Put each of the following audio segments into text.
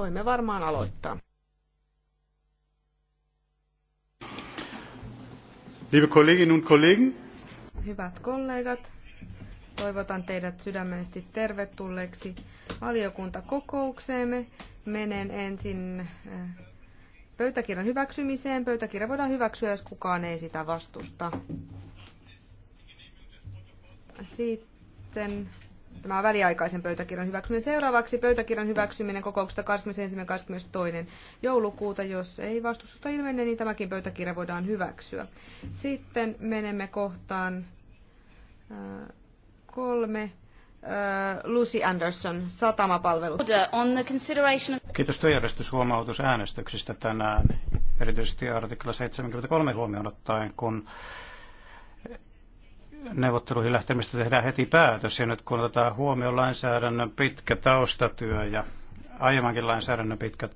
voimme varmaan aloittaa. Liebe Kolleginnen und Kollegen. Hyvät kollegat, toivotan teidät sydämellisesti tervetulleeksi valiokuntakokoukseemme. Menen ensin eh, pöytäkirjan hyväksymiseen. Pöytäkirja voidaan hyväksyä, jos kukaan ei sitä vastusta. Sitten tämä väliaikaisen pöytäkirjan hyväksyminen. Seuraavaksi pöytäkirjan hyväksyminen kokouksesta 21.22. joulukuuta. Jos ei vastustusta ilmene, niin tämäkin pöytäkirja voidaan hyväksyä. Sitten menemme kohtaan äh, kolme. Äh, Lucy Anderson, satamapalvelut. Kiitos työjärjestyshuomautusäänestyksistä tänään, erityisesti artikla 73 huomioon ottaen, kun neuvotteluihin lähtemistä tehdään heti päätös. Ja nyt kun otetaan huomioon lainsäädännön pitkä taustatyö ja aiemmankin lainsäädännön pitkä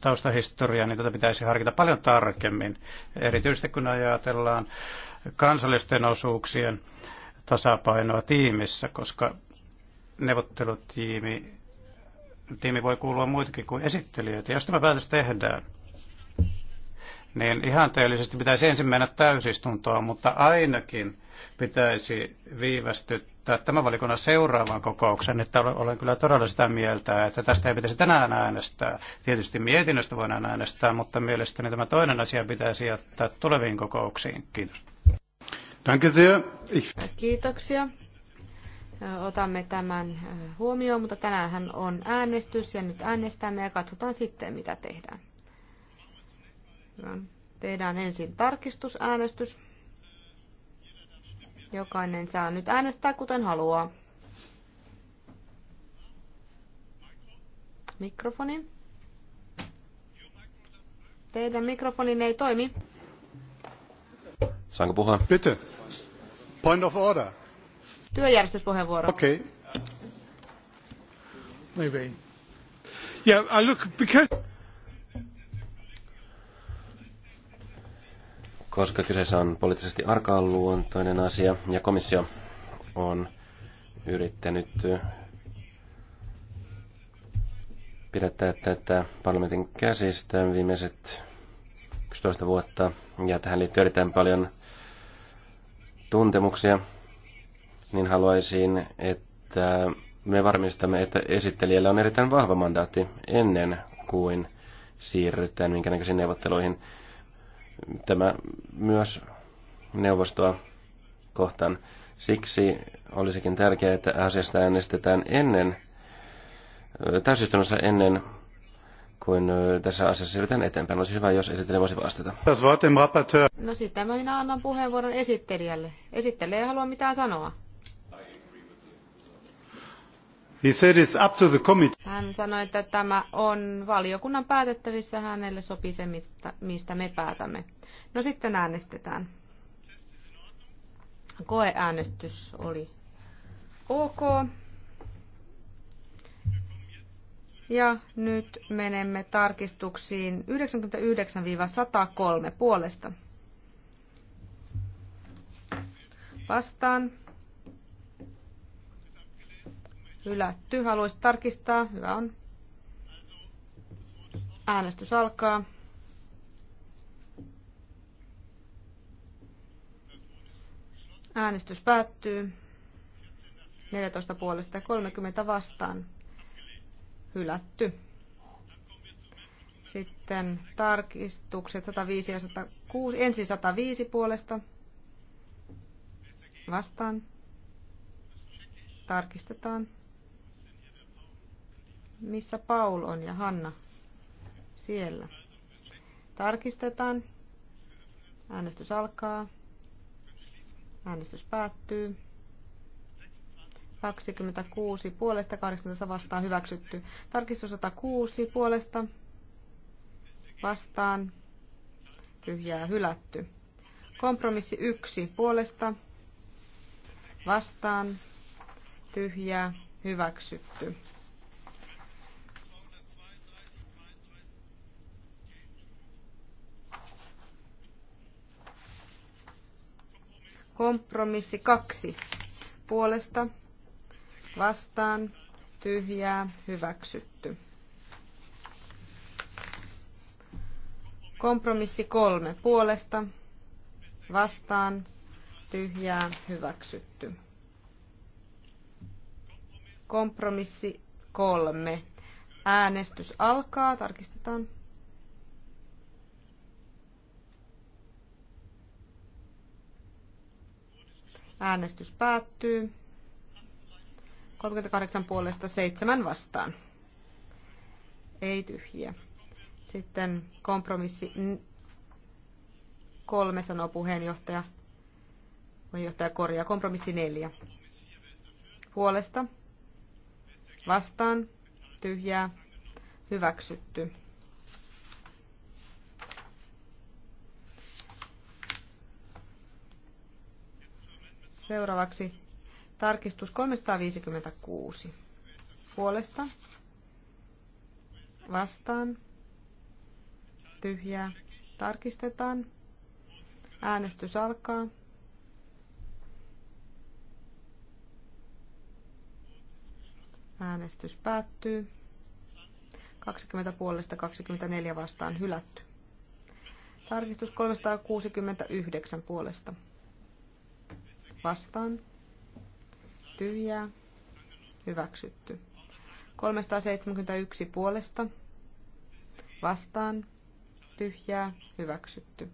taustahistoria, niin tätä pitäisi harkita paljon tarkemmin. Erityisesti kun ajatellaan kansallisten osuuksien tasapainoa tiimissä, koska neuvottelutiimi tiimi voi kuulua muitakin kuin esittelijöitä. Jos tämä päätös tehdään, niin ihanteellisesti pitäisi ensin mennä täysistuntoon, mutta ainakin pitäisi viivästyttää tämän valikunnan seuraavaan kokoukseen. Että olen kyllä todella sitä mieltä, että tästä ei pitäisi tänään äänestää. Tietysti mietinnöstä voidaan äänestää, mutta mielestäni tämä toinen asia pitäisi jättää tuleviin kokouksiin. Kiitos. Kiitoksia. Otamme tämän eh, huomioon, mutta tänään on äänestys ja nyt äänestämme ja katsotaan sitten, mitä tehdään. Hyvä. Tehdään ensin tarkistusäänestys. Jokainen saa nyt äänestää kuten haluaa. Mikrofoni. Teidän mikrofoni ei toimi. Saanko puhua? Bitte. Point of order. Työjärjestyspuheenvuoro. Okei. Okay. Maybe. Yeah, I look because koska kyseessä on poliittisesti arkaluontoinen asia ja komissio on yrittänyt pidättää tätä parlamentin käsistä viimeiset 11 vuotta ja tähän liittyy erittäin paljon tuntemuksia, niin haluaisin, että me varmistamme, että esittelijällä on erittäin vahva mandaatti ennen kuin siirrytään minkä näköisiin neuvotteluihin. Tämä myös neuvostoa kohtaan. Siksi olisikin tärkeää, että asiasta äänestetään ennen, täysistunnossa ennen kuin tässä asiassa siirrytään eteenpäin. Olisi hyvä, jos esittelijä voisi vastata. No sitten minä annan puheenvuoron esittelijälle. Esittelijä ei halua mitään sanoa. Hän sanoi, että tämä on valiokunnan päätettävissä, hänelle sopii se, mistä me päätämme. No sitten äänestetään. Koeäänestys oli ok. Ja nyt menemme tarkistuksiin 99-103 puolesta. Vastaan hylätty. Haluaisit tarkistaa? Hyvä on. Äänestys alkaa. Äänestys päättyy. 14 puolesta ja 30 vastaan. Hylätty. Sitten tarkistukset 105 ja 106. Ensin 105 puolesta. Vastaan. Tarkistetaan. Missä Paul on ja Hanna? Siellä. Tarkistetaan. Äänestys alkaa. Äänestys päättyy. 26 puolesta, 18 vastaan hyväksytty. Tarkistus 106 puolesta vastaan tyhjää hylätty. Kompromissi 1 puolesta vastaan tyhjää hyväksytty. Kompromissi kaksi puolesta vastaan tyhjää hyväksytty. Kompromissi kolme puolesta vastaan tyhjää hyväksytty. Kompromissi kolme. Äänestys alkaa. Tarkistetaan. Äänestys päättyy. 38 puolesta 7 vastaan. Ei tyhjiä. Sitten kompromissi kolme, sanoo puheenjohtaja. Puheenjohtaja korjaa. Kompromissi neljä. Puolesta. Vastaan. Tyhjää. Hyväksytty. Seuraavaksi tarkistus 356. Puolesta. Vastaan. Tyhjää. Tarkistetaan. Äänestys alkaa. Äänestys päättyy. 20 puolesta 24 vastaan hylätty. Tarkistus 369 puolesta vastaan, tyhjää, hyväksytty. 371 puolesta, vastaan, tyhjää, hyväksytty.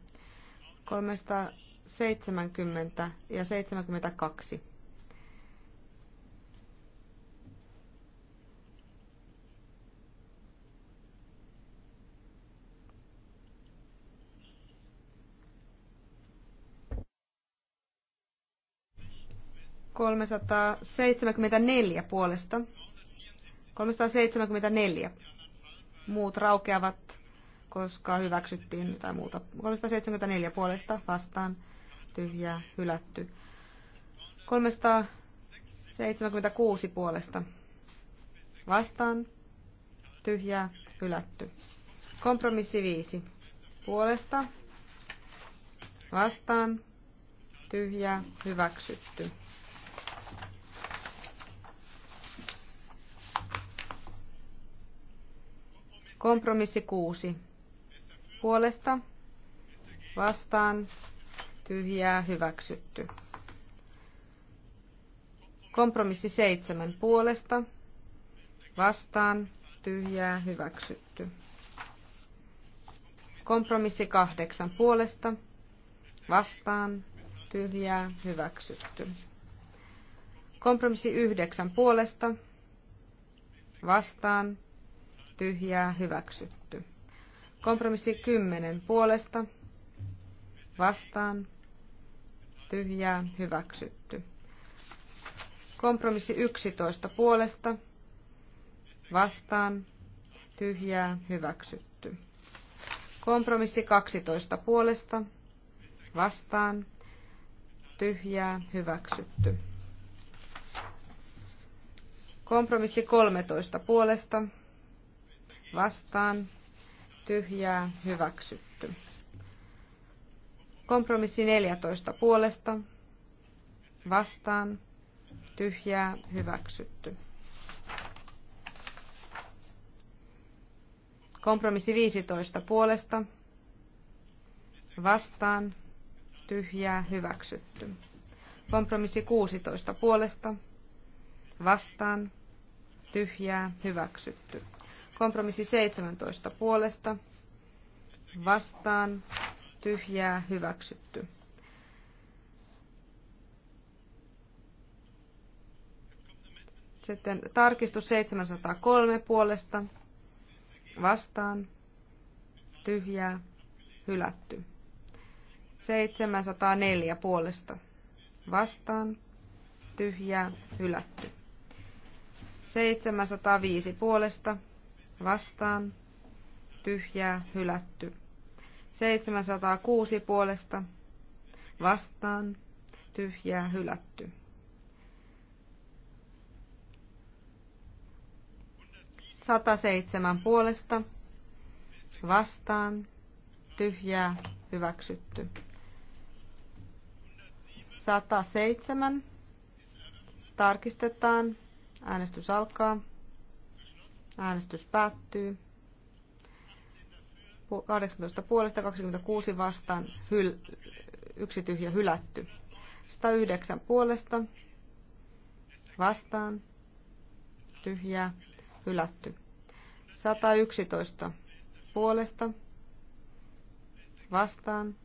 370 ja 72 374 puolesta. 374. Muut raukeavat, koska hyväksyttiin tai muuta. 374 puolesta vastaan tyhjää hylätty. 376 puolesta vastaan tyhjää hylätty. Kompromissi 5 puolesta vastaan tyhjää hyväksytty. Kompromissi 6. Puolesta vastaan tyhjää hyväksytty. Kompromissi 7. Puolesta vastaan tyhjää hyväksytty. Kompromissi 8. Puolesta vastaan tyhjää hyväksytty. Kompromissi 9. Puolesta vastaan tyhjää hyväksytty. Kompromissi 10 puolesta vastaan tyhjää hyväksytty. Kompromissi 11 puolesta vastaan tyhjää hyväksytty. Kompromissi 12 puolesta vastaan tyhjää hyväksytty. Kompromissi 13 puolesta vastaan, tyhjää, hyväksytty. Kompromissi 14 puolesta, vastaan, tyhjää, hyväksytty. Kompromissi 15 puolesta, vastaan, tyhjää, hyväksytty. Kompromissi 16 puolesta, vastaan, tyhjää, hyväksytty. Kompromissi 17 puolesta vastaan tyhjää hyväksytty. Sitten tarkistus 703 puolesta vastaan tyhjää hylätty. 704 puolesta vastaan tyhjää hylätty. 705 puolesta vastaan, tyhjää, hylätty. 706 puolesta, vastaan, tyhjää, hylätty. Sata seitsemän puolesta, vastaan, tyhjää, hyväksytty. seitsemän, Tarkistetaan. Äänestys alkaa. Äänestys päättyy. 18 puolesta 26 vastaan hyl- yksi tyhjä hylätty. 109 puolesta vastaan tyhjä, hylätty. 111 puolesta vastaan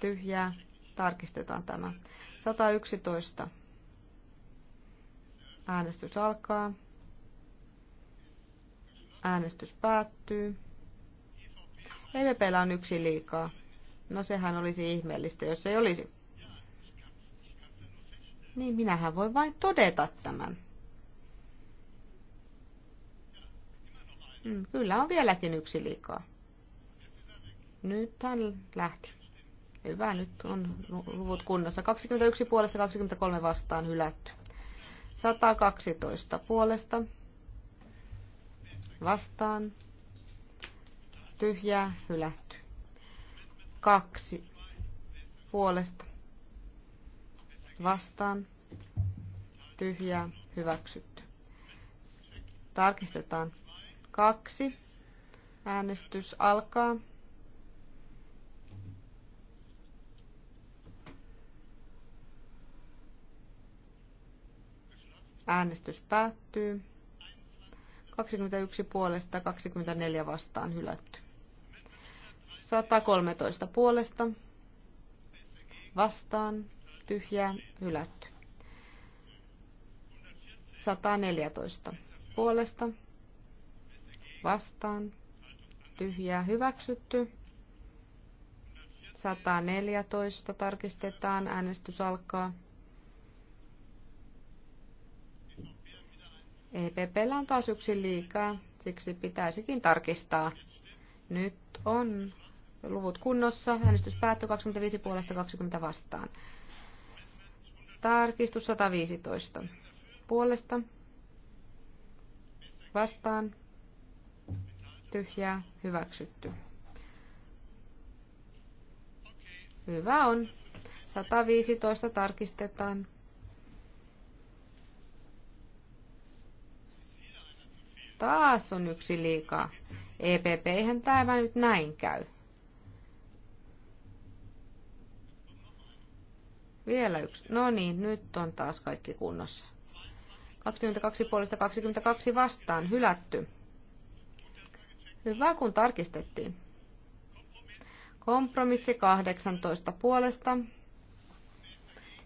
tyhjää tarkistetaan tämä. 111 äänestys alkaa. Äänestys päättyy. EVPllä on yksi liikaa. No sehän olisi ihmeellistä, jos ei olisi. Niin minähän voi vain todeta tämän. Hmm, kyllä on vieläkin yksi liikaa. Nyt hän lähti. Hyvä, nyt on luvut kunnossa. 21 puolesta 23 vastaan hylätty. 112 puolesta vastaan, tyhjää, hylätty. Kaksi puolesta vastaan, tyhjää, hyväksytty. Tarkistetaan kaksi. Äänestys alkaa. Äänestys päättyy. 21 puolesta, 24 vastaan hylätty. 113 puolesta, vastaan, tyhjää, hylätty. 114 puolesta, vastaan, tyhjää, hyväksytty. 114 tarkistetaan, äänestys alkaa. EPPllä on taas yksi liikaa, siksi pitäisikin tarkistaa. Nyt on luvut kunnossa. Äänestys päättyi 25 puolesta 20 vastaan. Tarkistus 115. Puolesta. Vastaan. Tyhjää. Hyväksytty. Hyvä on. 115 tarkistetaan. Taas on yksi liikaa. EPP, eihän tämä nyt näin käy. Vielä yksi. No niin, nyt on taas kaikki kunnossa. 22 puolesta 22 vastaan, hylätty. Hyvä, kun tarkistettiin. Kompromissi 18 puolesta.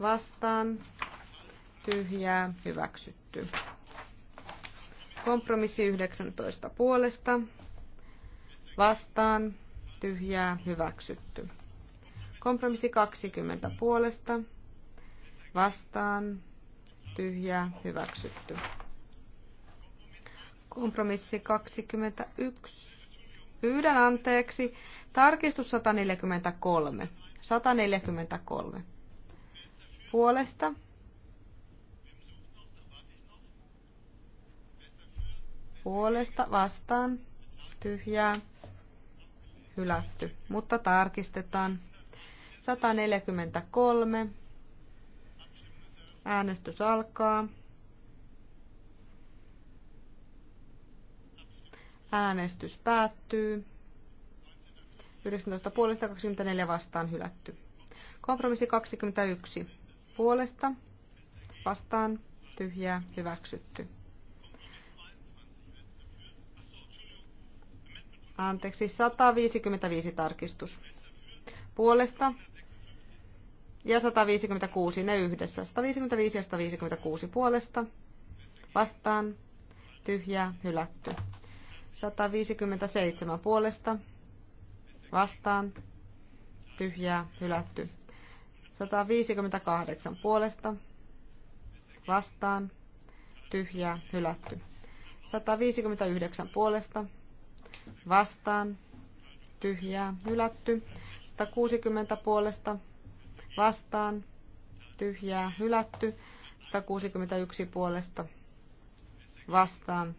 Vastaan. Tyhjää. Hyväksytty. Kompromissi 19 puolesta. Vastaan. Tyhjää. Hyväksytty. Kompromissi 20 puolesta. Vastaan. Tyhjää. Hyväksytty. Kompromissi 21. Pyydän anteeksi. Tarkistus 143. 143. Puolesta puolesta vastaan tyhjää hylätty, mutta tarkistetaan. 143. Äänestys alkaa. Äänestys päättyy. 19 puolesta 24 vastaan hylätty. Kompromissi 21. Puolesta vastaan tyhjää hyväksytty. Anteeksi, 155 tarkistus. Puolesta ja 156, ne yhdessä. 155 ja 156 puolesta. Vastaan. Tyhjää, hylätty. 157 puolesta. Vastaan. Tyhjää, hylätty. 158 puolesta. Vastaan. Tyhjää, hylätty. 159 puolesta vastaan, tyhjää, hylätty. 160 puolesta vastaan, tyhjää, hylätty. 161 puolesta vastaan,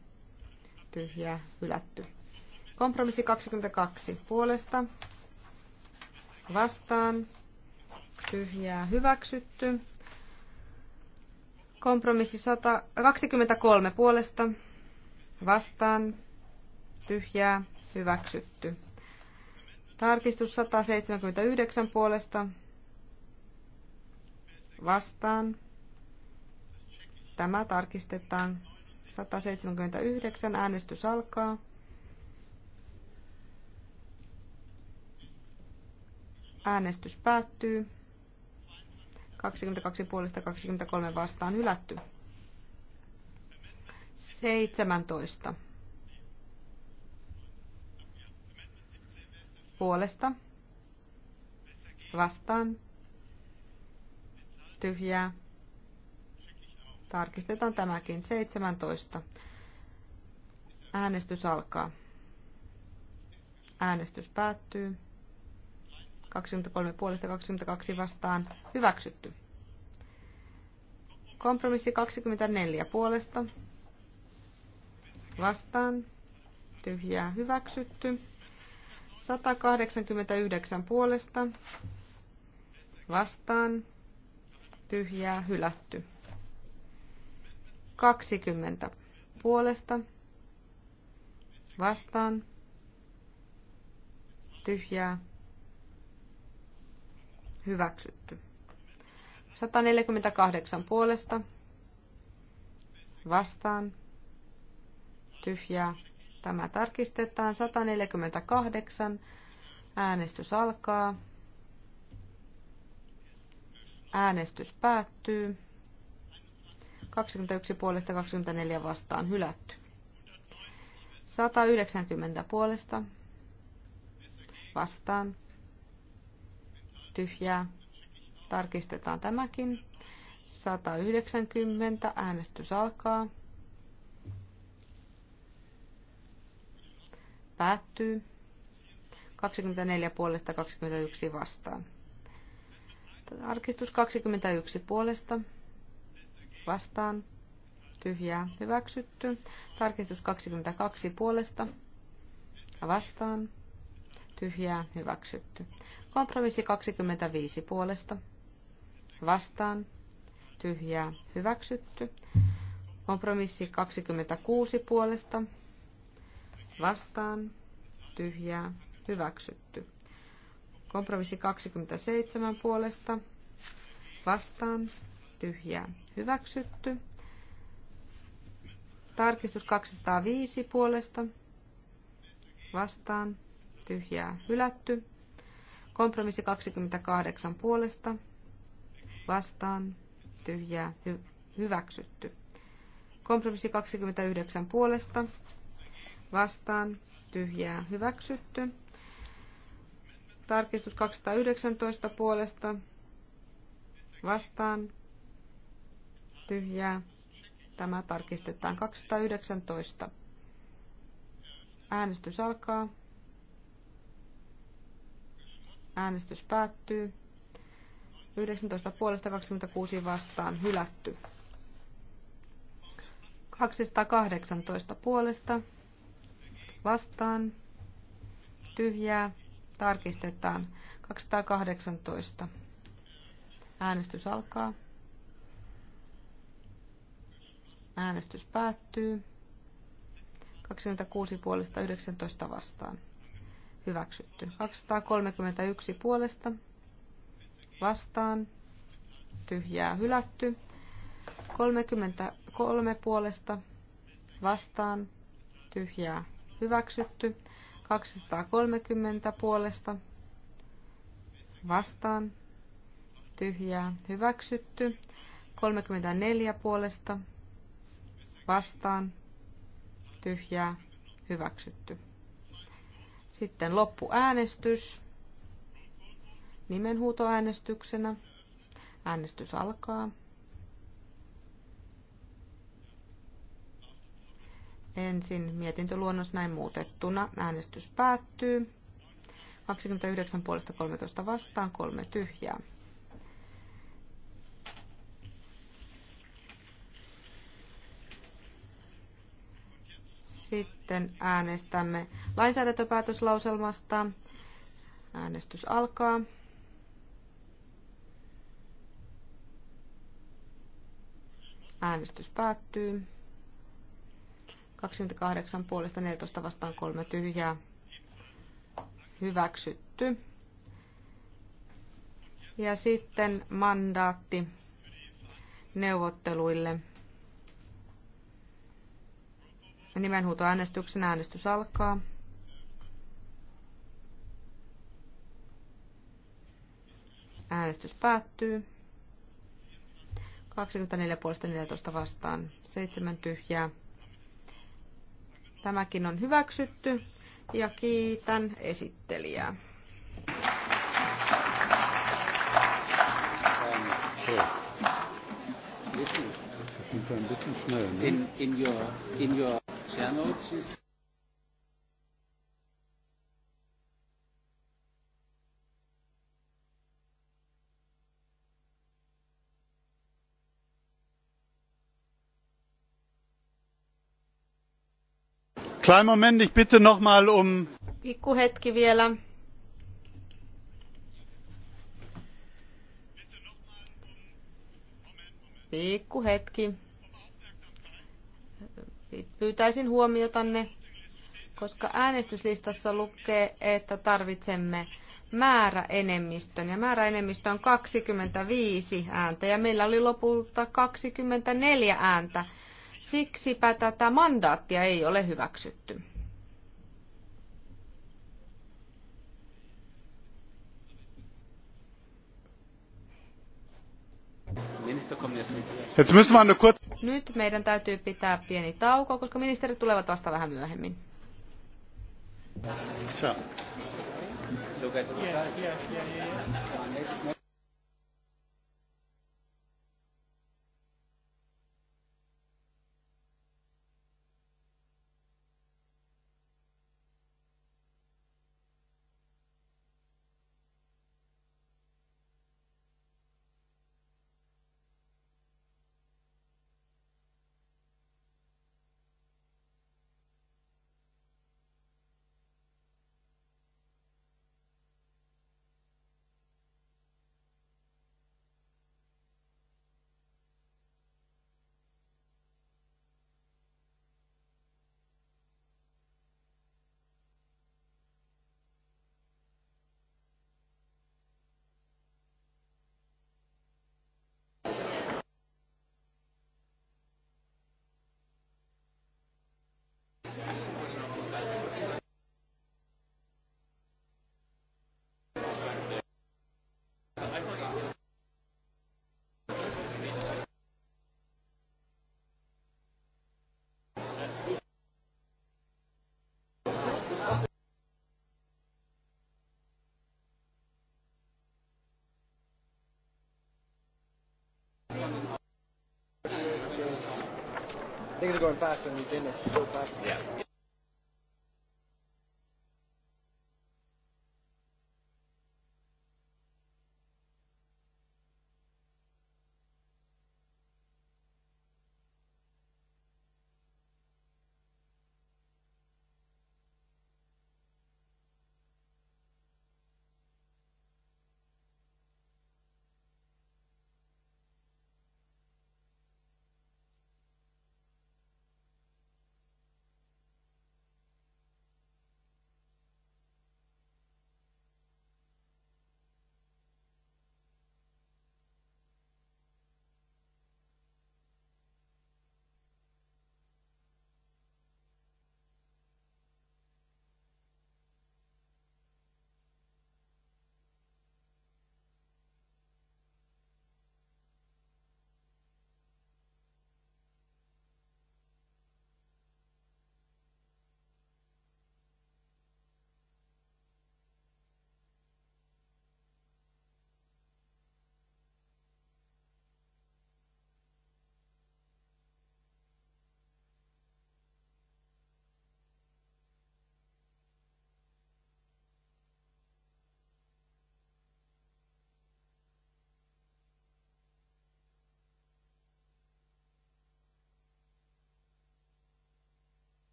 tyhjää, hylätty. Kompromissi 22 puolesta vastaan, tyhjää, hyväksytty. Kompromissi 123 puolesta vastaan, tyhjää, hyväksytty. Tarkistus 179 puolesta vastaan. Tämä tarkistetaan. 179 äänestys alkaa. Äänestys päättyy. 22 puolesta 23 vastaan hylätty. 17. puolesta vastaan tyhjää. Tarkistetaan tämäkin. 17. Äänestys alkaa. Äänestys päättyy. 23 puolesta 22 vastaan. Hyväksytty. Kompromissi 24 puolesta. Vastaan. Tyhjää hyväksytty. 189 puolesta vastaan tyhjää hylätty. 20 puolesta vastaan tyhjää hyväksytty. 148 puolesta vastaan tyhjää Tämä tarkistetaan. 148. Äänestys alkaa. Äänestys päättyy. 21 puolesta 24 vastaan hylätty. 190 puolesta vastaan tyhjää. Tarkistetaan tämäkin. 190 äänestys alkaa. päättyy. 24 puolesta 21 vastaan. arkistus 21 puolesta vastaan. Tyhjää hyväksytty. Tarkistus 22 puolesta vastaan. Tyhjää hyväksytty. Kompromissi 25 puolesta vastaan. Tyhjää hyväksytty. Kompromissi 26 puolesta vastaan, tyhjää, hyväksytty. Kompromissi 27 puolesta, vastaan, tyhjää, hyväksytty. Tarkistus 205 puolesta, vastaan, tyhjää, hylätty. Kompromissi 28 puolesta, vastaan, tyhjää, hy- hyväksytty. Kompromissi 29 puolesta, vastaan tyhjää hyväksytty. Tarkistus 219 puolesta vastaan tyhjää. Tämä tarkistetaan 219. Äänestys alkaa. Äänestys päättyy. 19 puolesta 26 vastaan hylätty. 218 puolesta vastaan, tyhjää, tarkistetaan 218. Äänestys alkaa. Äänestys päättyy. 26 puolesta 19 vastaan. Hyväksytty. 231 puolesta vastaan. Tyhjää hylätty. 33 puolesta vastaan. Tyhjää hyväksytty. 230 puolesta vastaan tyhjää hyväksytty. 34 puolesta vastaan tyhjää hyväksytty. Sitten loppuäänestys nimenhuutoäänestyksenä. Äänestys alkaa. Ensin mietintöluonnos näin muutettuna. Äänestys päättyy. 29 puolesta 13 vastaan, kolme tyhjää. Sitten äänestämme lainsäädäntöpäätöslauselmasta. Äänestys alkaa. Äänestys päättyy. 28 puolesta 14 vastaan 3 tyhjää. Hyväksytty. Ja sitten mandaatti neuvotteluille. Nimenhuutoäänestyksen äänestys alkaa. Äänestys päättyy. 24 puolesta 14 vastaan 7 tyhjää. Tämäkin on hyväksytty ja kiitän esittelijää. In, in your, in your channels Klein Moment, ich bitte noch mal um... Pikku hetki vielä. Pikku hetki. Pyytäisin huomiotanne, koska äänestyslistassa lukee, että tarvitsemme määräenemmistön. Ja määräenemmistö on 25 ääntä ja meillä oli lopulta 24 ääntä. Siksipä tätä mandaattia ei ole hyväksytty. Nyt meidän täytyy pitää pieni tauko, koska ministerit tulevat vasta vähän myöhemmin. yeah. Things are going faster than we've been so fast. Yeah.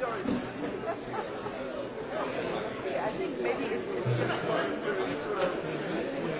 I think maybe it's, it's just for procedural thing.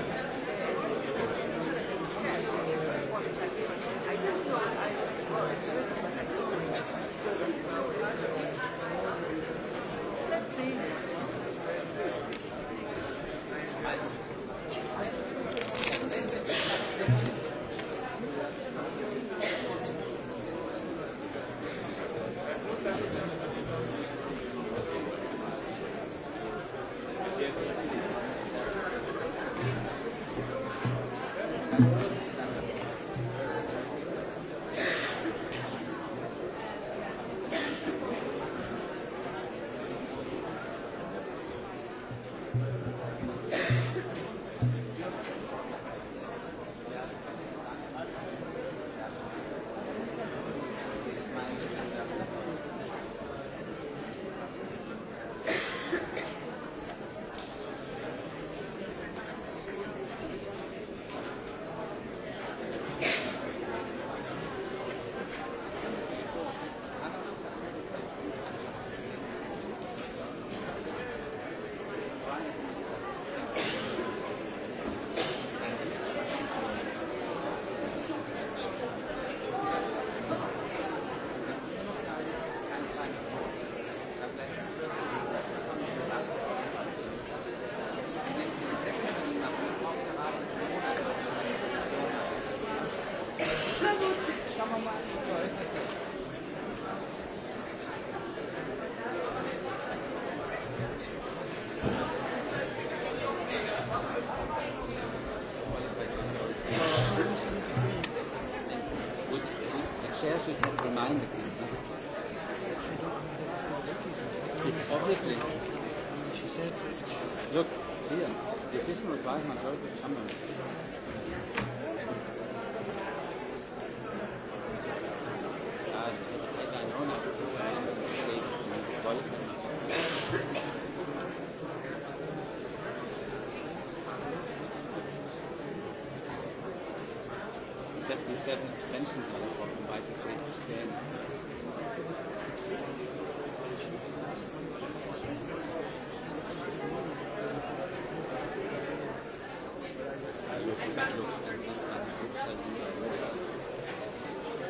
77 abstentions on the problem by the three abstain.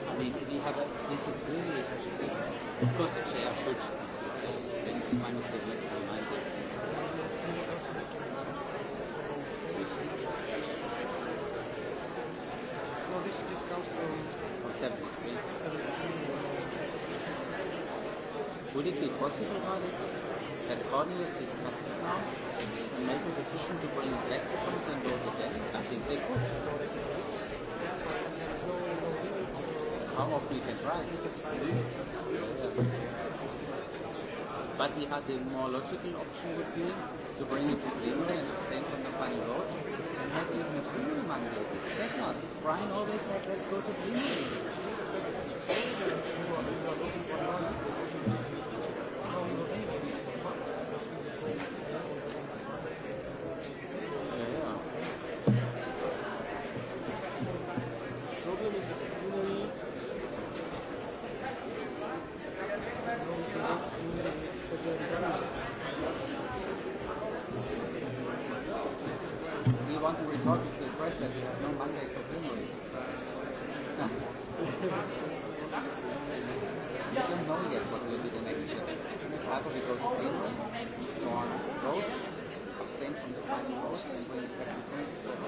I mean, if you have a, this is really, of course. Would it be possible, Khalid, that Cornelius discusses now and make a decision to bring back to committee and vote again? I think they could. How often you can try? But the, had the more logical option would be to bring it to Greenland and stand on the final road and have even a full mandate. That's not. Brian always said, let's go to Greenland. Fox requested we have no Monday for Finland. we don't know yet what will be the next step. Either we go to Finland or vote, abstain from the final vote, and bring it back to Finland.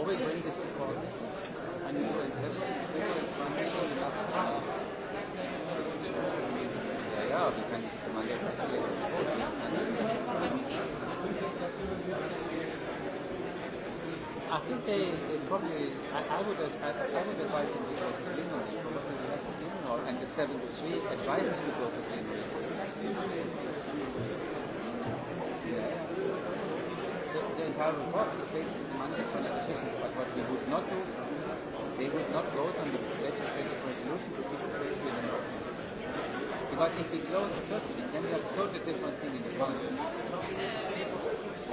Or we bring this before and you will have it. Yeah, yeah, we can, man, think they, they probably, I, I would advise, I would advise them to go to Greenwald, because you have and the 73 advises to go to Greenwald. The, the entire report is based on money for the decisions, but what they would not do, they would not vote on the legislative resolution to keep the first hearing open. Because if we close the first hearing, then we have a totally different thing in the council. Uh,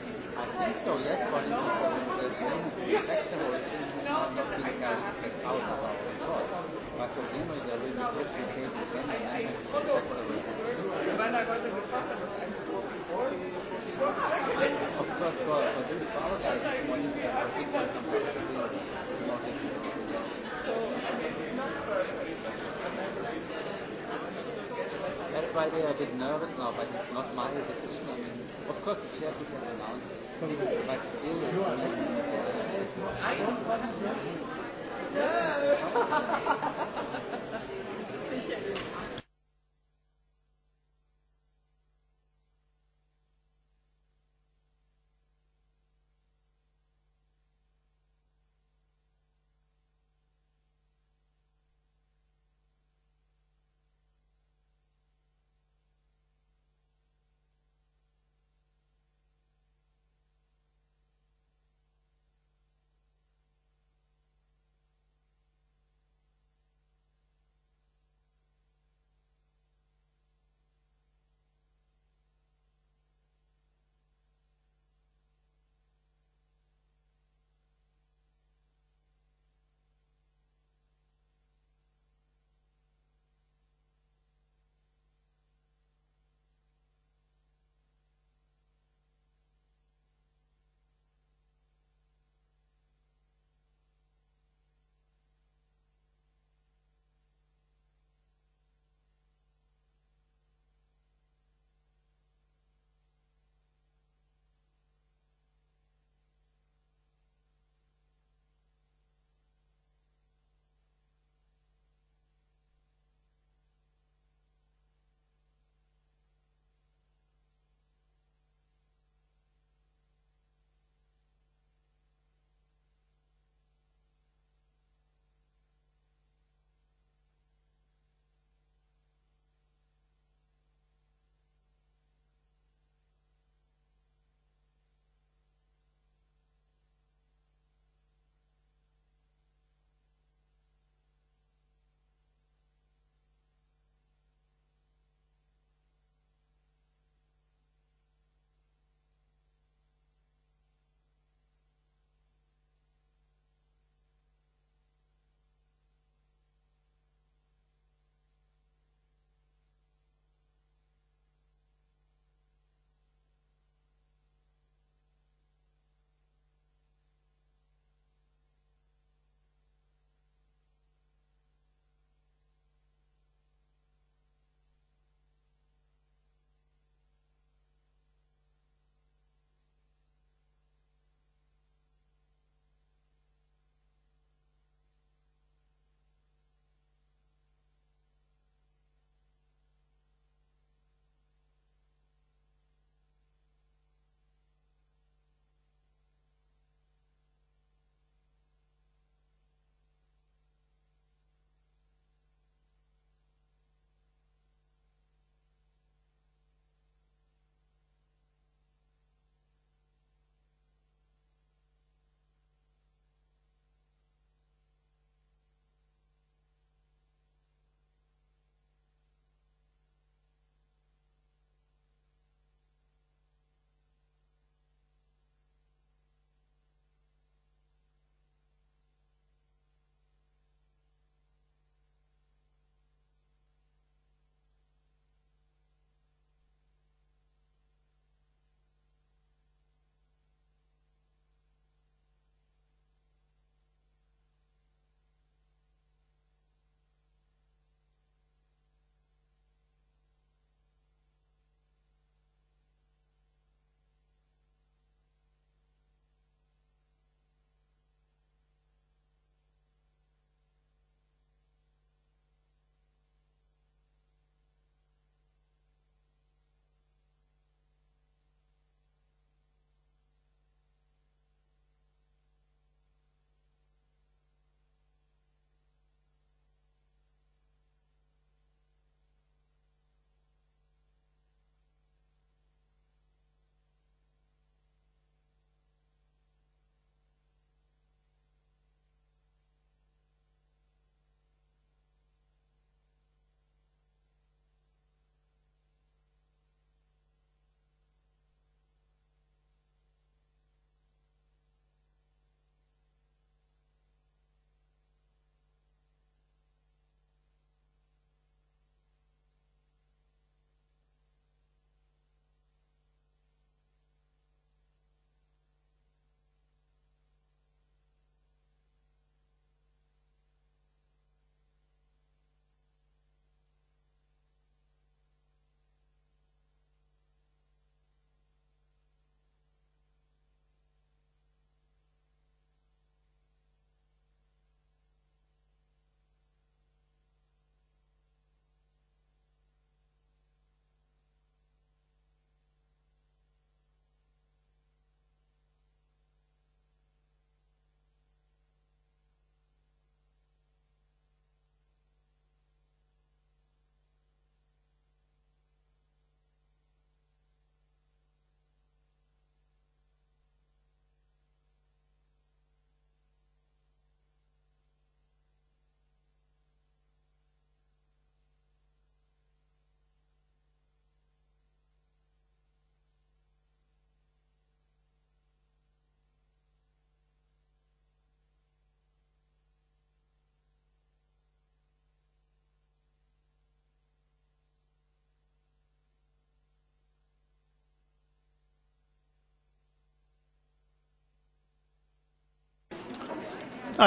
I think so, yes, but it's also the sector or is not physically out of our control. But for example, there will be pressure change the sector Of course, for, for the power guys, one is that people come back to the not the That's why they are a bit nervous now, but it's not my decision. I mean, of course, the chair people have announced Sicherlich.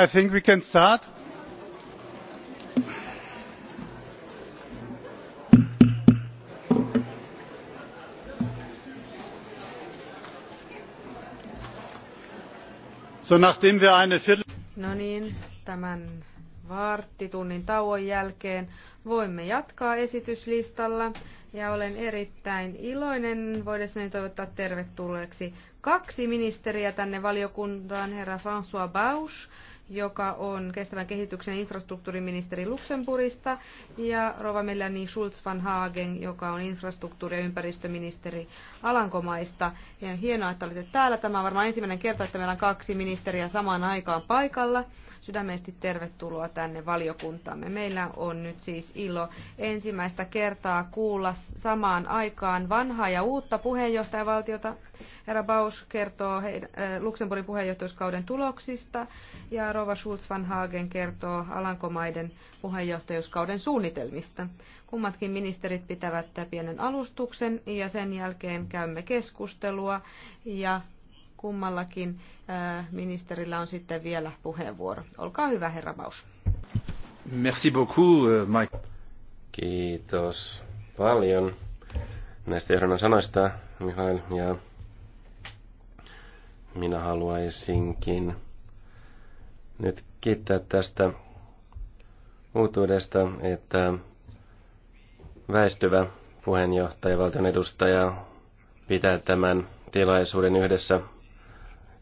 I think we can start. So, nachdem wir eine Viertel... No niin, tämän varttitunnin tauon jälkeen voimme jatkaa esityslistalla. Ja olen erittäin iloinen voidessani toivottaa tervetulleeksi kaksi ministeriä tänne valiokuntaan, herra François Bausch joka on kestävän kehityksen infrastruktuuriministeri Luxemburgista, ja Rova Melanie Schulz van Hagen, joka on infrastruktuuri- ja ympäristöministeri Alankomaista. Ja hienoa, että olette täällä. Tämä on varmaan ensimmäinen kerta, että meillä on kaksi ministeriä samaan aikaan paikalla. Sydämesti tervetuloa tänne valiokuntaamme. Meillä on nyt siis ilo ensimmäistä kertaa kuulla samaan aikaan vanhaa ja uutta puheenjohtajavaltiota Herra Baus kertoo äh, Luxemburgin puheenjohtajuuskauden tuloksista ja Rova Schulz van Hagen kertoo Alankomaiden puheenjohtajuuskauden suunnitelmista. Kummatkin ministerit pitävät pienen alustuksen ja sen jälkeen käymme keskustelua ja kummallakin äh, ministerillä on sitten vielä puheenvuoro. Olkaa hyvä, herra Baus. Merci beaucoup, äh, Mike. Kiitos paljon näistä johdonnan sanoista, Mihail, ja minä haluaisinkin nyt kiittää tästä uutuudesta, että väistyvä puheenjohtaja, valtion edustaja pitää tämän tilaisuuden yhdessä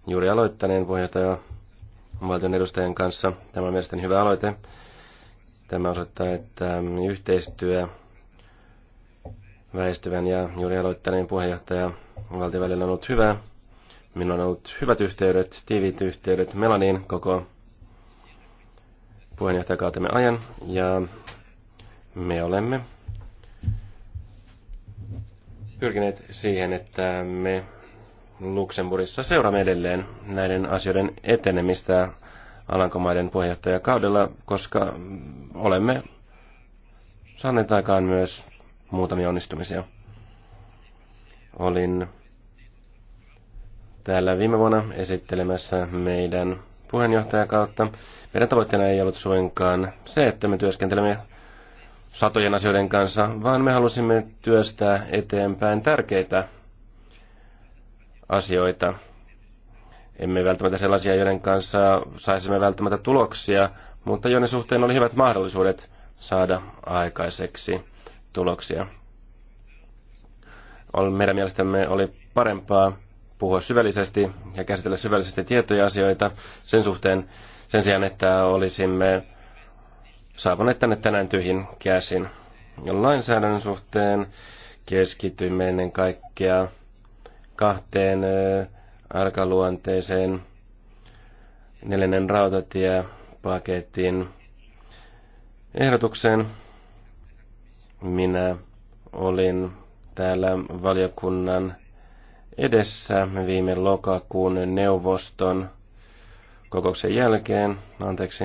juuri aloittaneen puheenjohtaja valtion edustajan kanssa. Tämä on mielestäni hyvä aloite. Tämä osoittaa, että yhteistyö väistyvän ja juuri aloittaneen puheenjohtaja valtion välillä on ollut hyvä Minulla on ollut hyvät yhteydet, tiiviit yhteydet Melaniin koko puheenjohtajakautemme ajan ja me olemme pyrkineet siihen, että me Luxemburgissa seuraamme edelleen näiden asioiden etenemistä Alankomaiden puheenjohtajakaudella, koska olemme saaneet aikaan myös muutamia onnistumisia. Olin täällä viime vuonna esittelemässä meidän puheenjohtajakautta. Meidän tavoitteena ei ollut suinkaan se, että me työskentelemme satojen asioiden kanssa, vaan me halusimme työstää eteenpäin tärkeitä asioita. Emme välttämättä sellaisia, joiden kanssa saisimme välttämättä tuloksia, mutta joiden suhteen oli hyvät mahdollisuudet saada aikaiseksi tuloksia. Meidän mielestämme oli parempaa puhua syvällisesti ja käsitellä syvällisesti tietoja asioita sen suhteen, sen sijaan, että olisimme saapuneet tänne tänään tyhjin käsin. Ja lainsäädännön suhteen keskitymme ennen kaikkea kahteen arkaluonteiseen neljännen rautatiepaketin ehdotukseen. Minä olin täällä valiokunnan edessä viime lokakuun neuvoston kokouksen jälkeen, anteeksi,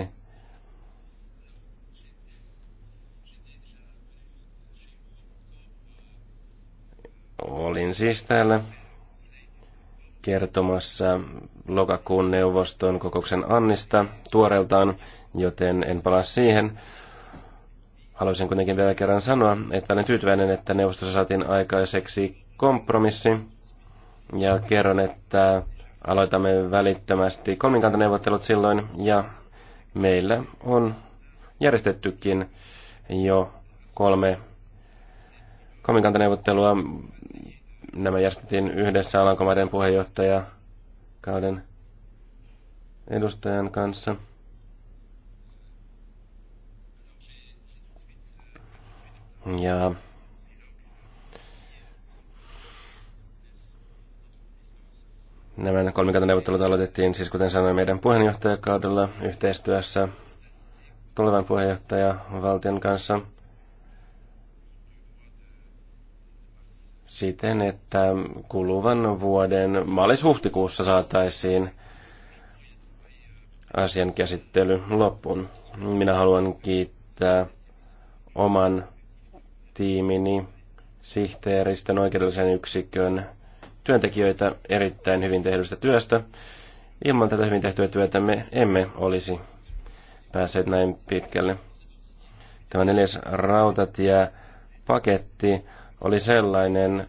olin siis täällä kertomassa lokakuun neuvoston kokouksen Annista tuoreeltaan, joten en palaa siihen. Haluaisin kuitenkin vielä kerran sanoa, että olen tyytyväinen, että neuvostossa saatiin aikaiseksi kompromissi, ja kerron, että aloitamme välittömästi kolminkantaneuvottelut silloin ja meillä on järjestettykin jo kolme kolminkantaneuvottelua. Nämä järjestettiin yhdessä Alankomaiden puheenjohtajakauden edustajan kanssa. Ja Nämä kolmikantaneuvottelut aloitettiin siis kuten sanoin meidän puheenjohtajakaudella yhteistyössä tulevan puheenjohtajavaltion kanssa siten, että kuluvan vuoden maalis-huhtikuussa saataisiin asian käsittely loppuun. Minä haluan kiittää oman tiimini sihteeristön oikeudellisen yksikön työntekijöitä erittäin hyvin tehdystä työstä. Ilman tätä hyvin tehtyä työtä me emme olisi päässeet näin pitkälle. Tämä neljäs rautatiepaketti oli sellainen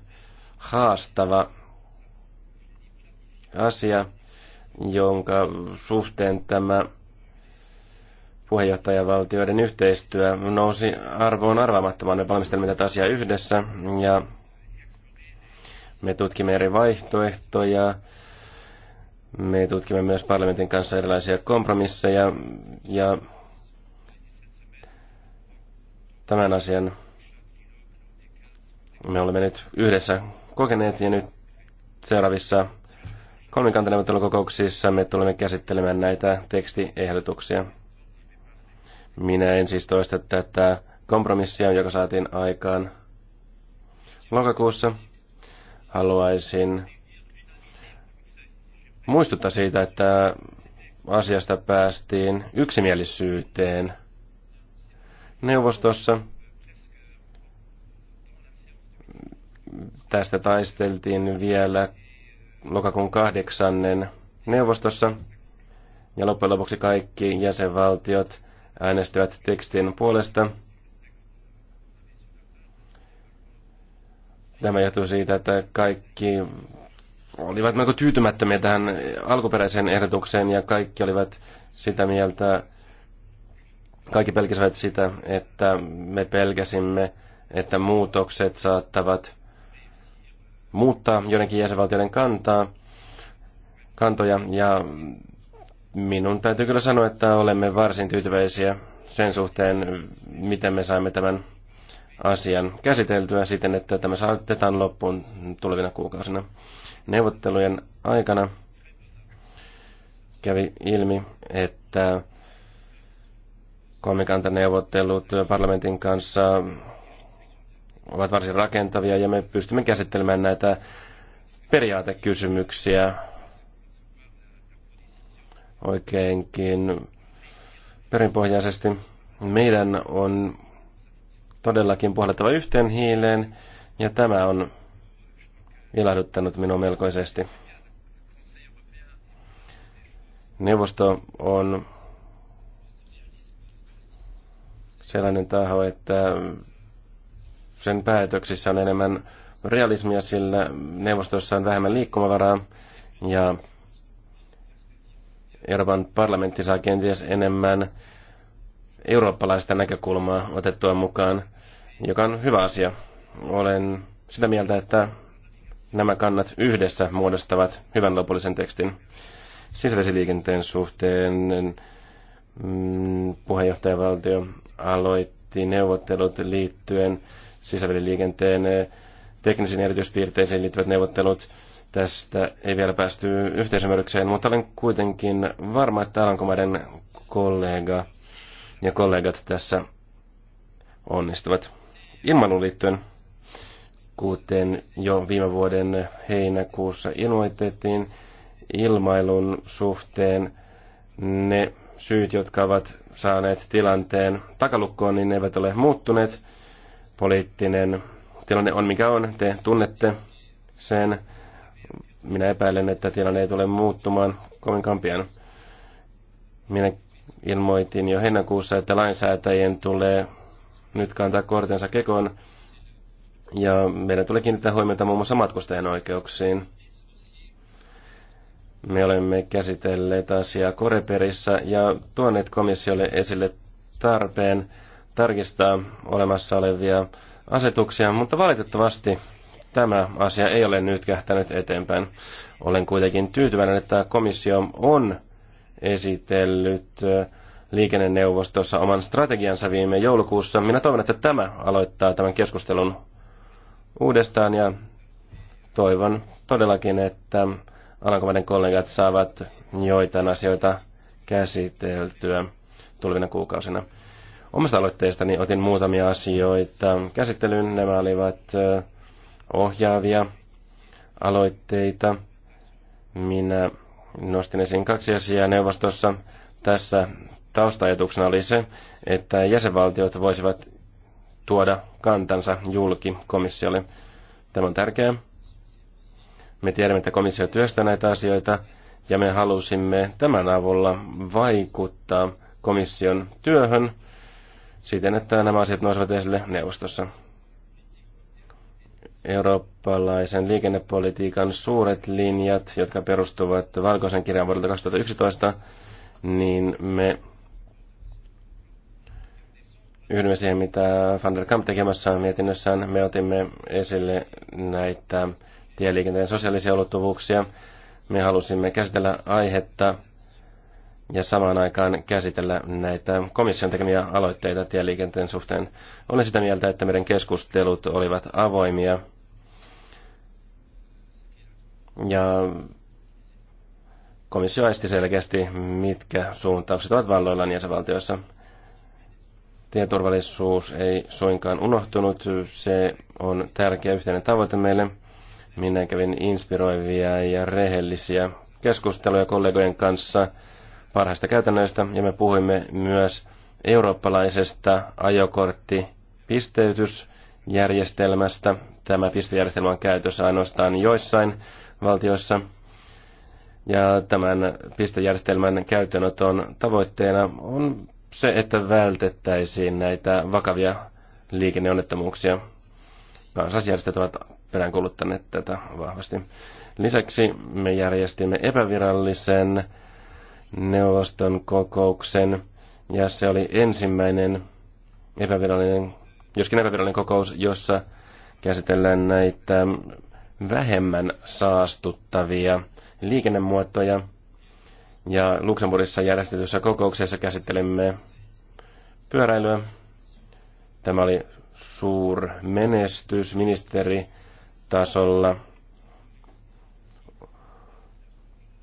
haastava asia, jonka suhteen tämä puheenjohtajavaltioiden yhteistyö nousi arvoon arvaamattomaan. Me valmistelimme tätä asiaa yhdessä ja me tutkimme eri vaihtoehtoja. Me tutkimme myös parlamentin kanssa erilaisia kompromisseja ja tämän asian me olemme nyt yhdessä kokeneet ja nyt seuraavissa kolmikantaneuvottelukokouksissa me tulemme käsittelemään näitä tekstiehdotuksia. Minä en siis toista tätä kompromissia, joka saatiin aikaan lokakuussa haluaisin muistuttaa siitä, että asiasta päästiin yksimielisyyteen neuvostossa. Tästä taisteltiin vielä lokakuun kahdeksannen neuvostossa. Ja loppujen lopuksi kaikki jäsenvaltiot äänestivät tekstin puolesta – Tämä johtuu siitä, että kaikki olivat melko tyytymättömiä tähän alkuperäiseen ehdotukseen ja kaikki olivat sitä mieltä, kaikki pelkäsivät sitä, että me pelkäsimme, että muutokset saattavat muuttaa joidenkin jäsenvaltioiden kantaa, kantoja ja minun täytyy kyllä sanoa, että olemme varsin tyytyväisiä sen suhteen, miten me saimme tämän asian käsiteltyä siten, että tämä saatetaan loppuun tulevina kuukausina. Neuvottelujen aikana kävi ilmi, että kolmikantaneuvottelut parlamentin kanssa ovat varsin rakentavia ja me pystymme käsittelemään näitä periaatekysymyksiä oikeinkin perinpohjaisesti. Meidän on todellakin puhallettava yhteen hiileen, ja tämä on ilahduttanut minua melkoisesti. Neuvosto on sellainen taho, että sen päätöksissä on enemmän realismia, sillä neuvostossa on vähemmän liikkumavaraa ja Euroopan parlamentti saa kenties enemmän eurooppalaista näkökulmaa otettua mukaan joka on hyvä asia. Olen sitä mieltä, että nämä kannat yhdessä muodostavat hyvän lopullisen tekstin sisävesiliikenteen suhteen. Mm, puheenjohtajavaltio aloitti neuvottelut liittyen sisävesiliikenteen eh, teknisiin erityispiirteisiin liittyvät neuvottelut. Tästä ei vielä päästy yhteisymmärrykseen, mutta olen kuitenkin varma, että Alankomaiden kollega ja kollegat tässä onnistuvat ilmailuun liittyen. Kuten jo viime vuoden heinäkuussa ilmoitettiin, ilmailun suhteen ne syyt, jotka ovat saaneet tilanteen takalukkoon, niin ne eivät ole muuttuneet. Poliittinen tilanne on mikä on, te tunnette sen. Minä epäilen, että tilanne ei tule muuttumaan kovinkaan pian. Minä ilmoitin jo heinäkuussa, että lainsäätäjien tulee nyt kantaa kortensa kekoon. Ja meidän tulee kiinnittää huomiota muun muassa matkustajan oikeuksiin. Me olemme käsitelleet asiaa Koreperissä ja tuoneet komissiolle esille tarpeen tarkistaa olemassa olevia asetuksia, mutta valitettavasti tämä asia ei ole nyt kähtänyt eteenpäin. Olen kuitenkin tyytyväinen, että komissio on esitellyt liikenneneuvostossa oman strategiansa viime joulukuussa. Minä toivon, että tämä aloittaa tämän keskustelun uudestaan ja toivon todellakin, että Alankomaiden kollegat saavat joitain asioita käsiteltyä tulvina kuukausina. Omasta aloitteestani otin muutamia asioita käsittelyyn. Nämä olivat ohjaavia aloitteita. Minä nostin esiin kaksi asiaa neuvostossa. Tässä Taustaajatuksena oli se, että jäsenvaltiot voisivat tuoda kantansa julki komissiolle. Tämä on tärkeää. Me tiedämme, että komissio työstää näitä asioita, ja me halusimme tämän avulla vaikuttaa komission työhön siten, että nämä asiat nousevat esille neuvostossa. Eurooppalaisen liikennepolitiikan suuret linjat, jotka perustuvat valkoisen kirjan vuodelta 2011, niin me Yhdymme siihen, mitä Van der Kamp tekemässä mietinnössään. Me otimme esille näitä tieliikenteen sosiaalisia ulottuvuuksia. Me halusimme käsitellä aihetta ja samaan aikaan käsitellä näitä komission tekemiä aloitteita tieliikenteen suhteen. Olen sitä mieltä, että meidän keskustelut olivat avoimia ja komissio aisti selkeästi, mitkä suuntaukset ovat valloillaan jäsenvaltioissa. Tieturvallisuus ei suinkaan unohtunut, se on tärkeä yhteinen tavoite meille. Minä kävin inspiroivia ja rehellisiä keskusteluja kollegojen kanssa parhaista käytännöistä ja me puhuimme myös eurooppalaisesta ajokorttipisteytysjärjestelmästä. Tämä pistejärjestelmä on käytössä ainoastaan joissain valtioissa. Ja tämän pistejärjestelmän käyttöönoton tavoitteena on se, että vältettäisiin näitä vakavia liikenneonnettomuuksia. Kansalaisjärjestöt ovat peräänkuluttaneet tätä vahvasti. Lisäksi me järjestimme epävirallisen neuvoston kokouksen, ja se oli ensimmäinen epävirallinen, joskin epävirallinen kokous, jossa käsitellään näitä vähemmän saastuttavia liikennemuotoja – ja Luxemburgissa järjestetyssä kokouksessa käsittelemme pyöräilyä. Tämä oli suur menestys ministeritasolla.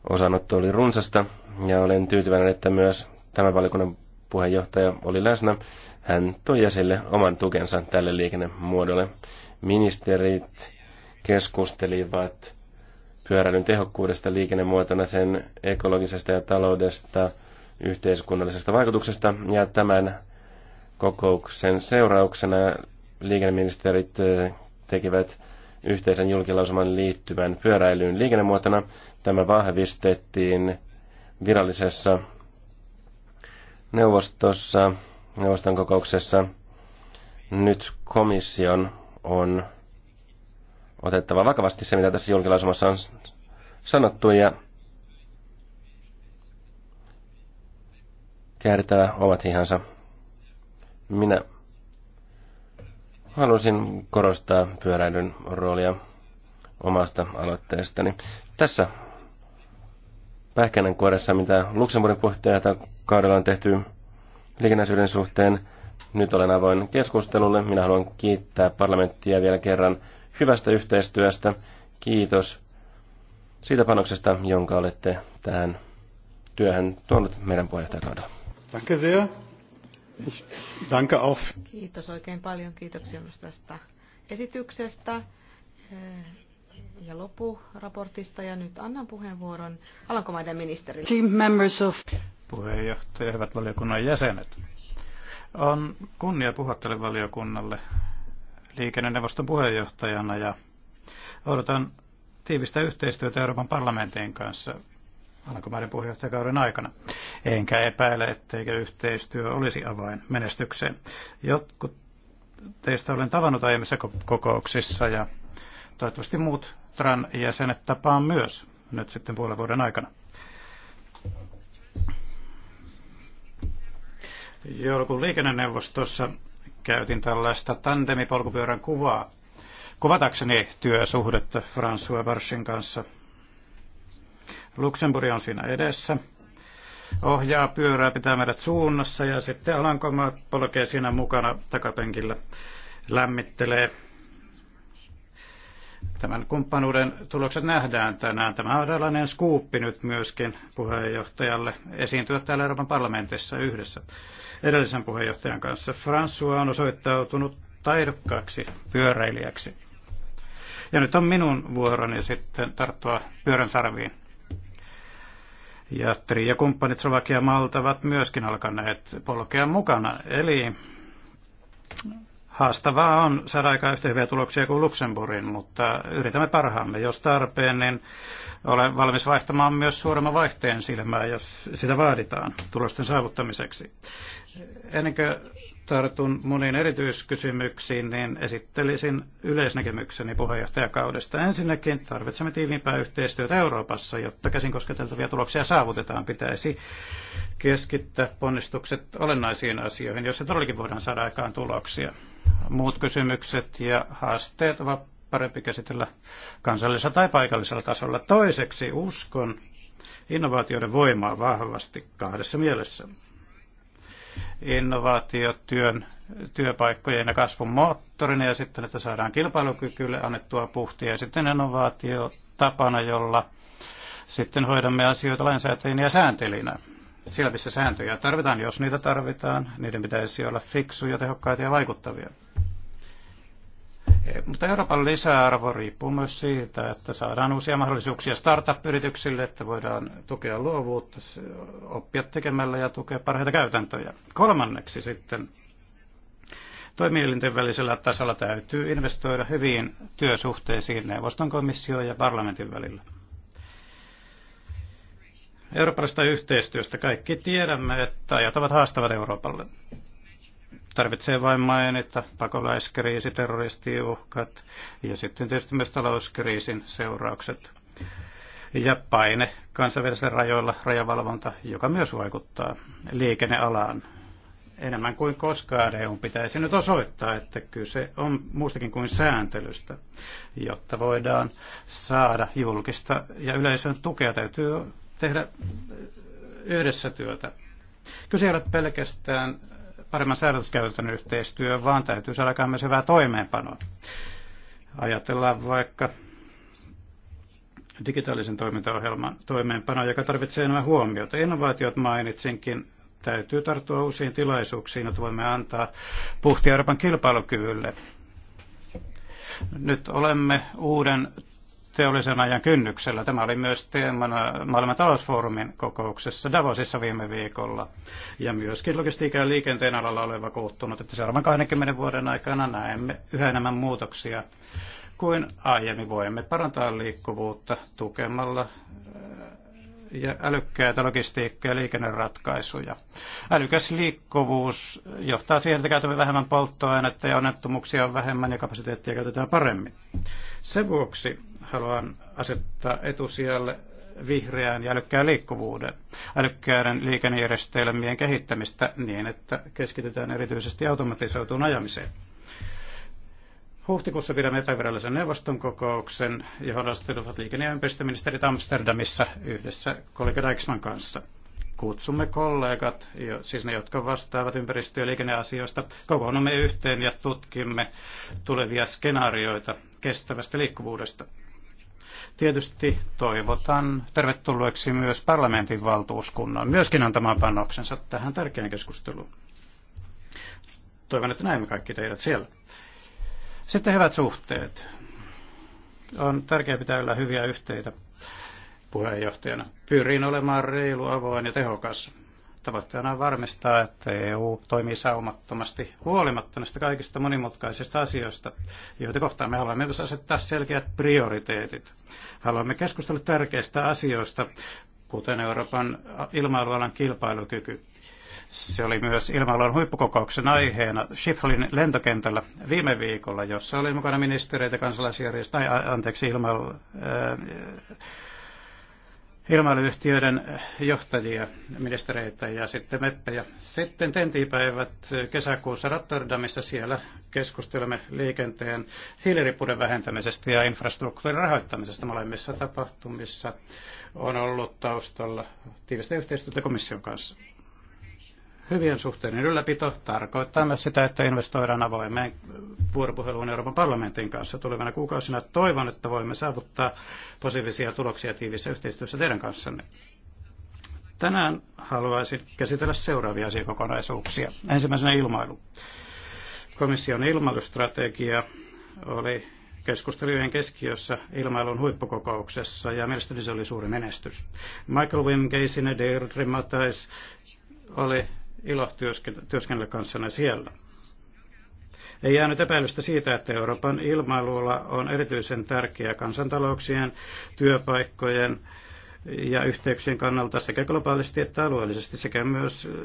Osanotto oli runsasta ja olen tyytyväinen, että myös tämän valikunnan puheenjohtaja oli läsnä. Hän toi esille oman tukensa tälle liikennemuodolle. Ministerit keskustelivat pyöräilyn tehokkuudesta liikennemuotona, sen ekologisesta ja taloudesta, yhteiskunnallisesta vaikutuksesta. Ja tämän kokouksen seurauksena liikenneministerit tekivät yhteisen julkilausuman liittyvän pyöräilyyn liikennemuotona. Tämä vahvistettiin virallisessa neuvostossa, neuvoston kokouksessa. Nyt komission on otettava vakavasti se, mitä tässä julkilausumassa on sanottu ja käärittävä omat hihansa. Minä halusin korostaa pyöräilyn roolia omasta aloitteestani. Tässä pähkinänkuoressa, mitä Luxemburgin puheenjohtajan kaudella on tehty liikennäisyyden suhteen, nyt olen avoin keskustelulle. Minä haluan kiittää parlamenttia vielä kerran hyvästä yhteistyöstä. Kiitos siitä panoksesta, jonka olette tähän työhön tuonut meidän puheenjohtajakaudella. Danke sehr. Danke auch. Kiitos oikein paljon. Kiitoksia myös tästä esityksestä eh, ja loppuraportista. Ja nyt annan puheenvuoron Alankomaiden ministerille. Team members of... Puheenjohtaja, hyvät valiokunnan jäsenet. On kunnia puhua valiokunnalle liikenneneuvoston puheenjohtajana ja odotan tiivistä yhteistyötä Euroopan parlamentin kanssa Alankomaiden puheenjohtajakauden aikana. Enkä epäile, etteikö yhteistyö olisi avain menestykseen. Jotkut teistä olen tavannut aiemmissa kokouksissa ja toivottavasti muut TRAN jäsenet tapaan myös nyt sitten puolen vuoden aikana. Joulukuun liikenneneuvostossa käytin tällaista tandemipolkupyörän kuvaa kuvatakseni työsuhdetta François Barsin kanssa. Luxemburg on siinä edessä, ohjaa pyörää, pitää meidät suunnassa ja sitten Alankomaat polkee siinä mukana takapenkillä, lämmittelee. Tämän kumppanuuden tulokset nähdään tänään. Tämä on tällainen skuuppi nyt myöskin puheenjohtajalle esiintyä täällä Euroopan parlamentissa yhdessä edellisen puheenjohtajan kanssa. François on osoittautunut taidokkaaksi pyöräilijäksi. Ja nyt on minun vuoroni sitten tarttua pyörän sarviin. Ja Tri ja kumppanit Slovakia Malta ovat myöskin alkaneet polkea mukana. Eli Haastavaa on saada aika yhtä hyviä tuloksia kuin Luxemburgin, mutta yritämme parhaamme. Jos tarpeen, niin olen valmis vaihtamaan myös suuremman vaihteen silmää, jos sitä vaaditaan tulosten saavuttamiseksi. Ennen kuin tartun moniin erityiskysymyksiin, niin esittelisin yleisnäkemykseni puheenjohtajakaudesta. Ensinnäkin tarvitsemme tiiviimpää yhteistyötä Euroopassa, jotta käsin kosketeltavia tuloksia saavutetaan. Pitäisi keskittää ponnistukset olennaisiin asioihin, joissa todellakin voidaan saada aikaan tuloksia. Muut kysymykset ja haasteet ovat parempi käsitellä kansallisella tai paikallisella tasolla. Toiseksi uskon innovaatioiden voimaa vahvasti kahdessa mielessä innovaatiotyön työpaikkojen ja kasvun moottorina ja sitten, että saadaan kilpailukykylle annettua puhtia ja sitten innovaatiotapana, tapana, jolla sitten hoidamme asioita lainsäätäjinä ja sääntelinä. Siellä missä sääntöjä tarvitaan, jos niitä tarvitaan, niiden pitäisi olla fiksuja, tehokkaita ja vaikuttavia. Eh, mutta Euroopan lisäarvo riippuu myös siitä, että saadaan uusia mahdollisuuksia startup-yrityksille, että voidaan tukea luovuutta, oppia tekemällä ja tukea parhaita käytäntöjä. Kolmanneksi sitten toimielinten välisellä tasolla täytyy investoida hyviin työsuhteisiin neuvoston komissio ja parlamentin välillä. Eurooppalaisesta yhteistyöstä kaikki tiedämme, että ajat ovat haastavat Euroopalle. Tarvitsee vain mainita pakolaiskriisi, terroristiuhkat ja sitten tietysti myös talouskriisin seuraukset ja paine kansainvälisillä rajoilla, rajavalvonta, joka myös vaikuttaa liikennealaan. Enemmän kuin koskaan EU pitäisi nyt osoittaa, että kyse on muustakin kuin sääntelystä, jotta voidaan saada julkista ja yleisön tukea. Täytyy tehdä yhdessä työtä. Kyse ei ole pelkästään paremman säädöskäytännön yhteistyö, vaan täytyy saada aikaan myös hyvää toimeenpanoa. Ajatellaan vaikka digitaalisen toimintaohjelman toimeenpanoa, joka tarvitsee enemmän huomiota. Innovaatiot mainitsinkin, täytyy tarttua uusiin tilaisuuksiin, että voimme antaa puhtia Euroopan kilpailukyvylle. Nyt olemme uuden teollisen ajan kynnyksellä. Tämä oli myös teemana maailman talousfoorumin kokouksessa Davosissa viime viikolla. Ja myöskin logistiikan ja liikenteen alalla olen vakuuttunut, että seuraavan 20 vuoden aikana näemme yhä enemmän muutoksia kuin aiemmin voimme parantaa liikkuvuutta tukemalla ja älykkäitä logistiikka- ja liikenneratkaisuja. Älykäs liikkuvuus johtaa siihen, että käytämme vähemmän polttoainetta ja onnettomuuksia on vähemmän ja kapasiteettia käytetään paremmin. Sen vuoksi haluan asettaa etusijalle vihreään ja älykkään liikkuvuuden, älykkäiden liikennejärjestelmien kehittämistä niin, että keskitytään erityisesti automatisoituun ajamiseen. Huhtikuussa pidämme epävirallisen neuvoston kokouksen, johon astuvat liikenne- ja ympäristöministerit Amsterdamissa yhdessä kollega Dijksman kanssa. Kutsumme kollegat, siis ne, jotka vastaavat ympäristö- ja liikenneasioista, kokoonnumme yhteen ja tutkimme tulevia skenaarioita kestävästä liikkuvuudesta. Tietysti toivotan tervetulleeksi myös parlamentin valtuuskunnan myöskin antamaan panoksensa tähän tärkeään keskusteluun. Toivon, että näemme kaikki teidät siellä. Sitten hyvät suhteet. On tärkeää pitää yllä hyviä yhteitä puheenjohtajana. Pyrin olemaan reilu, avoin ja tehokas. Tavoitteena on varmistaa, että EU toimii saumattomasti huolimatta näistä kaikista monimutkaisista asioista, joita kohtaan me haluamme myös asettaa selkeät prioriteetit. Haluamme keskustella tärkeistä asioista, kuten Euroopan ilmailualan kilpailukyky, se oli myös ilmailun huippukokouksen aiheena Schifflin lentokentällä viime viikolla, jossa oli mukana ministeriöitä, kansalaisjärjestöjä, tai anteeksi, ilmailu, äh, ilmailuyhtiöiden johtajia, ministereitä ja sitten meppejä. Sitten tentipäivät kesäkuussa Rotterdamissa siellä keskustelemme liikenteen hiiliriippuuden vähentämisestä ja infrastruktuurin rahoittamisesta molemmissa tapahtumissa. On ollut taustalla tiivistä yhteistyötä komission kanssa hyvien suhteiden ylläpito tarkoittaa myös sitä, että investoidaan avoimeen vuoropuheluun Euroopan parlamentin kanssa tulevina kuukausina. Toivon, että voimme saavuttaa positiivisia tuloksia tiivissä yhteistyössä teidän kanssanne. Tänään haluaisin käsitellä seuraavia asiakokonaisuuksia. Ensimmäisenä ilmailu. Komission ilmailustrategia oli keskustelujen keskiössä ilmailun huippukokouksessa ja mielestäni se oli suuri menestys. Michael Wim, ja Deirdre Matais oli ilo työskennellä kanssanne siellä. Ei jäänyt epäilystä siitä, että Euroopan ilmailulla on erityisen tärkeä kansantalouksien, työpaikkojen ja yhteyksien kannalta sekä globaalisti että alueellisesti sekä myös eh,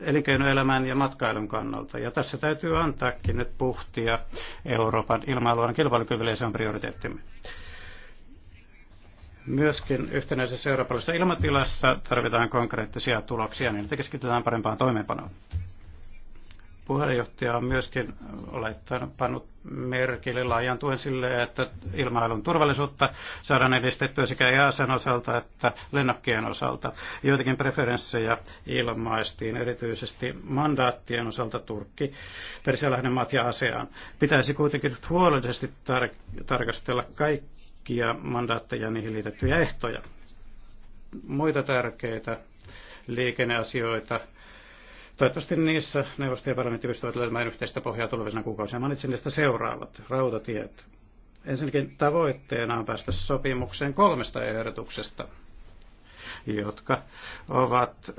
elinkeinoelämän ja matkailun kannalta. Ja tässä täytyy antaakin nyt puhtia Euroopan ilmailualan kilpailukyvylle ja se on prioriteettimme. Myöskin yhtenäisessä eurooppalaisessa ilmatilassa tarvitaan konkreettisia tuloksia, niin että keskitytään parempaan toimeenpanoon. Puheenjohtaja on myöskin pannut merkille laajan tuen sille, että ilmailun turvallisuutta saadaan edistettyä sekä EASan osalta että lennokkien osalta. Joitakin preferenssejä ilmaistiin erityisesti mandaattien osalta Turkki, Persialainen maat ja ASEAN. Pitäisi kuitenkin huolellisesti tar- tarkastella kaikki tutkia mandaatteja ja niihin liitettyjä ehtoja. Muita tärkeitä liikenneasioita. Toivottavasti niissä neuvosto ja parlamentti pystyvät löytämään yhteistä pohjaa tulevina kuukausina. Mainitsin niistä seuraavat. Rautatiet. Ensinnäkin tavoitteena on päästä sopimukseen kolmesta ehdotuksesta, jotka ovat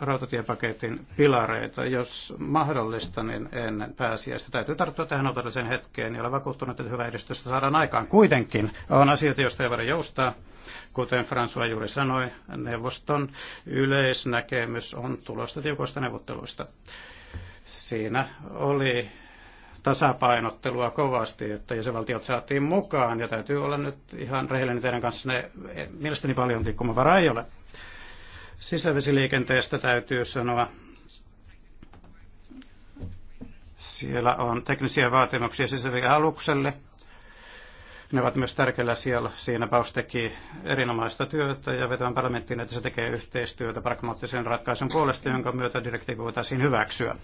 rautatiepaketin pilareita. Jos mahdollista, niin ennen pääsiäistä täytyy tarttua tähän otodelliseen hetkeen ja olen vakuuttunut, että hyvä edistystä saadaan aikaan. Kuitenkin on asioita, joista ei voida joustaa. Kuten François juuri sanoi, neuvoston yleisnäkemys on tulosta tiukoista neuvotteluista. Siinä oli tasapainottelua kovasti, että jäsenvaltiot saatiin mukaan ja täytyy olla nyt ihan rehellinen teidän kanssa, ne mielestäni paljon tikkumavaraa ei ole Sisävesiliikenteestä täytyy sanoa, siellä on teknisiä vaatimuksia sisävesialukselle. alukselle ne ovat myös tärkeällä siellä. Siinä Paus teki erinomaista työtä ja vetävän parlamenttiin, että se tekee yhteistyötä pragmaattisen ratkaisun puolesta, jonka myötä direktiivi voitaisiin hyväksyä.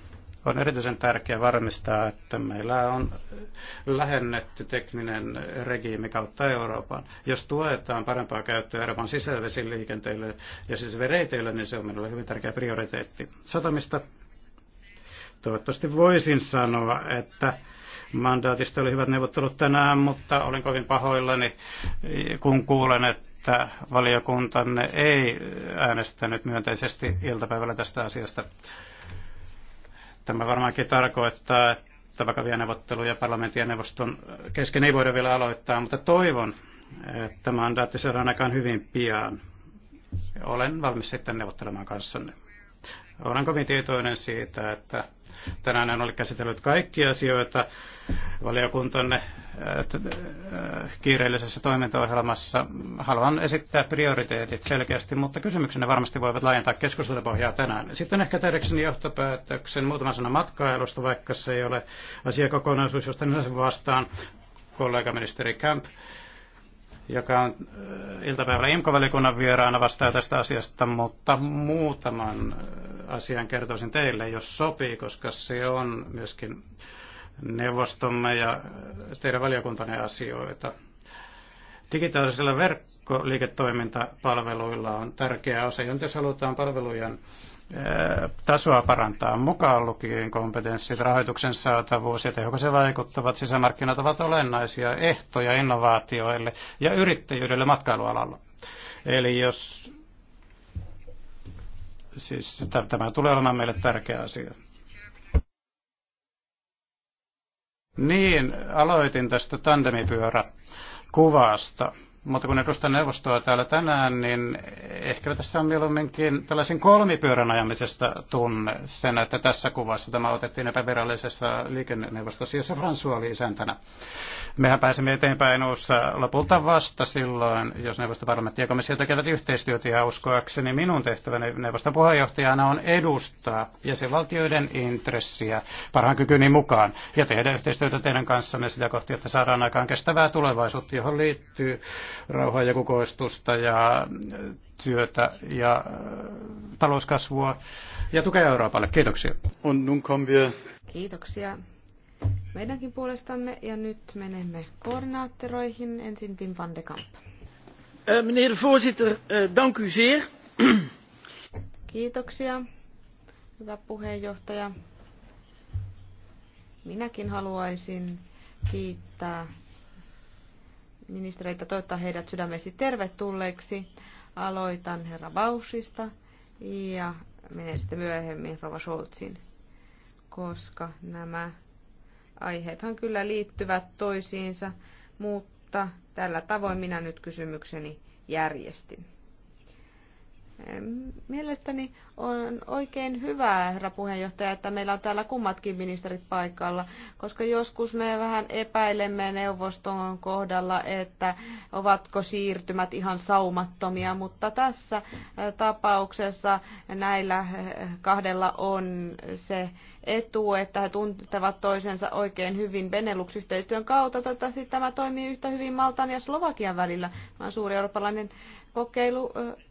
On erityisen tärkeää varmistaa, että meillä on lähennetty tekninen regiimi kautta Euroopan. Jos tuetaan parempaa käyttöä Euroopan liikenteille ja sisävereiteille, niin se on minulle hyvin tärkeä prioriteetti. Satamista toivottavasti voisin sanoa, että Mandaatista oli hyvät neuvottelut tänään, mutta olin kovin pahoillani, kun kuulen, että valiokuntanne ei äänestänyt myönteisesti iltapäivällä tästä asiasta. Tämä varmaankin tarkoittaa, että vakavia neuvotteluja parlamentin ja neuvoston kesken ei voida vielä aloittaa, mutta toivon, että mandaatti saadaan aikaan hyvin pian. Olen valmis sitten neuvottelemaan kanssanne. Olen kovin tietoinen siitä, että Tänään en ole käsitellyt kaikkia asioita valiokuntanne äh, äh, kiireellisessä toimintaohjelmassa. Haluan esittää prioriteetit selkeästi, mutta kysymyksenne varmasti voivat laajentaa keskustelupohjaa tänään. Sitten ehkä tehdäkseni johtopäätöksen muutaman sanan matkailusta, vaikka se ei ole asiakokonaisuus, josta minä sen vastaan kollega ministeri Kemp joka on äh, iltapäivällä IMCO-valikunnan vieraana vastaa tästä asiasta, mutta muutaman äh, asian kertoisin teille, jos sopii, koska se on myöskin neuvostomme ja äh, teidän valiokuntanne asioita. Digitaalisilla verkkoliiketoimintapalveluilla on tärkeä osa, jos halutaan palvelujen tasoa parantaa mukaan lukien kompetenssit, rahoituksen saatavuus ja tehokas vaikuttavat sisämarkkinat ovat olennaisia ehtoja innovaatioille ja yrittäjyydelle matkailualalla. Eli jos siis tämä tulee olemaan meille tärkeä asia. Niin, aloitin tästä tandemipyörä kuvasta mutta kun edustan neuvostoa täällä tänään, niin ehkä tässä on mieluumminkin tällaisen kolmipyörän ajamisesta tunne sen, että tässä kuvassa tämä otettiin epävirallisessa liikenneneuvostossa, jossa François oli isäntänä. Mehän pääsemme eteenpäin uussa lopulta vasta silloin, jos neuvostoparlamentti ja komissio tekevät yhteistyötä ja uskoakseni minun tehtäväni neuvoston puheenjohtajana on edustaa jäsenvaltioiden intressiä parhaan kykyni mukaan ja tehdä yhteistyötä teidän kanssanne sitä kohti, että saadaan aikaan kestävää tulevaisuutta, johon liittyy rauhaa ja kukoistusta ja äh, työtä ja äh, talouskasvua ja tukea Euroopalle. Kiitoksia. Und nun kommen wir. Kiitoksia meidänkin puolestamme ja nyt menemme koordinaattoroihin. Ensin Wim van de Kamp. Eh, meneer de voorzitter, eh, dank u zeer. Kiitoksia, hyvä puheenjohtaja. Minäkin haluaisin kiittää ministereitä toivottaa heidät sydämesi tervetulleeksi. Aloitan herra Bauschista ja menen sitten myöhemmin Rova Scholzin, koska nämä aiheethan kyllä liittyvät toisiinsa, mutta tällä tavoin minä nyt kysymykseni järjestin. Mielestäni on oikein hyvä, herra puheenjohtaja, että meillä on täällä kummatkin ministerit paikalla, koska joskus me vähän epäilemme neuvoston kohdalla, että ovatko siirtymät ihan saumattomia, mutta tässä eh, tapauksessa näillä eh, kahdella on se etu, että he tuntevat toisensa oikein hyvin Benelux-yhteistyön kautta. tätä tämä toimii yhtä hyvin Maltan ja Slovakian välillä. Tämä suuri eurooppalainen kokeilu eh,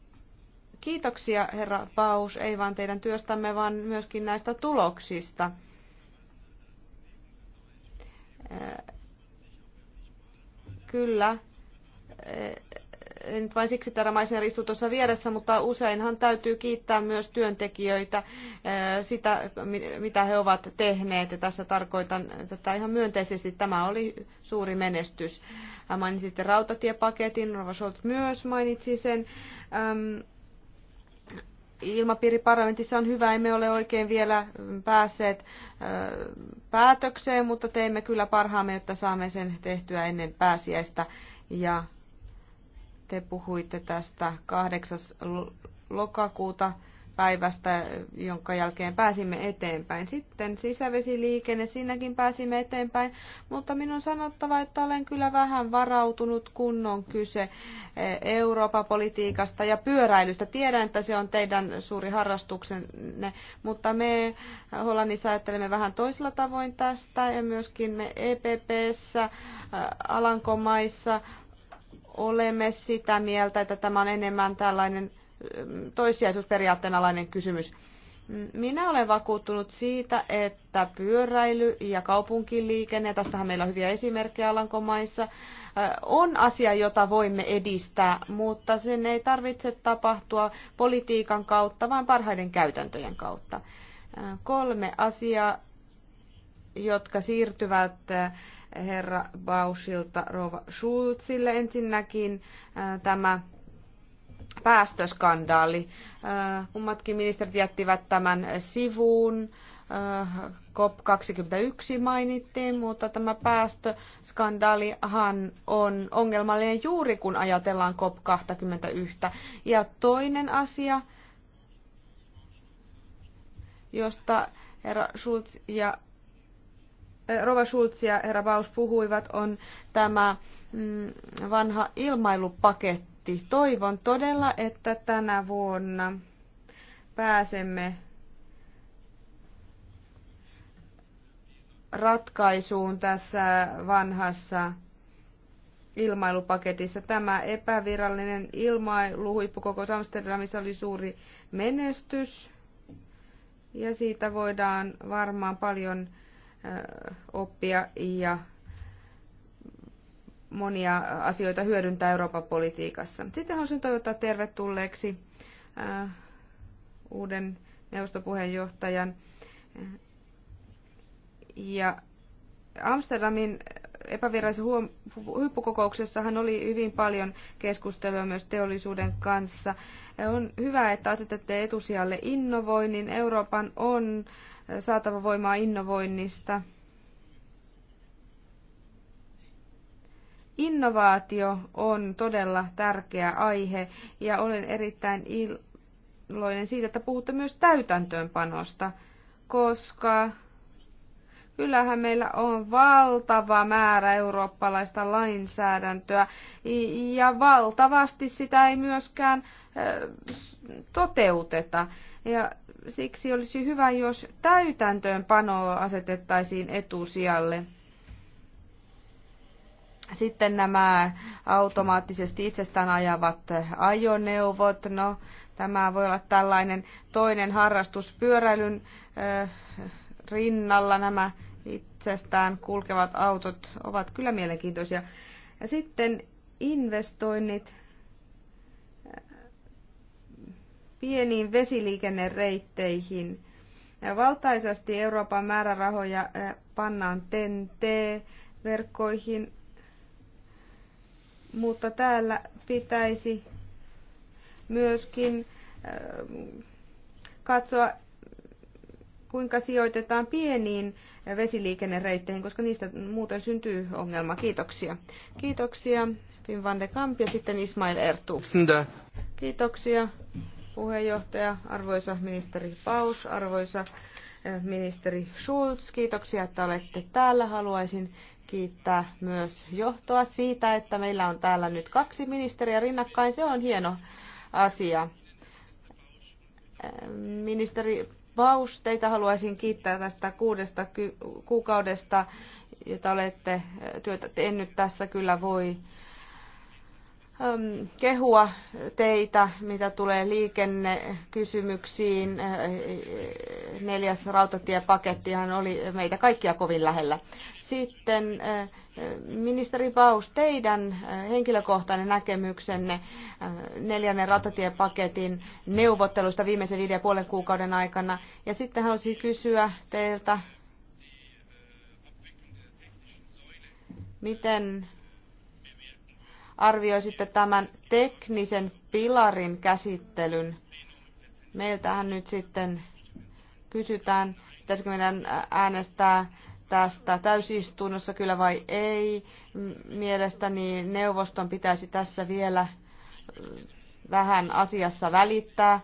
Kiitoksia, herra Paus, ei vain teidän työstämme, vaan myöskin näistä tuloksista. Äh, kyllä. Äh, en nyt vain siksi että Maisner istuu tuossa vieressä, mutta useinhan täytyy kiittää myös työntekijöitä äh, sitä, mitä he ovat tehneet. Ja tässä tarkoitan tätä ihan myönteisesti. Tämä oli suuri menestys. hän Mainitsitte rautatiepaketin, Rova Scholt myös mainitsi sen ilmapiiri parlamentissa on hyvä. Emme ole oikein vielä päässeet päätökseen, mutta teemme kyllä parhaamme, jotta saamme sen tehtyä ennen pääsiäistä. Ja te puhuitte tästä 8. lokakuuta päivästä, jonka jälkeen pääsimme eteenpäin. Sitten sisävesiliikenne, siinäkin pääsimme eteenpäin, mutta minun on sanottava, että olen kyllä vähän varautunut, kun on kyse eh, Euroopan politiikasta ja pyöräilystä. Tiedän, että se on teidän suuri harrastuksenne, mutta me Hollannissa ajattelemme vähän toisella tavoin tästä ja myöskin me EPPssä, eh, Alankomaissa olemme sitä mieltä, että tämä on enemmän tällainen toissijaisuusperiaatteen alainen kysymys. Minä olen vakuuttunut siitä, että pyöräily ja kaupunkiliikenne, tästähän meillä on hyviä esimerkkejä Alankomaissa, on asia, jota voimme edistää, mutta sen ei tarvitse tapahtua politiikan kautta, vaan parhaiden käytäntöjen kautta. Kolme asiaa, jotka siirtyvät herra Bausilta Rova Schulzille. Ensinnäkin tämä päästöskandaali. Äh, kummatkin ministerit jättivät tämän sivuun. Äh, COP21 mainittiin, mutta tämä päästöskandaalihan on ongelmallinen juuri kun ajatellaan COP21. Ja toinen asia, josta herra Schulz ja äh, Rova Schulz ja herra Baus puhuivat, on tämä mm, vanha ilmailupaketti kovasti. Toivon todella, että tänä vuonna pääsemme ratkaisuun tässä vanhassa ilmailupaketissa. Tämä epävirallinen ilmailuhuippukokous Amsterdamissa oli suuri menestys ja siitä voidaan varmaan paljon oppia ja monia asioita hyödyntää Euroopan politiikassa. Sitten haluaisin toivottaa tervetulleeksi äh, uuden neuvostopuheenjohtajan. Äh, ja Amsterdamin epävirallisessa huippukokouksessa hän oli hyvin paljon keskustelua myös teollisuuden kanssa. On hyvä, että asetatte etusijalle innovoinnin. Euroopan on saatava voimaa innovoinnista Innovaatio on todella tärkeä aihe ja olen erittäin iloinen siitä, että puhutte myös täytäntöönpanosta, koska kyllähän meillä on valtava määrä eurooppalaista lainsäädäntöä ja valtavasti sitä ei myöskään toteuteta. Ja siksi olisi hyvä, jos täytäntöönpanoa asetettaisiin etusijalle. Sitten nämä automaattisesti itsestään ajavat ajoneuvot, no tämä voi olla tällainen toinen harrastus pyöräilyn rinnalla. Nämä itsestään kulkevat autot ovat kyllä mielenkiintoisia. Ja sitten investoinnit pieniin vesiliikennereitteihin. ja valtaisesti Euroopan määrärahoja pannaan TEN-T-verkkoihin, mutta täällä pitäisi myöskin äh, katsoa, kuinka sijoitetaan pieniin vesiliikennereitteihin, koska niistä muuten syntyy ongelma. Kiitoksia. Kiitoksia Finn van de Kamp ja sitten Ismail Ertu. Kiitoksia puheenjohtaja, arvoisa ministeri Paus, arvoisa äh, ministeri Schulz. Kiitoksia, että olette täällä. Haluaisin kiittää myös johtoa siitä, että meillä on täällä nyt kaksi ministeriä rinnakkain. Se on hieno asia. Ministeri Paus, teitä haluaisin kiittää tästä kuudesta kuukaudesta, jota olette työtä tehnyt tässä. Kyllä voi kehua teitä, mitä tulee liikennekysymyksiin. Neljäs rautatiepakettihan oli meitä kaikkia kovin lähellä. Sitten ministeri Paus, teidän henkilökohtainen näkemyksenne neljännen rautatiepaketin neuvotteluista viimeisen viiden ja puolen kuukauden aikana. Ja sitten haluaisin kysyä teiltä, miten arvioisitte tämän teknisen pilarin käsittelyn? Meiltähän nyt sitten kysytään, pitäisikö meidän äänestää tästä täysistunnossa kyllä vai ei. Mielestäni neuvoston pitäisi tässä vielä äh, vähän asiassa välittää.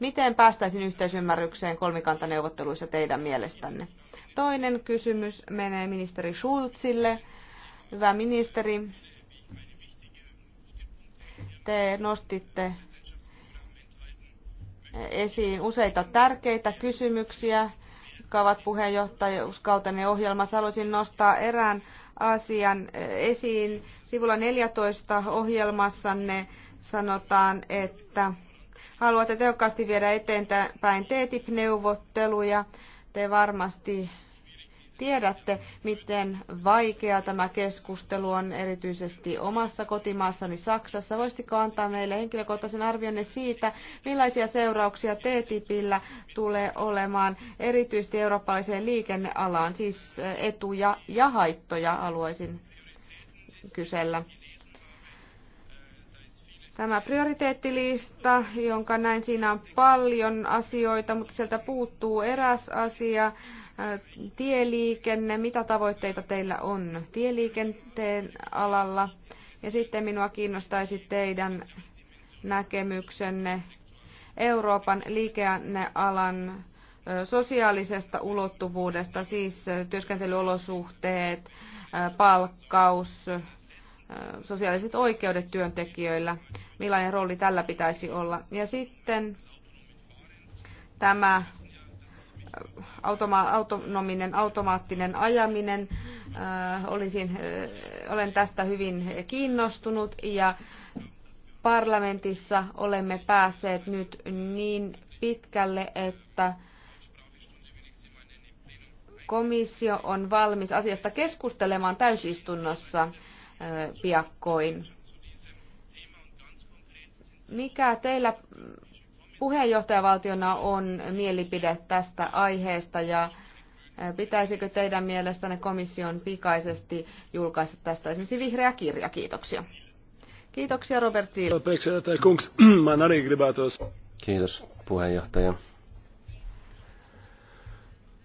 Miten päästäisiin yhteisymmärrykseen kolmikantaneuvotteluissa teidän mielestänne? Toinen kysymys menee ministeri Schulzille. Hyvä ministeri, te nostitte esiin useita tärkeitä kysymyksiä, Kavat puheenjohtajuuskautenne ohjelmassa. Haluaisin nostaa erään asian esiin. Sivulla 14 ohjelmassanne sanotaan, että haluatte tehokkaasti viedä eteenpäin TTIP-neuvotteluja. Te varmasti Tiedätte, miten vaikea tämä keskustelu on erityisesti omassa kotimaassani Saksassa. Voisitko antaa meille henkilökohtaisen arvionne siitä, millaisia seurauksia TTIPillä tulee olemaan erityisesti eurooppalaiseen liikennealaan, siis etuja ja haittoja haluaisin kysellä. Tämä prioriteettilista, jonka näin siinä on paljon asioita, mutta sieltä puuttuu eräs asia tieliikenne, mitä tavoitteita teillä on tieliikenteen alalla. Ja sitten minua kiinnostaisi teidän näkemyksenne Euroopan liikennealan sosiaalisesta ulottuvuudesta, siis työskentelyolosuhteet, palkkaus, sosiaaliset oikeudet työntekijöillä, millainen rooli tällä pitäisi olla. Ja sitten tämä automa- autonominen automaattinen ajaminen. Äh, Olisin, äh, olen tästä hyvin kiinnostunut ja parlamentissa olemme päässeet nyt niin pitkälle, että komissio on valmis asiasta keskustelemaan täysistunnossa äh, piakkoin. Mikä teillä puheenjohtajavaltiona on mielipide tästä aiheesta ja pitäisikö teidän mielestänne komission pikaisesti julkaista tästä esimerkiksi vihreä kirja? Kiitoksia. Kiitoksia Robert Kiitos puheenjohtaja.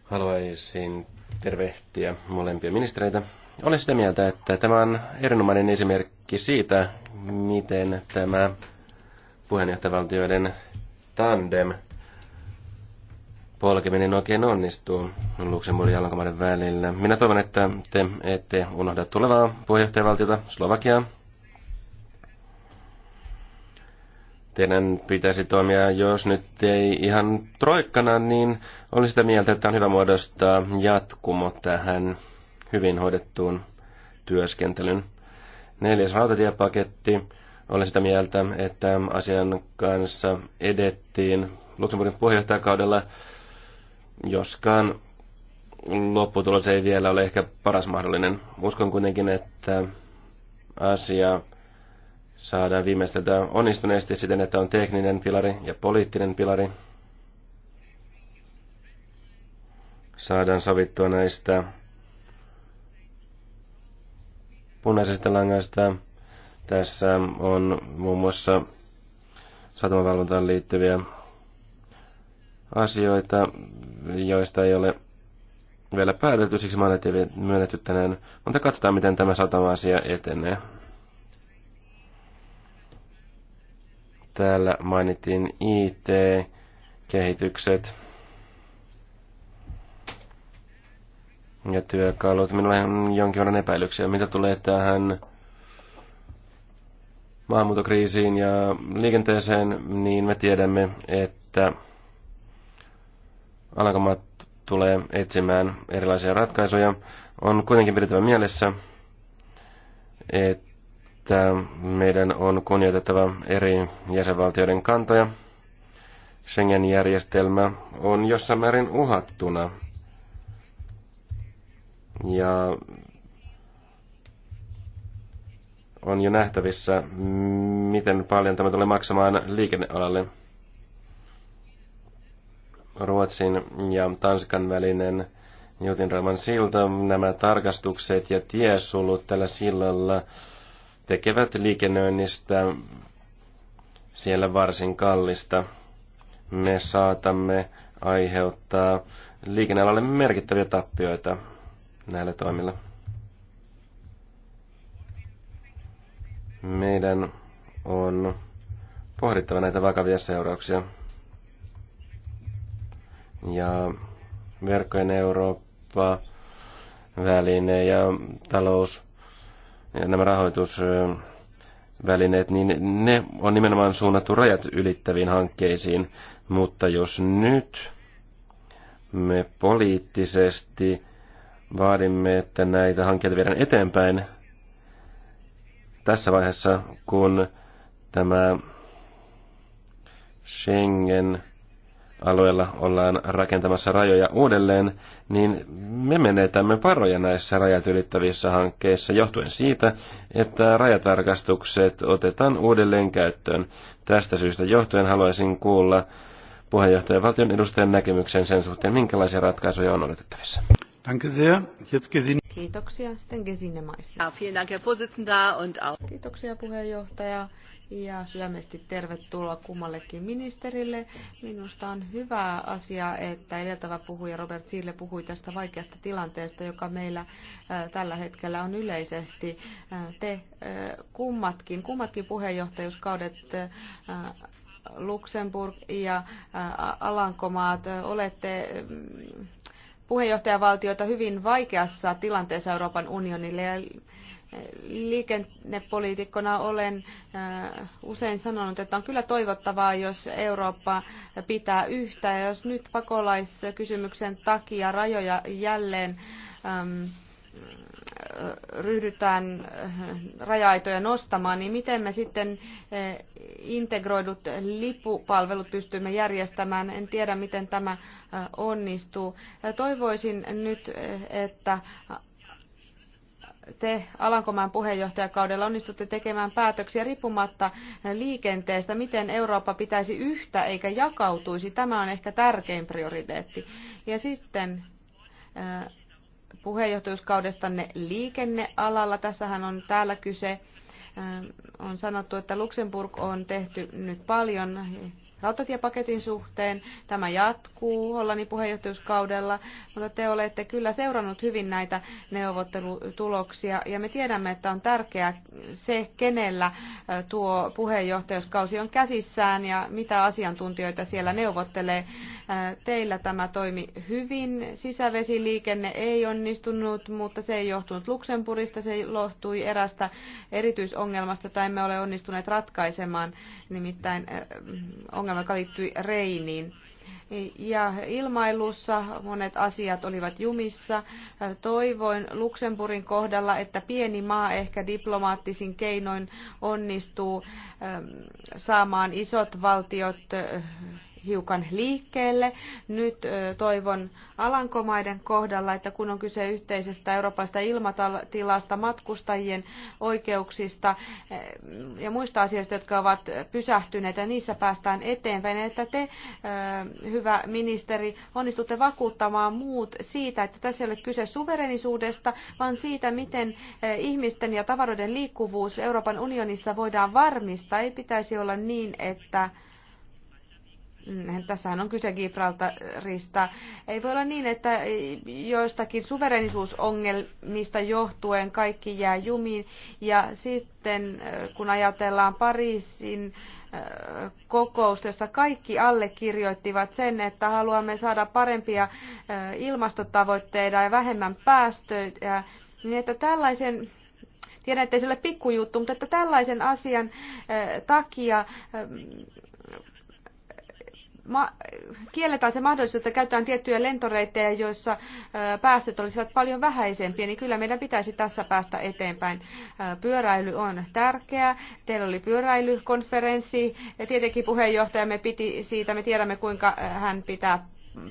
Haluaisin tervehtiä molempia ministereitä. Olen sitä mieltä, että tämä on erinomainen esimerkki siitä, miten tämä puheenjohtajavaltioiden tandem polkeminen oikein onnistuu Luxemburgin jalkamaiden välillä. Minä toivon, että te ette unohda tulevaa puheenjohtajavaltiota Slovakiaa. Teidän pitäisi toimia, jos nyt ei ihan troikkana, niin olisi sitä mieltä, että on hyvä muodostaa jatkumo tähän hyvin hoidettuun työskentelyn. Neljäs rautatiepaketti olen sitä mieltä, että asian kanssa edettiin Luxemburgin puheenjohtajakaudella, joskaan lopputulos ei vielä ole ehkä paras mahdollinen. Uskon kuitenkin, että asia saadaan viimeisteltä onnistuneesti siten, että on tekninen pilari ja poliittinen pilari. Saadaan sovittua näistä punaisesta langasta tässä on muun muassa satamavalvontaan liittyviä asioita, joista ei ole vielä päätetty, siksi mä myönnetty tänään. Mutta katsotaan, miten tämä satama-asia etenee. Täällä mainittiin IT-kehitykset ja työkalut. Minulla on jonkin verran epäilyksiä, mitä tulee tähän maahanmuutokriisiin ja liikenteeseen, niin me tiedämme, että Alankomaat tulee etsimään erilaisia ratkaisuja. On kuitenkin pidettävä mielessä, että meidän on kunnioitettava eri jäsenvaltioiden kantoja. Schengen-järjestelmä on jossain määrin uhattuna. Ja on jo nähtävissä, miten paljon tämä tulee maksamaan liikennealalle. Ruotsin ja Tanskan välinen Jutinraman silta, nämä tarkastukset ja tiesulut tällä sillalla tekevät liikennöinnistä siellä varsin kallista. Me saatamme aiheuttaa liikennealalle merkittäviä tappioita näillä toimilla. Meidän on pohdittava näitä vakavia seurauksia. Ja verkkojen Eurooppa, väline ja talous ja nämä rahoitusvälineet, niin ne on nimenomaan suunnattu rajat ylittäviin hankkeisiin. Mutta jos nyt me poliittisesti vaadimme, että näitä hankkeita viedään eteenpäin, tässä vaiheessa, kun tämä Schengen alueella ollaan rakentamassa rajoja uudelleen, niin me menetämme varoja näissä rajat ylittävissä hankkeissa johtuen siitä, että rajatarkastukset otetaan uudelleen käyttöön. Tästä syystä johtuen haluaisin kuulla puheenjohtajan valtion edustajan näkemyksen sen suhteen, minkälaisia ratkaisuja on odotettavissa. Kiitoksia. Sitten Gesine Kiitoksia puheenjohtaja ja sydämesti tervetuloa kummallekin ministerille. Minusta on hyvä asia, että edeltävä puhuja Robert Siirle puhui tästä vaikeasta tilanteesta, joka meillä äh, tällä hetkellä on yleisesti. Äh, te äh, kummatkin, kummatkin puheenjohtajuuskaudet Luxemburg ja Alankomaat olette mm, puheenjohtajavaltioita hyvin vaikeassa tilanteessa Euroopan unionille. Ja liikennepoliitikkona olen äh, usein sanonut, että on kyllä toivottavaa, jos Eurooppa pitää yhtä. Ja jos nyt pakolaiskysymyksen takia rajoja jälleen ähm, ryhdytään äh, raja-aitoja nostamaan, niin miten me sitten äh, integroidut lipupalvelut pystymme järjestämään? En tiedä, miten tämä äh, onnistuu. Toivoisin nyt, että te Alankomaan puheenjohtajakaudella onnistutte tekemään päätöksiä riippumatta liikenteestä, miten Eurooppa pitäisi yhtä eikä jakautuisi. Tämä on ehkä tärkein prioriteetti. Ja sitten puheenjohtajuuskaudestanne liikennealalla. Tässähän on täällä kyse. Äh, on sanottu, että Luxemburg on tehty nyt paljon rautatiepaketin suhteen. Tämä jatkuu Hollannin puheenjohtajuuskaudella, mutta te olette kyllä seurannut hyvin näitä neuvottelutuloksia ja me tiedämme, että on tärkeää se, kenellä tuo puheenjohtajuuskausi on käsissään ja mitä asiantuntijoita siellä neuvottelee. Teillä tämä toimi hyvin. Sisävesiliikenne ei onnistunut, mutta se ei johtunut Luxemburgista, se lohtui erästä erityisongelmasta, tai emme ole onnistuneet ratkaisemaan, nimittäin ongelma ongelma, joka liittyi Reiniin. Ja ilmailussa monet asiat olivat jumissa. Toivoin Luxemburgin kohdalla, että pieni maa ehkä diplomaattisin keinoin onnistuu saamaan isot valtiot hiukan liikkeelle. Nyt toivon Alankomaiden kohdalla, että kun on kyse yhteisestä Euroopasta ilmatilasta, matkustajien oikeuksista ja muista asioista, jotka ovat pysähtyneet ja niissä päästään eteenpäin, niin että te, hyvä ministeri, onnistutte vakuuttamaan muut siitä, että tässä ei ole kyse suverenisuudesta, vaan siitä, miten ihmisten ja tavaroiden liikkuvuus Euroopan unionissa voidaan varmistaa. Ei pitäisi olla niin, että Mm, tässähän on kyse Gibraltarista. Ei voi olla niin, että joistakin suverenisuusongelmista johtuen kaikki jää jumiin. Ja sitten äh, kun ajatellaan Pariisin äh, kokousta, jossa kaikki allekirjoittivat sen, että haluamme saada parempia äh, ilmastotavoitteita ja vähemmän päästöjä, niin että tällaisen tiedän, että ei se ole pikkujuttu, mutta että tällaisen asian takia ähm, ma- kielletään se mahdollisuus, että käytetään tiettyjä lentoreittejä, joissa päästöt olisivat paljon vähäisempiä, niin kyllä meidän pitäisi tässä päästä eteenpäin. Pyöräily on tärkeää. Teillä oli pyöräilykonferenssi. Ja tietenkin puheenjohtajamme piti siitä. Me tiedämme, kuinka hän pitää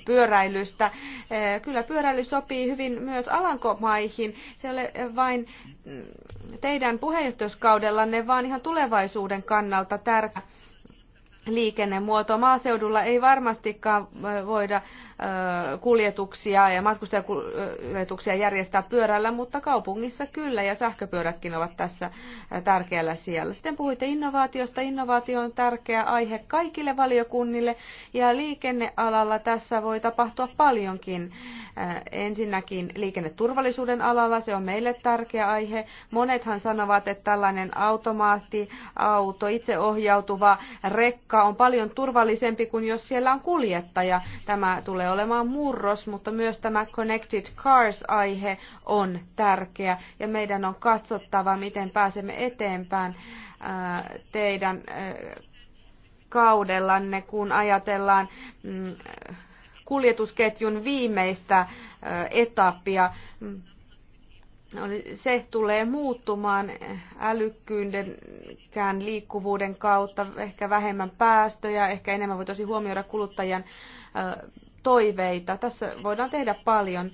pyöräilystä. Kyllä pyöräily sopii hyvin myös Alankomaihin. Se ei ole vain mm, teidän puheenjohtajuuskaudellanne, vaan ihan tulevaisuuden kannalta tärkeää liikennemuoto. Maaseudulla ei varmastikaan äh, voida kuljetuksia ja matkustajakuljetuksia järjestää pyörällä, mutta kaupungissa kyllä ja sähköpyörätkin ovat tässä tärkeällä siellä. Sitten puhuitte innovaatiosta. Innovaatio on tärkeä aihe kaikille valiokunnille ja liikennealalla tässä voi tapahtua paljonkin. Ensinnäkin liikenneturvallisuuden alalla se on meille tärkeä aihe. Monethan sanovat, että tällainen automaatti auto itseohjautuva rekka on paljon turvallisempi kuin jos siellä on kuljettaja. Tämä tulee olemaan murros, mutta myös tämä Connected Cars-aihe on tärkeä ja meidän on katsottava, miten pääsemme eteenpäin äh, teidän äh, kaudellanne, kun ajatellaan mm, kuljetusketjun viimeistä äh, etappia. Mm, se tulee muuttumaan älykkyydenkään liikkuvuuden kautta, ehkä vähemmän päästöjä, ehkä enemmän voi tosi huomioida kuluttajan toiveita. Tässä voidaan tehdä paljon.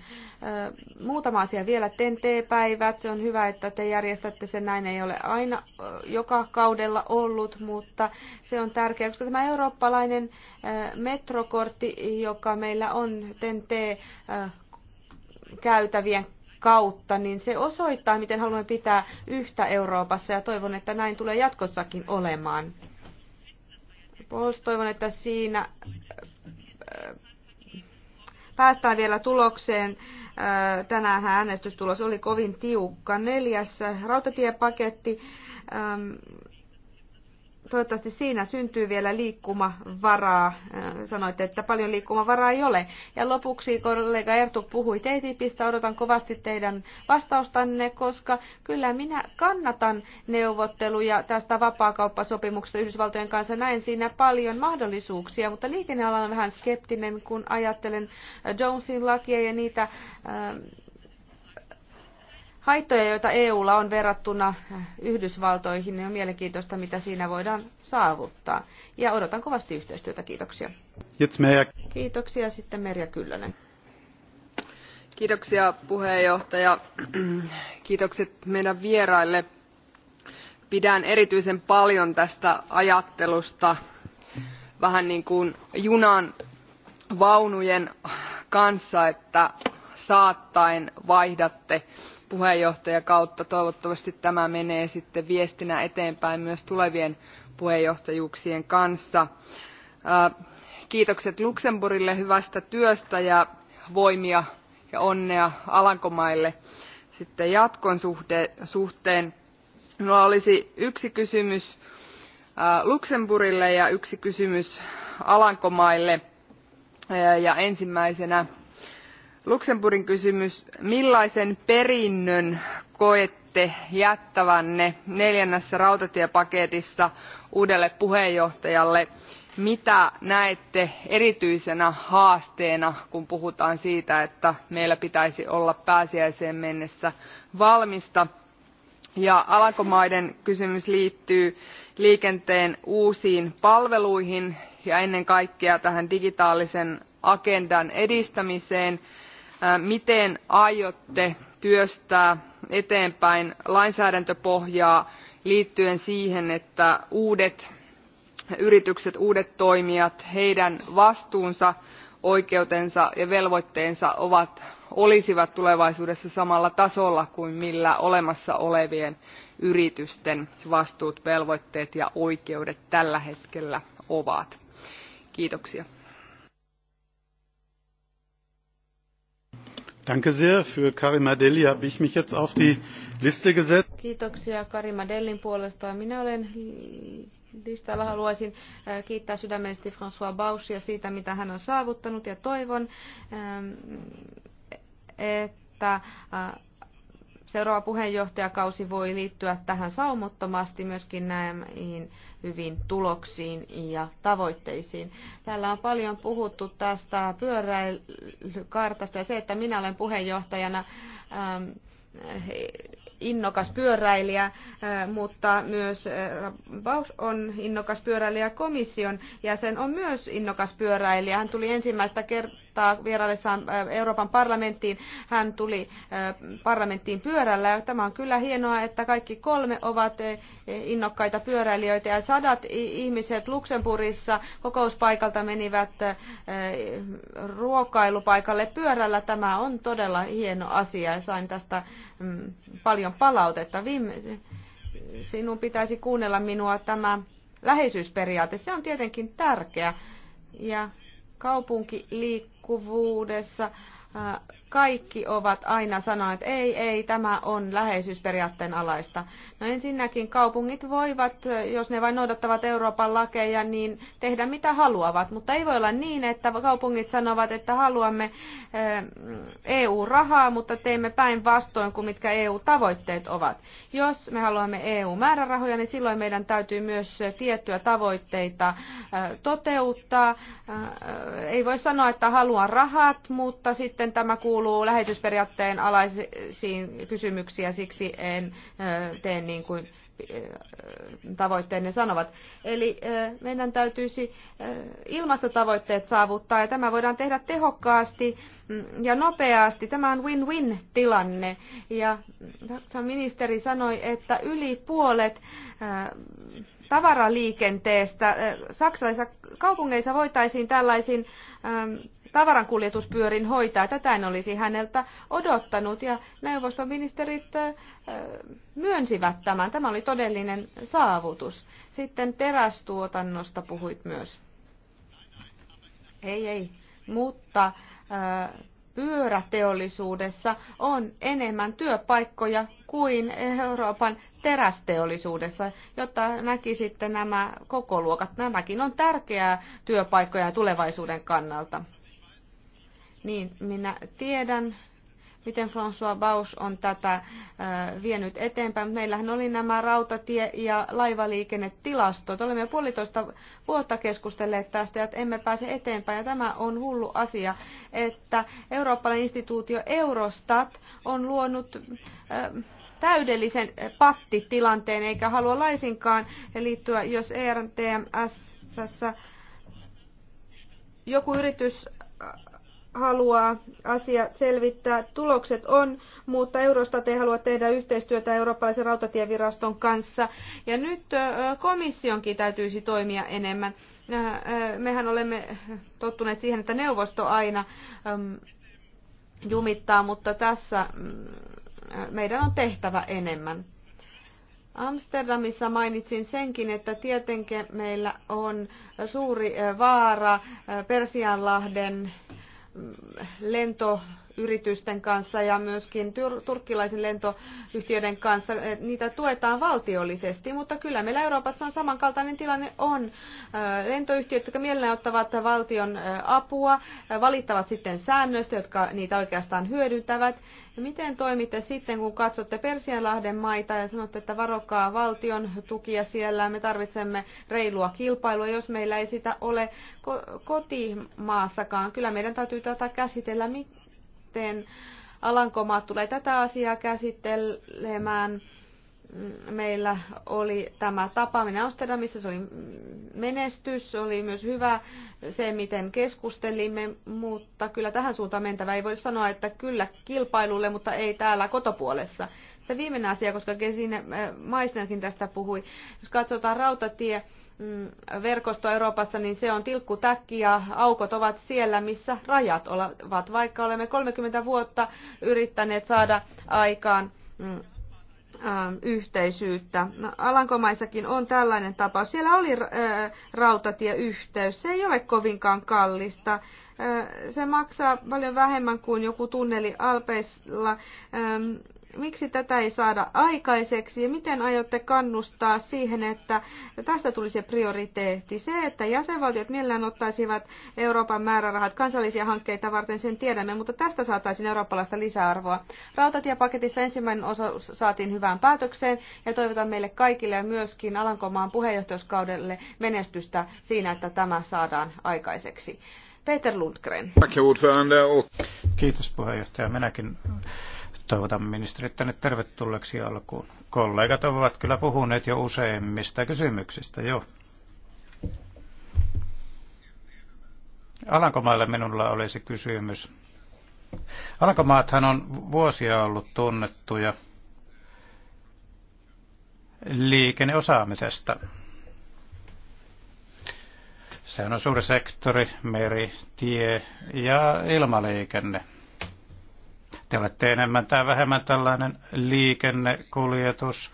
Muutama asia vielä. TNT-päivät, se on hyvä, että te järjestätte sen. Näin ei ole aina joka kaudella ollut, mutta se on tärkeää, koska tämä eurooppalainen metrokortti, joka meillä on TNT-käytävien kautta, niin se osoittaa, miten haluamme pitää yhtä Euroopassa ja toivon, että näin tulee jatkossakin olemaan. Pols, toivon, että siinä päästään vielä tulokseen. Äh, tänään äänestystulos oli kovin tiukka. Neljäs rautatiepaketti. Ähm, toivottavasti siinä syntyy vielä liikkumavaraa. Äh, Sanoitte, että paljon liikkumavaraa ei ole. Ja lopuksi kollega Ertu puhui TTIPistä. Odotan kovasti teidän vastaustanne, koska kyllä minä kannatan neuvotteluja tästä vapaakauppasopimuksesta Yhdysvaltojen kanssa. Näen siinä paljon mahdollisuuksia, mutta liikenneala on vähän skeptinen, kun ajattelen Jonesin lakia ja niitä äh, haittoja, joita EUlla on verrattuna Yhdysvaltoihin, niin on mielenkiintoista, mitä siinä voidaan saavuttaa. Ja odotan kovasti yhteistyötä. Kiitoksia. Kiitoksia. Sitten Merja Kyllönen. Kiitoksia puheenjohtaja. Kiitokset meidän vieraille. Pidän erityisen paljon tästä ajattelusta vähän niin kuin junan vaunujen kanssa, että saattaen vaihdatte puheenjohtajakautta. Toivottavasti tämä menee sitten viestinä eteenpäin myös tulevien puheenjohtajuuksien kanssa. Kiitokset Luxemburille hyvästä työstä ja voimia ja onnea Alankomaille sitten jatkon suhteen. Minulla olisi yksi kysymys Luxemburille ja yksi kysymys Alankomaille. Ja ensimmäisenä luxemburgin kysymys millaisen perinnön koette jättävänne neljännessä rautatiepaketissa uudelle puheenjohtajalle? mitä näette erityisenä haasteena kun puhutaan siitä että meillä pitäisi olla pääsiäiseen mennessä valmista? ja alankomaiden kysymys liittyy liikenteen uusiin palveluihin ja ennen kaikkea tähän digitaalisen agendan edistämiseen miten aiotte työstää eteenpäin lainsäädäntöpohjaa liittyen siihen että uudet yritykset uudet toimijat heidän vastuunsa oikeutensa ja velvoitteensa ovat, olisivat tulevaisuudessa samalla tasolla kuin millä olemassa olevien yritysten vastuut velvoitteet ja oikeudet tällä hetkellä ovat. kiitoksia. Danke sehr. Für Karima Deli habe ich mich jetzt auf die Liste gesetzt. Kiitoksia Karima puolesta. Minä olen listalla. Haluaisin äh, kiittää sydämellisesti François Bauchia siitä, mitä hän on saavuttanut ja toivon, ähm, että äh, seuraava puheenjohtajakausi voi liittyä tähän saumottomasti myöskin näihin hyvin tuloksiin ja tavoitteisiin. Täällä on paljon puhuttu tästä pyöräilykartasta ja se, että minä olen puheenjohtajana ähm, innokas pyöräilijä, äh, mutta myös äh, Baus on innokas pyöräilijä, komission jäsen on myös innokas pyöräilijä. Hän tuli ensimmäistä kertaa kertaa vieraillessaan Euroopan parlamenttiin hän tuli parlamenttiin pyörällä. Tämä on kyllä hienoa, että kaikki kolme ovat innokkaita pyöräilijöitä ja sadat ihmiset Luxemburgissa kokouspaikalta menivät ruokailupaikalle pyörällä. Tämä on todella hieno asia ja sain tästä mm, paljon palautetta. Viimeisen. sinun pitäisi kuunnella minua tämä läheisyysperiaate. Se on tietenkin tärkeä ja kaupunki liik liikkuvuudessa kaikki ovat aina sanoneet, että ei, ei, tämä on läheisyysperiaatteen alaista. No ensinnäkin kaupungit voivat, jos ne vain noudattavat Euroopan lakeja, niin tehdä mitä haluavat, mutta ei voi olla niin, että kaupungit sanovat, että haluamme eh, EU-rahaa, mutta teemme päinvastoin kuin mitkä EU-tavoitteet ovat. Jos me haluamme EU-määrärahoja, niin silloin meidän täytyy myös tiettyjä tavoitteita eh, toteuttaa. Eh, ei voi sanoa, että haluan rahat, mutta sitten tämä kuuluu kuuluu läheisyysperiaatteen alaisiin kysymyksiä, siksi en tee niin kuin tavoitteenne sanovat. Eli meidän täytyisi ilmastotavoitteet saavuttaa ja tämä voidaan tehdä tehokkaasti mm, ja nopeasti. Tämä on win-win tilanne ja ministeri sanoi, että yli puolet tavaraliikenteestä saksalaisissa kaupungeissa voitaisiin tällaisin tavarankuljetuspyörin hoitaa. Tätä en olisi häneltä odottanut ja neuvoston ministerit myönsivät tämän. Tämä oli todellinen saavutus. Sitten terästuotannosta puhuit myös. Ei, ei, mutta pyöräteollisuudessa on enemmän työpaikkoja kuin Euroopan terästeollisuudessa, jotta näkisitte nämä kokoluokat. Nämäkin on tärkeää työpaikkoja tulevaisuuden kannalta niin minä tiedän, miten François Baus on tätä vienyt eteenpäin. Meillähän oli nämä rautatie- ja laivaliikennetilastot. Olemme puolitoista vuotta keskustelleet tästä, että emme pääse eteenpäin. Ja tämä on hullu asia, että eurooppalainen instituutio Eurostat on luonut täydellisen pattitilanteen, eikä halua laisinkaan liittyä, jos ERTMS joku yritys haluaa asia selvittää. Tulokset on, mutta Eurostat ei halua tehdä yhteistyötä eurooppalaisen rautatieviraston kanssa. Ja nyt komissionkin täytyisi toimia enemmän. Mehän olemme tottuneet siihen, että neuvosto aina jumittaa, mutta tässä mm, meidän on tehtävä enemmän. Amsterdamissa mainitsin senkin, että tietenkin meillä on suuri vaara Persianlahden lento yritysten kanssa ja myöskin turkkilaisen lentoyhtiöiden kanssa. Eh, niitä tuetaan valtiollisesti, mutta kyllä meillä Euroopassa on samankaltainen tilanne on. Eh, lentoyhtiöt, jotka mielellään ottavat valtion eh, apua, valittavat sitten säännöistä, jotka niitä oikeastaan hyödyntävät. Ja miten toimitte sitten, kun katsotte Persianlahden maita ja sanotte, että varokaa valtion tukia siellä, me tarvitsemme reilua kilpailua, jos meillä ei sitä ole kotimaassakaan. Kyllä meidän täytyy tätä käsitellä miten Alankomaat tulee tätä asiaa käsittelemään. Meillä oli tämä tapaaminen Amsterdamissa, se oli menestys, se oli myös hyvä se, miten keskustelimme, mutta kyllä tähän suuntaan mentävä. Ei voi sanoa, että kyllä kilpailulle, mutta ei täällä kotopuolessa. Sitten viimeinen asia, koska Gesine äh, Maisnerkin tästä puhui. Jos katsotaan rautatie, Mm, verkosto Euroopassa, niin se on tilkkutäkki ja aukot ovat siellä, missä rajat ovat. Vaikka olemme 30 vuotta yrittäneet saada aikaan mm, ähm, yhteisyyttä. No, Alankomaissakin on tällainen tapaus. Siellä oli äh, rautatieyhteys. Se ei ole kovinkaan kallista. Äh, se maksaa paljon vähemmän kuin joku tunneli Alpeilla. Ähm, miksi tätä ei saada aikaiseksi ja miten aiotte kannustaa siihen, että tästä tulisi prioriteetti? Se, että jäsenvaltiot mielellään ottaisivat Euroopan määrärahat kansallisia hankkeita varten, sen tiedämme, mutta tästä saataisiin eurooppalaista lisäarvoa. Rautatiepaketissa ensimmäinen osa saatiin hyvään päätökseen ja toivotan meille kaikille ja myöskin Alankomaan puheenjohtajuuskaudelle menestystä siinä, että tämä saadaan aikaiseksi. Peter Lundgren. Kiitos puheenjohtaja. Minäkin Toivotan ministerit tänne tervetulleeksi alkuun. Kollegat ovat kyllä puhuneet jo useimmista kysymyksistä jo. Alankomaille minulla olisi kysymys. Alankomaathan on vuosia ollut tunnettuja liikenneosaamisesta. Sehän on suuri sektori, meri, tie ja ilmaliikenne. Te olette enemmän tai vähemmän tällainen liikennekuljetus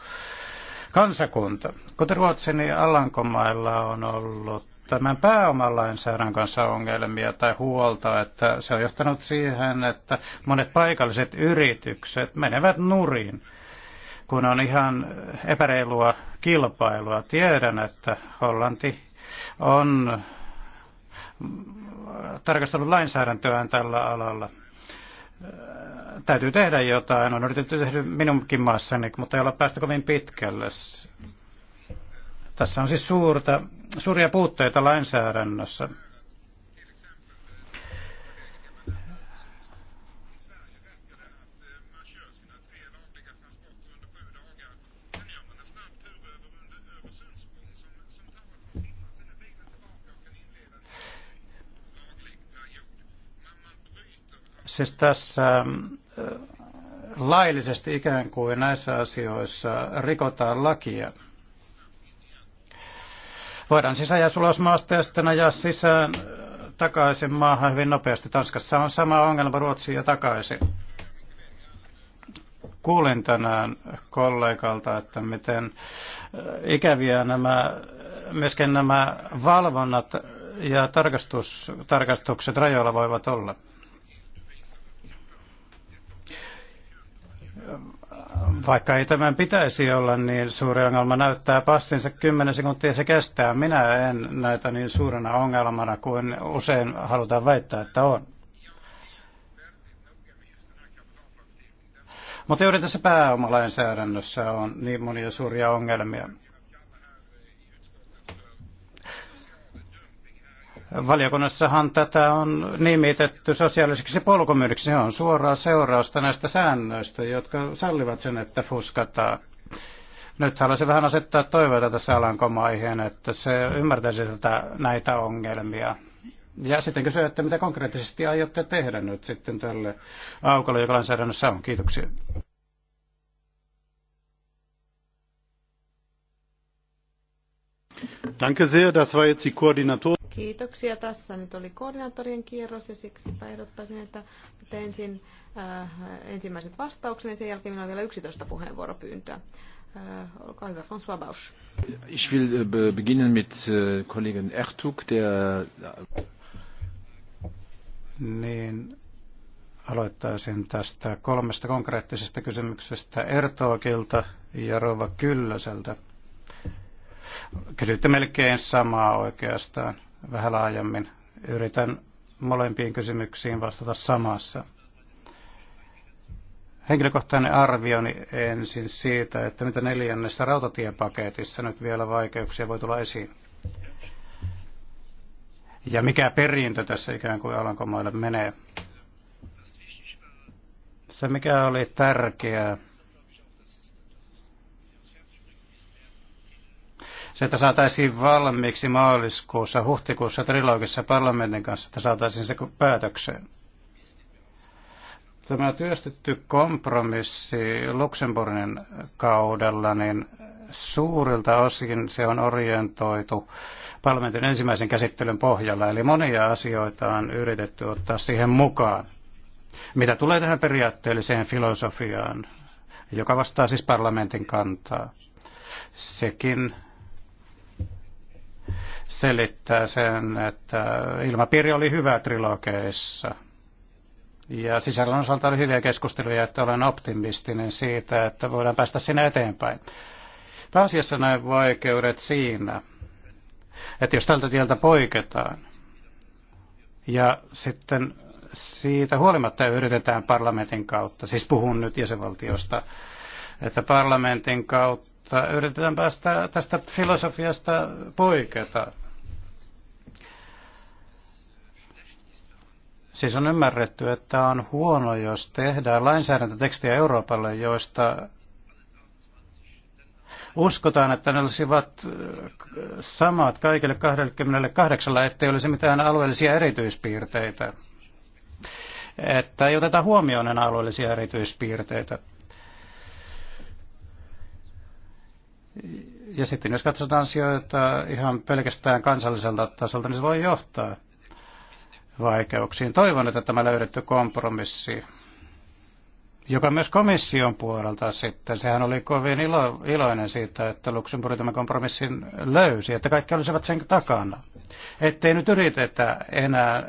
kansakunta. Kuten Ruotsin niin Alankomailla on ollut tämän pääomalainsäädännön kanssa ongelmia tai huolta, että se on johtanut siihen, että monet paikalliset yritykset menevät nurin, kun on ihan epäreilua kilpailua. Tiedän, että Hollanti on tarkastellut lainsäädäntöään tällä alalla täytyy tehdä jotain. On yritetty tehdä minunkin maassani, mutta ei ole päästy kovin pitkälle. Tässä on siis suurta, suuria puutteita lainsäädännössä. Siis tässä ähm, laillisesti ikään kuin näissä asioissa rikotaan lakia. Voidaan sisään ja sulos maasta ja sitten ajaa sisään äh, takaisin maahan hyvin nopeasti. Tanskassa on sama ongelma Ruotsiin ja takaisin. Kuulin tänään kollegalta, että miten äh, ikäviä nämä, myöskin nämä valvonnat ja tarkastus, tarkastukset rajoilla voivat olla. vaikka ei tämän pitäisi olla niin suuri ongelma, näyttää passinsa 10 sekuntia se kestää. Minä en näitä niin suurena ongelmana kuin usein halutaan väittää, että on. Mutta juuri tässä pääomalainsäädännössä on niin monia suuria ongelmia. Valiokunnassahan tätä on nimitetty sosiaaliseksi polkumyydeksi. Se on suoraa seurausta näistä säännöistä, jotka sallivat sen, että fuskataan. Nyt haluaisin vähän asettaa toiveita tässä alankomaiheen, että se ymmärtäisi tätä, näitä ongelmia. Ja sitten kysyä, että mitä konkreettisesti aiotte tehdä nyt sitten tälle aukolle, joka lainsäädännössä on. Kiitoksia. Danke sehr, das war jetzt die Koordinator. Kiitoksia. Tässä nyt oli koordinaattorien kierros ja siksipä ehdottaisin, että ensin äh, ensimmäiset vastaukset ja sen jälkeen minulla on vielä 11 puheenvuoropyyntöä. Äh, olkaa hyvä, François Bausch. Ich will äh, beginnen mit äh, Kollegin Ertug, der... Äh, niin, aloittaisin tästä kolmesta konkreettisesta kysymyksestä Ertookilta ja Rova Kyllöseltä Kysytte melkein samaa oikeastaan vähän laajemmin. Yritän molempiin kysymyksiin vastata samassa. Henkilökohtainen arvioni ensin siitä, että mitä neljännessä rautatiepaketissa nyt vielä vaikeuksia voi tulla esiin. Ja mikä perintö tässä ikään kuin Alankomaille menee. Se mikä oli tärkeää se, että saataisiin valmiiksi maaliskuussa, huhtikuussa trilogissa parlamentin kanssa, että saataisiin se päätökseen. Tämä työstetty kompromissi Luxemburgin kaudella, niin suurilta osin se on orientoitu parlamentin ensimmäisen käsittelyn pohjalla, eli monia asioita on yritetty ottaa siihen mukaan. Mitä tulee tähän periaatteelliseen filosofiaan, joka vastaa siis parlamentin kantaa, sekin selittää sen, että ilmapiiri oli hyvä trilogeissa. Ja sisällön osalta oli hyviä keskusteluja, että olen optimistinen siitä, että voidaan päästä sinne eteenpäin. Pääasiassa näin vaikeudet siinä, että jos tältä tieltä poiketaan ja sitten siitä huolimatta yritetään parlamentin kautta, siis puhun nyt jäsenvaltiosta, että parlamentin kautta mutta yritetään päästä tästä filosofiasta poiketa. Siis on ymmärretty, että on huono, jos tehdään lainsäädäntötekstiä Euroopalle, joista uskotaan, että ne olisivat samat kaikille 28, ettei olisi mitään alueellisia erityispiirteitä. Että ei oteta huomioon enää alueellisia erityispiirteitä. Ja sitten jos katsotaan asioita ihan pelkästään kansalliselta tasolta, niin se voi johtaa vaikeuksiin. Toivon, että tämä löydetty kompromissi joka myös komission puolelta sitten, sehän oli kovin ilo, iloinen siitä, että Luxemburg tämän kompromissin löysi, että kaikki olisivat sen takana. Ettei nyt yritetä enää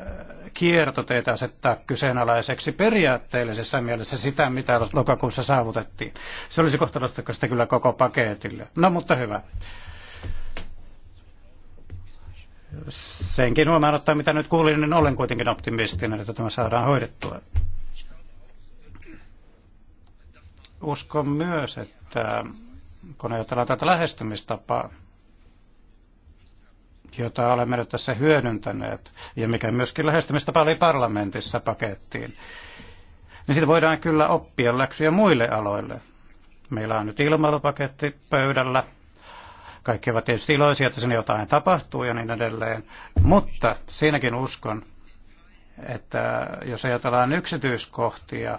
kiertoteita asettaa kyseenalaiseksi periaatteellisessa mielessä sitä, mitä lokakuussa saavutettiin. Se olisi kohtalostakasta kyllä koko paketille. No mutta hyvä. Senkin huomaan ottaa, mitä nyt kuulin, niin olen kuitenkin optimistinen, että tämä saadaan hoidettua. Uskon myös, että kun ajatellaan tätä lähestymistapaa, jota olemme nyt tässä hyödyntäneet, ja mikä myöskin lähestymistapa oli parlamentissa pakettiin, niin siitä voidaan kyllä oppia läksyjä muille aloille. Meillä on nyt ilmailupaketti pöydällä. Kaikki ovat tietysti iloisia, että sinne jotain tapahtuu ja niin edelleen. Mutta siinäkin uskon, että jos ajatellaan yksityiskohtia,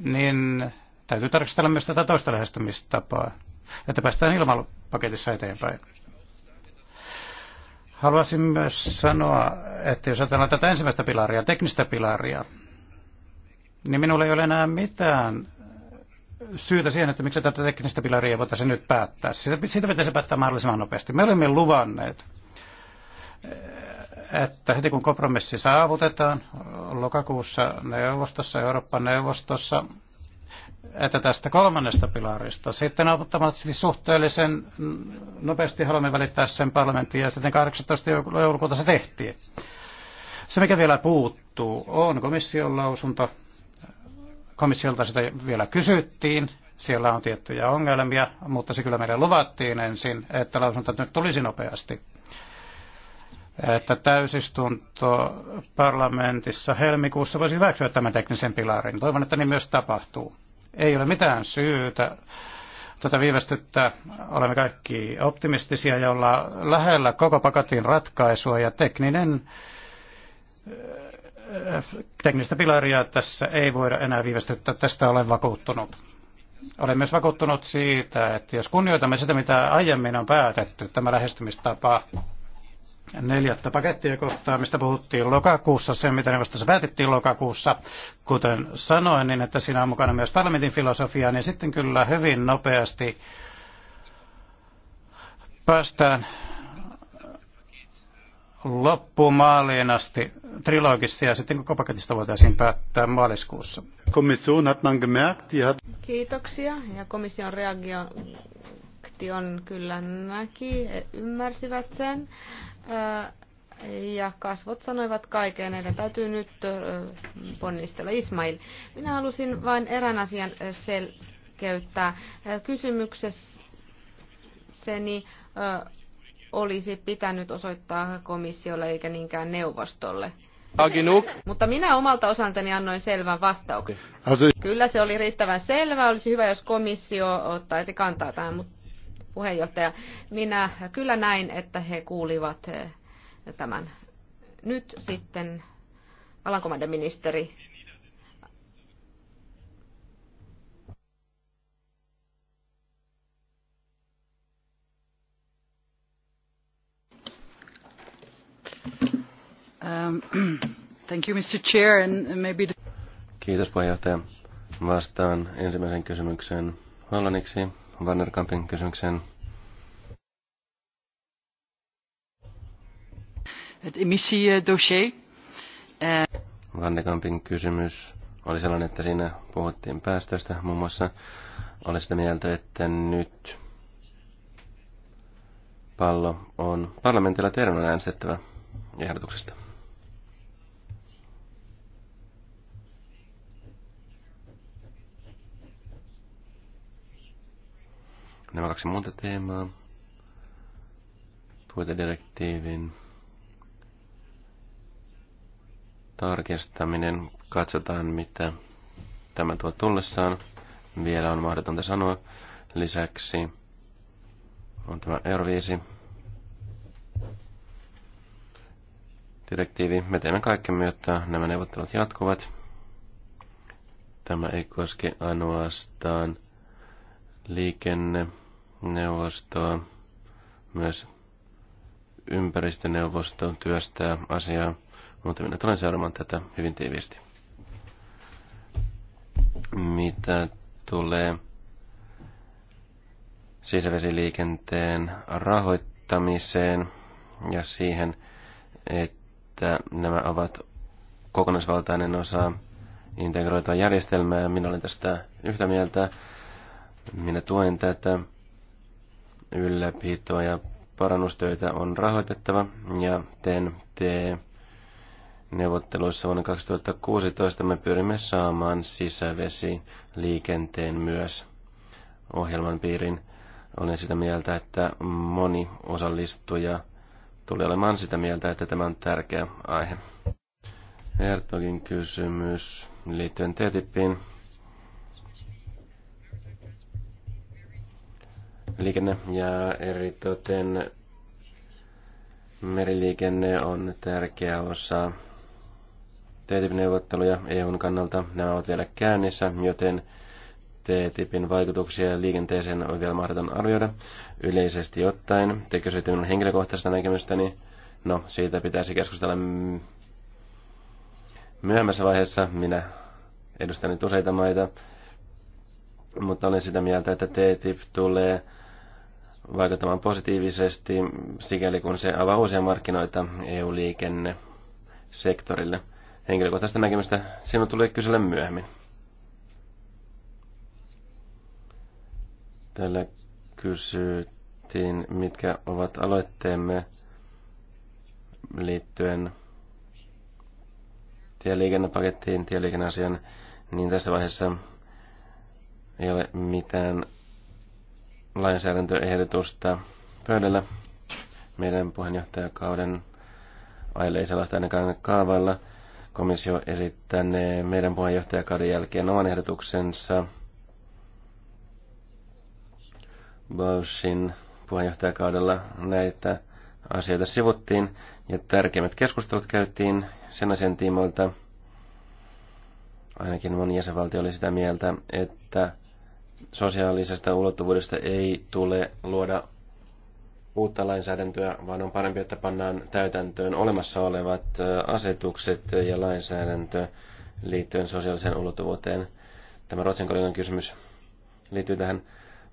niin täytyy tarkastella myös tätä toista lähestymistapaa, että päästään ilmailupaketissa eteenpäin. Haluaisin myös sanoa, että jos ajatellaan tätä ensimmäistä pilaria, teknistä pilaria, niin minulla ei ole enää mitään syytä siihen, että miksi tätä teknistä pilaria voitaisiin nyt päättää. Siitä pitäisi päättää mahdollisimman nopeasti. Me olemme luvanneet että heti kun kompromissi saavutetaan lokakuussa neuvostossa, Euroopan neuvostossa, että tästä kolmannesta pilarista sitten automaattisesti suhteellisen nopeasti haluamme välittää sen parlamentin ja sitten 18. joulukuuta se tehtiin. Se, mikä vielä puuttuu, on komission lausunto. Komissiolta sitä vielä kysyttiin. Siellä on tiettyjä ongelmia, mutta se kyllä meidän luvattiin ensin, että lausunto nyt tulisi nopeasti että täysistunto parlamentissa helmikuussa voisi hyväksyä tämän teknisen pilarin. Toivon, että niin myös tapahtuu. Ei ole mitään syytä tätä viivästyttää. Olemme kaikki optimistisia ja ollaan lähellä koko paketin ratkaisua ja tekninen äh, teknistä pilaria tässä ei voida enää viivästyttää. Tästä olen vakuuttunut. Olen myös vakuuttunut siitä, että jos kunnioitamme sitä, mitä aiemmin on päätetty, tämä lähestymistapa neljättä pakettia kohtaan, mistä puhuttiin lokakuussa, se mitä neuvostossa päätettiin lokakuussa, kuten sanoin, niin että siinä on mukana myös parlamentin filosofia, niin sitten kyllä hyvin nopeasti päästään loppumaaliin asti trilogissa ja sitten koko paketista voitaisiin päättää maaliskuussa. Kiitoksia ja komission reagio on kyllä näki, ymmärsivät sen ja kasvot sanoivat kaiken, että täytyy nyt ponnistella. Ismail, minä halusin vain erään asian selkeyttää. Kysymyksessäni olisi pitänyt osoittaa komissiolle eikä niinkään neuvostolle. Mutta minä omalta osaltani annoin selvän vastauksen. Kyllä se oli riittävän selvä. Olisi hyvä, jos komissio ottaisi kantaa tähän, mutta puheenjohtaja. Minä kyllä näin, että he kuulivat eh, tämän. Nyt sitten Alankomaiden ministeri um, Thank you, Mr. Chair, and maybe. Kiitos puheenjohtaja. Vastaan ensimmäisen kysymyksen hollanniksi. Vannerkampin kysymykseen. Het emissiedossier. Vannekampin eh. kysymys oli sellainen, että siinä puhuttiin päästöistä. Muun muassa oli sitä mieltä, että nyt pallo on parlamentilla terveenä äänestettävä ehdotuksesta. nämä kaksi muuta teemaa. Puitedirektiivin tarkistaminen. Katsotaan, mitä tämä tuo tullessaan. Vielä on mahdotonta sanoa. Lisäksi on tämä Euroviisi direktiivi. Me teemme kaikkemme, jotta nämä neuvottelut jatkuvat. Tämä ei koske ainoastaan liikenne- neuvostoa. Myös ympäristöneuvosto työstää asiaa, mutta minä tulen seuraamaan tätä hyvin tiiviisti. Mitä tulee sisävesiliikenteen rahoittamiseen ja siihen, että nämä ovat kokonaisvaltainen osa integroitua järjestelmää. Minä olen tästä yhtä mieltä. Minä tuen tätä ylläpitoa ja parannustöitä on rahoitettava ja TNT neuvotteluissa vuonna 2016 me pyrimme saamaan sisävesi liikenteen myös ohjelman piirin. Olen sitä mieltä, että moni osallistuja tuli olemaan sitä mieltä, että tämä on tärkeä aihe. Hertogin kysymys liittyen TTIPiin. liikenne ja eritoten meriliikenne on tärkeä osa TTIP-neuvotteluja EUn kannalta. Nämä ovat vielä käynnissä, joten TTIPin vaikutuksia liikenteeseen on vielä mahdoton arvioida. Yleisesti ottaen, te kysytte minun henkilökohtaista näkemystäni, niin no siitä pitäisi keskustella myöhemmässä vaiheessa. Minä edustan nyt useita maita, mutta olen sitä mieltä, että TTIP tulee vaikuttamaan positiivisesti, sikäli kun se avaa uusia markkinoita EU-liikenne sektorille. Henkilökohtaista näkemystä sinun tulee kysellä myöhemmin. Täällä kysyttiin, mitkä ovat aloitteemme liittyen tieliikennepakettiin, tieliikenneasian, niin tässä vaiheessa ei ole mitään lainsäädäntöehdotusta pöydällä meidän puheenjohtajakauden aille ei sellaista ainakaan kaavalla. Komissio esittää meidän puheenjohtajakauden jälkeen oman ehdotuksensa Bausin puheenjohtajakaudella näitä asioita sivuttiin ja tärkeimmät keskustelut käytiin sen asian tiimoilta. Ainakin moni jäsenvaltio oli sitä mieltä, että sosiaalisesta ulottuvuudesta ei tule luoda uutta lainsäädäntöä, vaan on parempi, että pannaan täytäntöön olemassa olevat asetukset ja lainsäädäntö liittyen sosiaaliseen ulottuvuuteen. Tämä Ruotsin kysymys liittyy tähän.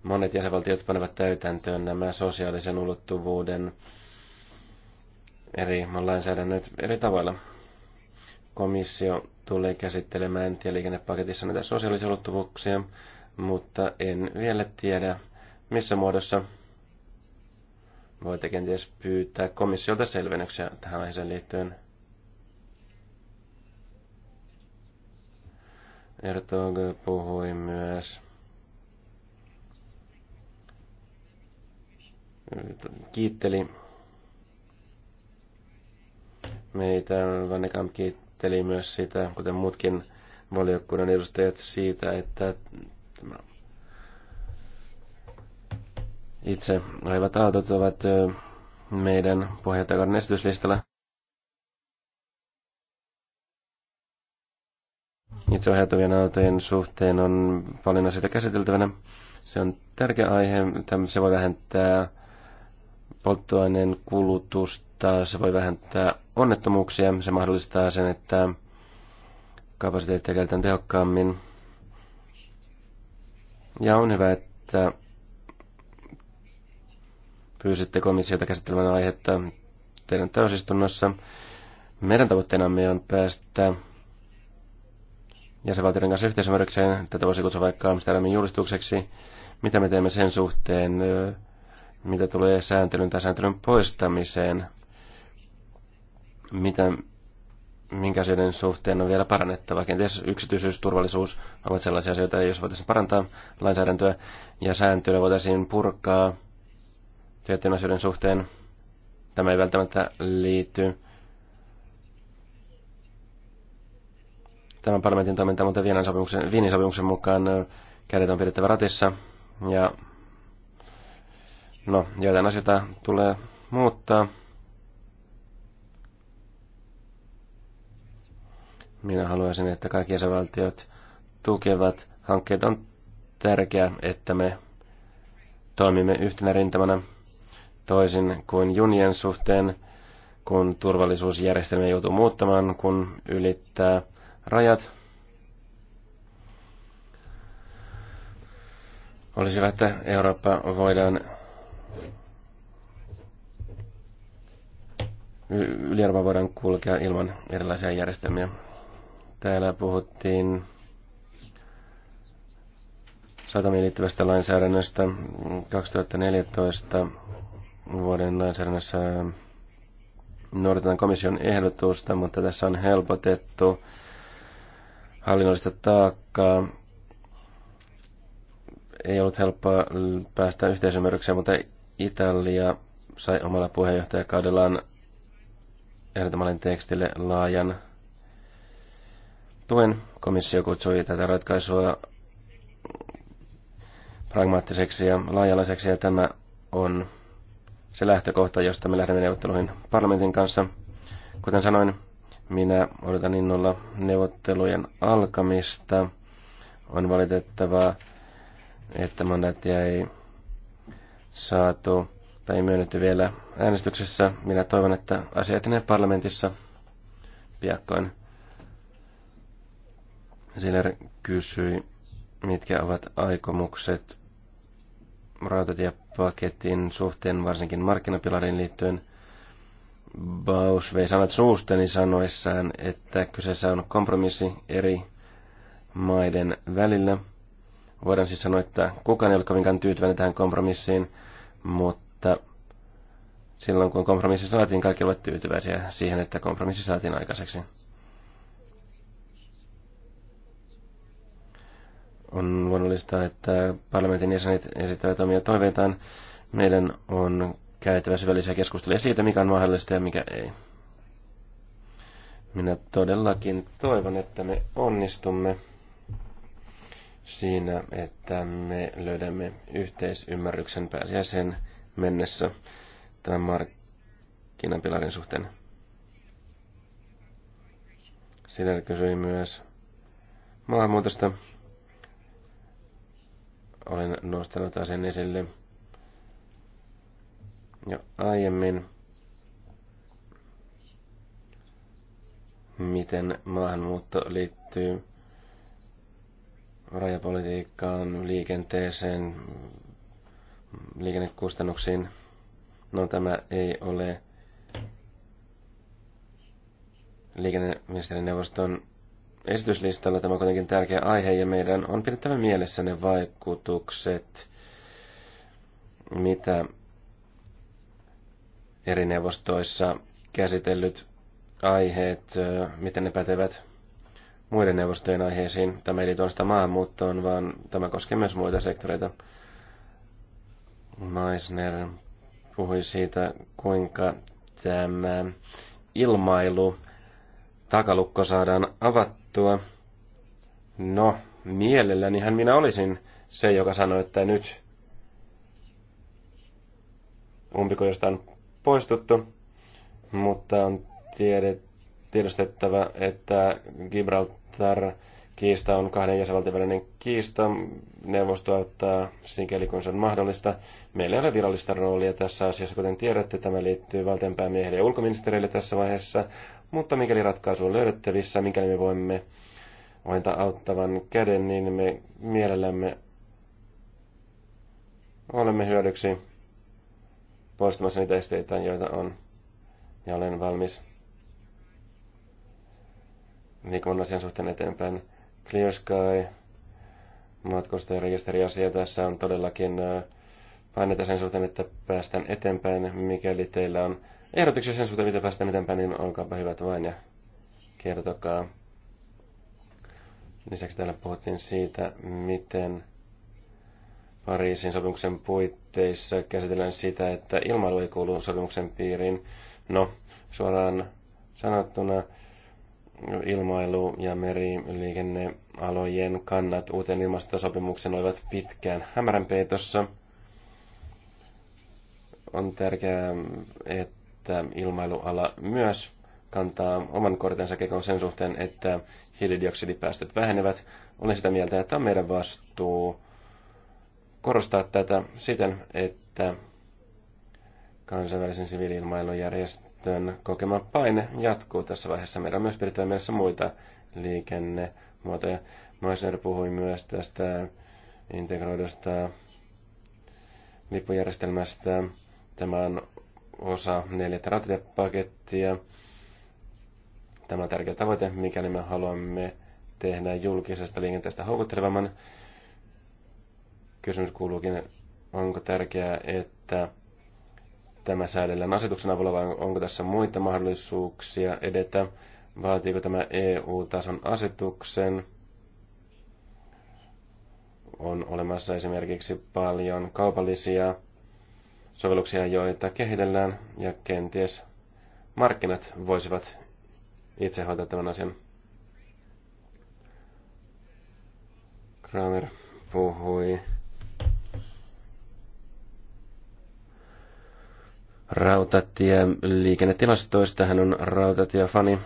Monet jäsenvaltiot panevat täytäntöön nämä sosiaalisen ulottuvuuden eri lainsäädännöt eri tavalla. Komissio tulee käsittelemään tieliikennepaketissa näitä sosiaalisia ulottuvuuksia mutta en vielä tiedä missä muodossa. Voitte kenties pyytää komissiolta selvennyksiä tähän aiheeseen liittyen. Ertog puhui myös kiitteli meitä. Vannekam kiitteli myös sitä, kuten muutkin valiokunnan edustajat, siitä, että itse olevat autot ovat meidän pohjatakan esityslistalla. Itse ohjautuvien autojen suhteen on paljon asioita käsiteltävänä. Se on tärkeä aihe. Se voi vähentää polttoaineen kulutusta, se voi vähentää onnettomuuksia, se mahdollistaa sen, että kapasiteettia käytetään tehokkaammin ja on hyvä, että pyysitte komissiota käsittelemään aihetta teidän täysistunnossa. Meidän tavoitteenamme on päästä jäsenvaltioiden kanssa yhteisymmärrykseen. Tätä voisi kutsua vaikka Amsterdamin julistukseksi. Mitä me teemme sen suhteen, mitä tulee sääntelyn tai sääntelyn poistamiseen? Mitä minkä asioiden suhteen on vielä parannettava. Kenties yksityisyys, turvallisuus ovat sellaisia asioita, jos voitaisiin parantaa lainsäädäntöä ja sääntöjä voitaisiin purkaa tiettyjen asioiden suhteen. Tämä ei välttämättä liity tämän parlamentin toimintaan, mutta Viinin sopimuksen, Viinin sopimuksen mukaan kädet on pidettävä ratissa. Ja no, joitain asioita tulee muuttaa. Minä haluaisin, että kaikki jäsenvaltiot tukevat hankkeet. On tärkeää, että me toimimme yhtenä rintamana toisin kuin junien suhteen, kun turvallisuusjärjestelmä joutuu muuttamaan, kun ylittää rajat. Olisi hyvä, että Eurooppa voidaan yli voidaan kulkea ilman erilaisia järjestelmiä. Täällä puhuttiin satamiin liittyvästä lainsäädännöstä 2014 vuoden lainsäädännössä noudatetaan komission ehdotusta, mutta tässä on helpotettu hallinnollista taakkaa. Ei ollut helppoa päästä yhteisymmärrykseen, mutta Italia sai omalla puheenjohtajakaudellaan ehdotamalleen tekstille laajan tuen. Komissio kutsui tätä ratkaisua pragmaattiseksi ja laajalaiseksi, ja tämä on se lähtökohta, josta me lähdemme neuvotteluihin parlamentin kanssa. Kuten sanoin, minä odotan innolla neuvottelujen alkamista. On valitettavaa, että mandaattia ei saatu tai ei myönnetty vielä äänestyksessä. Minä toivon, että asiat parlamentissa piakkoin. Siller kysyi, mitkä ovat aikomukset rautatiepaketin suhteen, varsinkin markkinapilariin liittyen. Baus vei sanat suusteni sanoessaan, että kyseessä on kompromissi eri maiden välillä. Voidaan siis sanoa, että kukaan ei ole kovinkaan tyytyväinen tähän kompromissiin, mutta silloin kun kompromissi saatiin, kaikki olivat tyytyväisiä siihen, että kompromissi saatiin aikaiseksi. On luonnollista, että parlamentin jäsenet esittävät omia toiveitaan. Meidän on käytävä syvällisiä keskusteluja siitä, mikä on mahdollista ja mikä ei. Minä todellakin toivon, että me onnistumme siinä, että me löydämme yhteisymmärryksen pääsiäisen mennessä tämän markkinapilarin suhteen. Sitä kysyi myös maahanmuutosta. Olen nostanut asian esille jo aiemmin. Miten maahanmuutto liittyy rajapolitiikkaan, liikenteeseen, liikennekustannuksiin. No tämä ei ole liikenneministerineuvoston esityslistalla tämä on kuitenkin tärkeä aihe ja meidän on pidettävä mielessä ne vaikutukset, mitä eri neuvostoissa käsitellyt aiheet, miten ne pätevät muiden neuvostojen aiheisiin. Tämä ei liity sitä maahanmuuttoon, vaan tämä koskee myös muita sektoreita. Meisner puhui siitä, kuinka tämä ilmailu takalukko saadaan avattu sanottua. No, mielellänihän minä olisin se, joka sanoi, että nyt umpikujasta on poistuttu, mutta on tiede, tiedostettava, että Gibraltar kiista on kahden jäsenvaltion välinen kiista. Neuvosto auttaa sikäli kun se on mahdollista. Meillä ei ole virallista roolia tässä asiassa, kuten tiedätte. Tämä liittyy valtionpäämiehelle ja ulkoministerille tässä vaiheessa mutta mikäli ratkaisu on löydettävissä, mikäli me voimme ojentaa auttavan käden, niin me mielellämme olemme hyödyksi poistamassa niitä esteitä, joita on. Ja olen valmis liikuvan asian suhteen eteenpäin. Clear Sky, matkustajarekisteriasia tässä on todellakin äh, painetta sen suhteen, että päästään eteenpäin, mikäli teillä on ehdotuksia sen suhteen, miten päästään eteenpäin, niin olkaapa hyvät vain ja kertokaa. Lisäksi täällä puhuttiin siitä, miten Pariisin sopimuksen puitteissa käsitellään sitä, että ilmailu ei kuulu sopimuksen piiriin. No, suoraan sanottuna ilmailu- ja meriliikennealojen kannat uuteen ilmastosopimuksen olivat pitkään hämärän peitossa. On tärkeää, että että ilmailuala myös kantaa oman kortensa kekoon sen suhteen, että hiilidioksidipäästöt vähenevät. Olen sitä mieltä, että on meidän vastuu korostaa tätä siten, että kansainvälisen siviiliilmailujärjestön kokema paine jatkuu tässä vaiheessa. Meidän on myös pidettävä mielessä muita liikennemuotoja. Moisner puhui myös tästä integroidusta lippujärjestelmästä. Tämä on osa neljättä rautatiepakettia. Tämä on tärkeä tavoite, mikäli me haluamme tehdä julkisesta liikenteestä houkuttelevamman. Kysymys kuuluukin, onko tärkeää, että tämä säädellään asetuksen avulla vai onko tässä muita mahdollisuuksia edetä? Vaatiiko tämä EU-tason asetuksen? On olemassa esimerkiksi paljon kaupallisia sovelluksia, joita kehitellään, ja kenties markkinat voisivat itse hoitaa tämän asian. Kramer puhui liikennetilastoista. Hän on rautatiefani.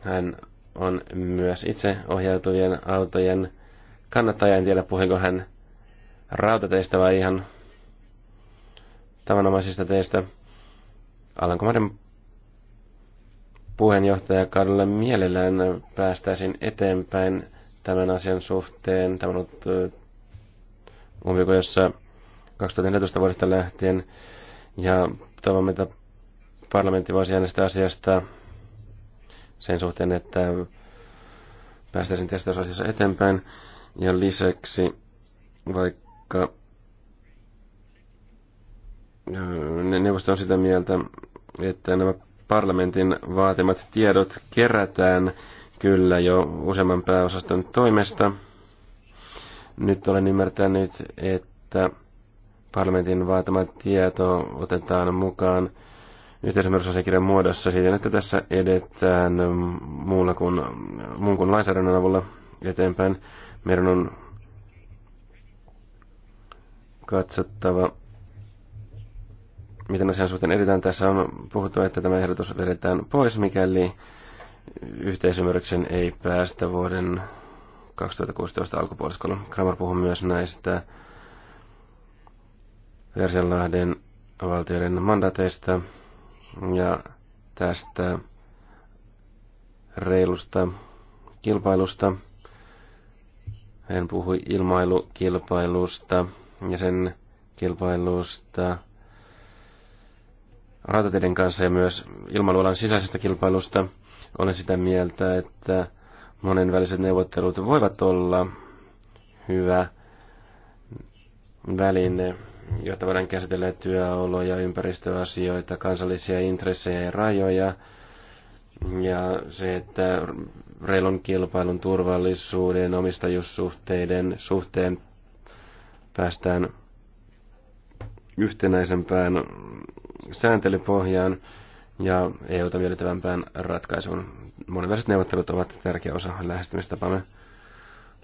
Hän on myös itse ohjautuvien autojen kannattaja. En tiedä, puhuiko hän rautateistä vai ihan tavanomaisista teistä Alankomaiden puheenjohtajakaudella mielellään päästäisin eteenpäin tämän asian suhteen. Tämä on ollut umpiko, 2014 vuodesta lähtien. Ja toivomme, että parlamentti voisi äänestää asiasta sen suhteen, että tästä asiassa eteenpäin. Ja lisäksi, vaikka neuvosto on sitä mieltä, että nämä parlamentin vaatimat tiedot kerätään kyllä jo useamman pääosaston toimesta. Nyt olen ymmärtänyt, että parlamentin vaatimat tieto otetaan mukaan yhteisymmärrysasiakirjan muodossa siten, että tässä edetään muulla kuin, muun kuin lainsäädännön avulla eteenpäin. Meidän on katsottava miten asian suhteen edetään. Tässä on puhuttu, että tämä ehdotus vedetään pois, mikäli yhteisymmärryksen ei päästä vuoden 2016 alkupuoliskolla. Kramer puhui myös näistä Versenlahden valtioiden mandateista ja tästä reilusta kilpailusta. Hän puhui ilmailukilpailusta ja sen kilpailusta – rautateiden kanssa ja myös ilmailualan sisäisestä kilpailusta. Olen sitä mieltä, että monenväliset neuvottelut voivat olla hyvä väline, jotta voidaan käsitellä työoloja, ympäristöasioita, kansallisia intressejä ja rajoja. Ja se, että reilun kilpailun turvallisuuden, omistajuussuhteiden suhteen päästään yhtenäisempään sääntelypohjaan ja EU-ta miellyttävämpään ratkaisuun. Moniväriset neuvottelut ovat tärkeä osa lähestymistapamme.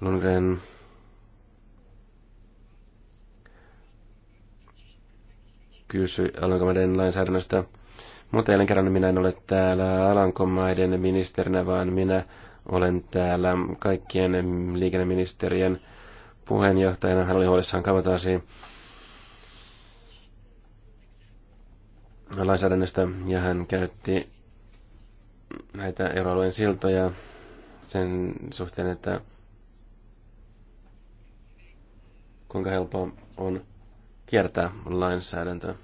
Lundgren kysyi Alankomaiden lainsäädännöstä, mutta eilen kerran minä en ole täällä Alankomaiden ministerinä, vaan minä olen täällä kaikkien liikenneministerien puheenjohtajana. Hän oli huolissaan kabotaasiin lainsäädännöstä ja hän käytti näitä euroalueen siltoja sen suhteen, että kuinka helppoa on kiertää lainsäädäntöä.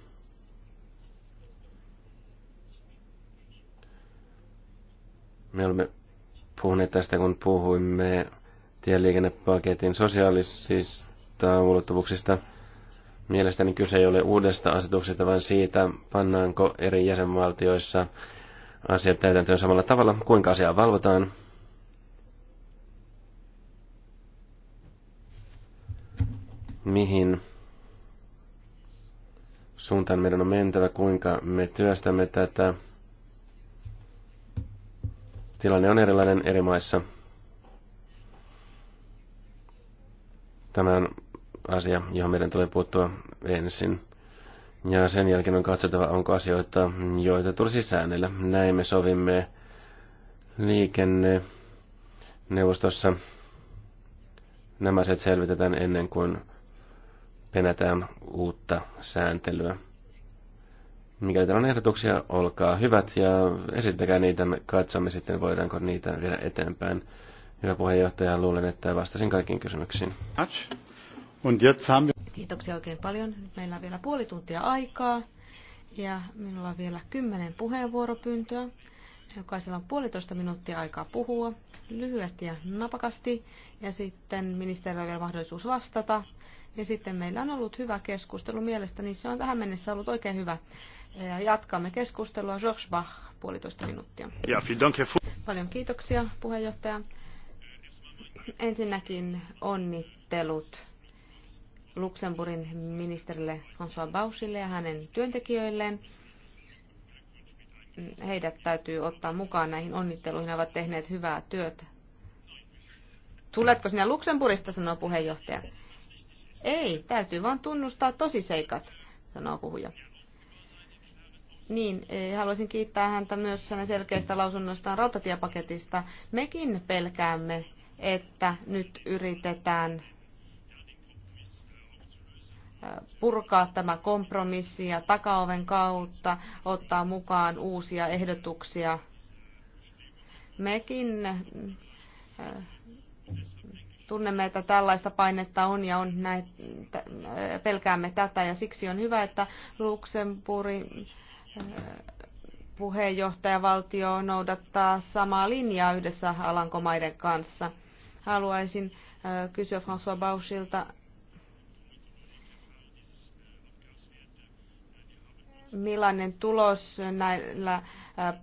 Me olemme puhuneet tästä, kun puhuimme tieliikennepaketin sosiaalisista ulottuvuuksista – Mielestäni kyse ei ole uudesta asetuksesta, vaan siitä, pannaanko eri jäsenvaltioissa asiat täytäntöön samalla tavalla, kuinka asiaa valvotaan. Mihin suuntaan meidän on mentävä, kuinka me työstämme tätä. Tilanne on erilainen eri maissa. Tämä on asia, johon meidän tulee puuttua ensin. Ja sen jälkeen on katsottava, onko asioita, joita tulisi säännellä. Näin me sovimme liikenne neuvostossa Nämä asiat selvitetään ennen kuin penätään uutta sääntelyä. Mikäli teillä on ehdotuksia, olkaa hyvät ja esittäkää niitä. Me katsomme sitten, voidaanko niitä viedä eteenpäin. Hyvä puheenjohtaja, luulen, että vastasin kaikkiin kysymyksiin. Kiitoksia oikein paljon. Nyt meillä on vielä puoli tuntia aikaa ja minulla on vielä kymmenen puheenvuoropyyntöä. Jokaisella on puolitoista minuuttia aikaa puhua lyhyesti ja napakasti ja sitten ministerillä on vielä mahdollisuus vastata. Ja sitten meillä on ollut hyvä keskustelu. Mielestäni se on tähän mennessä ollut oikein hyvä. Ja jatkamme keskustelua. Georges Bach, puolitoista minuuttia. Ja, Paljon kiitoksia, puheenjohtaja. Ensinnäkin onnittelut Luxemburgin ministerille François Bauchille ja hänen työntekijöilleen. Heidät täytyy ottaa mukaan näihin onnitteluihin. He ovat tehneet hyvää työtä. Tuletko sinä Luxemburgista, sanoo puheenjohtaja. Ei, täytyy vain tunnustaa tosiseikat, sanoo puhuja. Niin, eh, haluaisin kiittää häntä myös hänen selkeästä lausunnostaan rautatiepaketista. Mekin pelkäämme, että nyt yritetään purkaa tämä kompromissi ja takaoven kautta ottaa mukaan uusia ehdotuksia. Mekin äh, tunnemme, että tällaista painetta on ja on näitä äh, pelkäämme tätä ja siksi on hyvä, että Luxemburgin äh, puheenjohtajavaltio noudattaa samaa linjaa yhdessä Alankomaiden kanssa. Haluaisin kysyä François Bauchilta, millainen tulos näillä äh,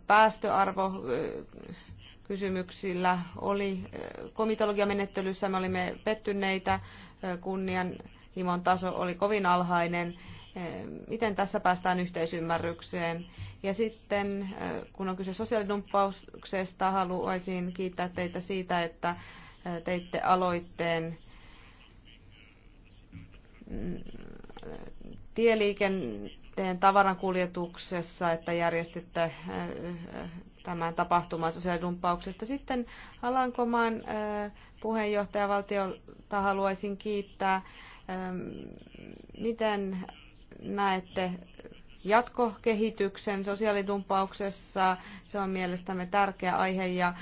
päästöarvo äh, kysymyksillä oli äh, komitologiamenettelyssä. Me olimme pettyneitä, kunnianhimon taso oli kovin alhainen. Miten tässä päästään yhteisymmärrykseen? Ja sitten, kun on kyse sosiaalidumppauksesta, haluaisin kiittää teitä siitä, että teitte aloitteen mm, tieliikenteen teen tavarankuljetuksessa, että järjestitte äh, äh, tämän tapahtuman sosiaalidumppauksesta. Sitten Alankomaan äh, puheenjohtajavaltiolta haluaisin kiittää. Ähm, miten näette jatkokehityksen sosiaalitumpauksessa. Se on mielestämme tärkeä aihe ja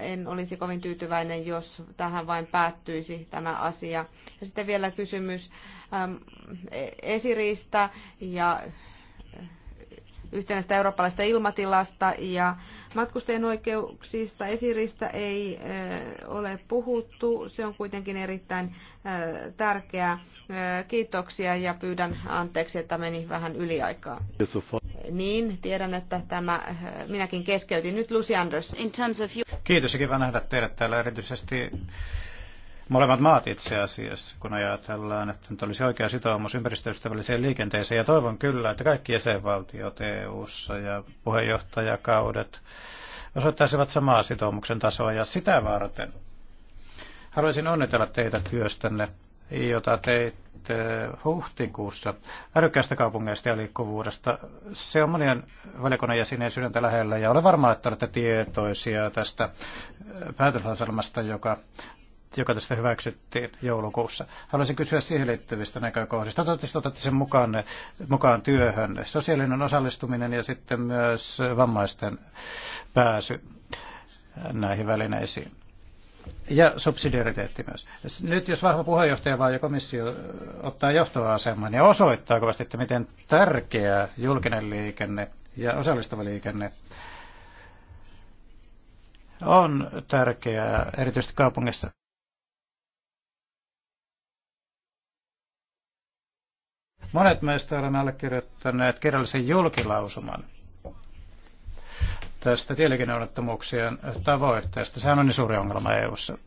en olisi kovin tyytyväinen, jos tähän vain päättyisi tämä asia. Ja sitten vielä kysymys e-, esiriistä ja yhtenäistä eurooppalaista ilmatilasta ja matkustajien oikeuksista esiristä ei eh, ole puhuttu. Se on kuitenkin erittäin eh, tärkeää. Eh, kiitoksia ja pyydän anteeksi, että meni vähän yliaikaa. Niin, tiedän, että tämä, minäkin keskeytin nyt Lucy Anders. Kiitos ja kiva nähdä teidät täällä erityisesti molemmat maat itse asiassa, kun ajatellaan, että nyt olisi oikea sitoumus ympäristöystävälliseen liikenteeseen. Ja toivon kyllä, että kaikki jäsenvaltiot EU-ssa ja puheenjohtajakaudet osoittaisivat samaa sitoumuksen tasoa. Ja sitä varten haluaisin onnitella teitä työstänne, jota teitte huhtikuussa älykkäästä kaupungeista ja liikkuvuudesta. Se on monien valiokunnan jäsenien sydäntä lähellä ja olen varma, että olette tietoisia tästä päätöslaselmasta, joka joka tästä hyväksyttiin joulukuussa. Haluaisin kysyä siihen liittyvistä näkökohdista. Toivottavasti otatte sen mukaan, mukaan työhön. Sosiaalinen osallistuminen ja sitten myös vammaisten pääsy näihin välineisiin. Ja subsidiariteetti myös. Nyt jos vahva puheenjohtaja vaan ja komissio ottaa johtoaseman ja osoittaa kovasti, että miten tärkeää julkinen liikenne ja osallistava liikenne on tärkeää erityisesti kaupungissa. Monet meistä olemme allekirjoittaneet kirjallisen julkilausuman tästä tieliikenneonnettomuuksien tavoitteesta. Sehän on niin suuri ongelma EU:ssa.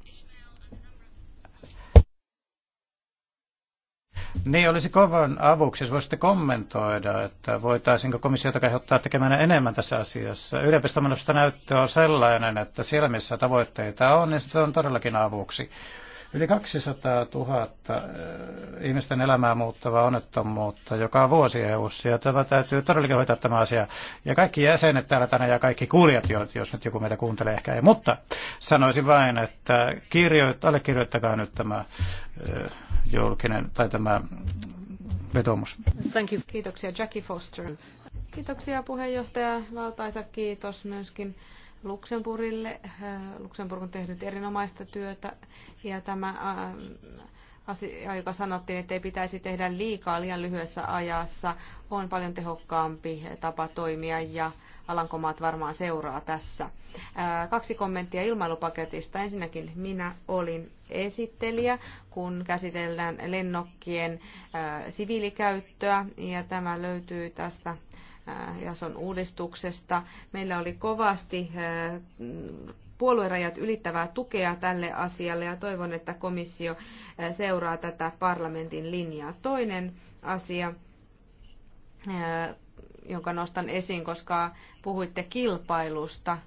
Niin, olisi kovan avuksi, jos voisitte kommentoida, että voitaisiinko komissiota kehottaa tekemään enemmän tässä asiassa. Yliopistomenopista näyttö on sellainen, että siellä missä tavoitteita on, niin se on todellakin avuksi. Yli 200 000 ihmisten elämää muuttavaa onnettomuutta joka vuosi eu ja tämä täytyy todellakin hoitaa tämä asia. Ja kaikki jäsenet täällä tänään ja kaikki kuulijat, jos nyt joku meitä kuuntelee ehkä ei. Mutta sanoisin vain, että kirjoit, allekirjoittakaa nyt tämä julkinen tai tämä vetomus. Thank you. Kiitoksia Jackie Foster. Kiitoksia puheenjohtaja. Valtaisa kiitos myöskin Luxemburgille. Luxemburg on tehnyt erinomaista työtä ja tämä asia, joka sanottiin, että ei pitäisi tehdä liikaa liian lyhyessä ajassa, on paljon tehokkaampi tapa toimia ja Alankomaat varmaan seuraa tässä. Kaksi kommenttia ilmailupaketista. Ensinnäkin minä olin esittelijä, kun käsitellään lennokkien siviilikäyttöä, ja tämä löytyy tästä Äh, jason uudistuksesta. Meillä oli kovasti äh, puoluerajat ylittävää tukea tälle asialle ja toivon, että komissio äh, seuraa tätä parlamentin linjaa. Toinen asia, jonka nostan esiin, koska puhuitte kilpailusta.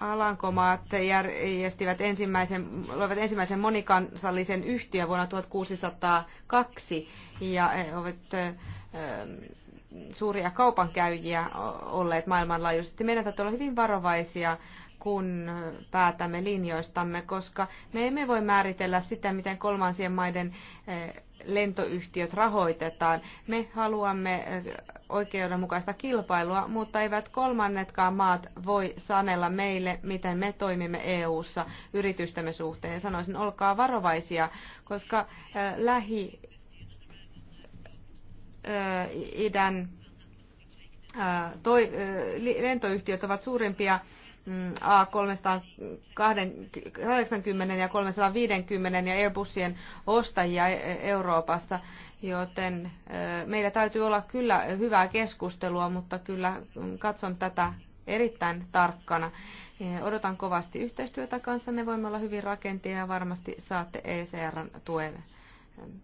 Alankomaat järjestivät ensimmäisen, loivat ensimmäisen monikansallisen yhtiön vuonna 1602 ja he ovat Ähm, suuria kaupankäyjiä olleet maailmanlaajuisesti. Meidän täytyy olla hyvin varovaisia, kun päätämme linjoistamme, koska me emme voi määritellä sitä, miten kolmansien maiden äh, lentoyhtiöt rahoitetaan. Me haluamme äh, oikeudenmukaista kilpailua, mutta eivät kolmannetkaan maat voi sanella meille, miten me toimimme EU-ssa yritystämme suhteen. sanoisin, olkaa varovaisia, koska äh, lähi idän toi, lentoyhtiöt ovat suurempia mm, A380 ja 350 ja Airbusien ostajia e, Euroopassa, joten meillä täytyy olla kyllä hyvää keskustelua, mutta kyllä katson tätä erittäin tarkkana. Odotan kovasti yhteistyötä kanssanne, voimme olla hyvin rakentia ja varmasti saatte ECRn tuen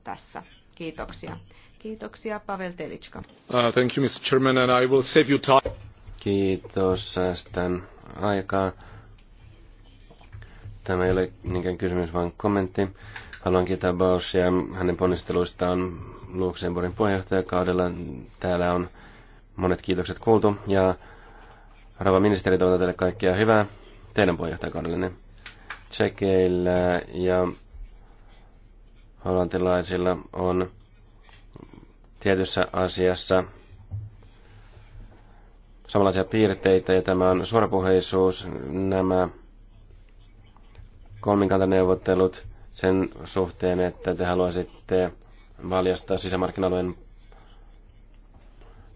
tässä. Kiitoksia. Kiitoksia, Pavel Telitska. Uh, thank you, Mr. Chairman, and I will save you time. Kiitos, säästän aikaa. Tämä ei ole niinkään kysymys, vaan kommentti. Haluan kiittää Bausia hänen ponnisteluistaan Luxemburgin puheenjohtajakaudella. Täällä on monet kiitokset kuultu ja rouva ministeri toivotan teille kaikkea hyvää teidän puheenjohtajakaudellenne. Tsekeillä ja hollantilaisilla on tietyssä asiassa samanlaisia piirteitä, ja tämä on suorapuheisuus, nämä kolminkantaneuvottelut sen suhteen, että te haluaisitte valjastaa sisämarkkinalueen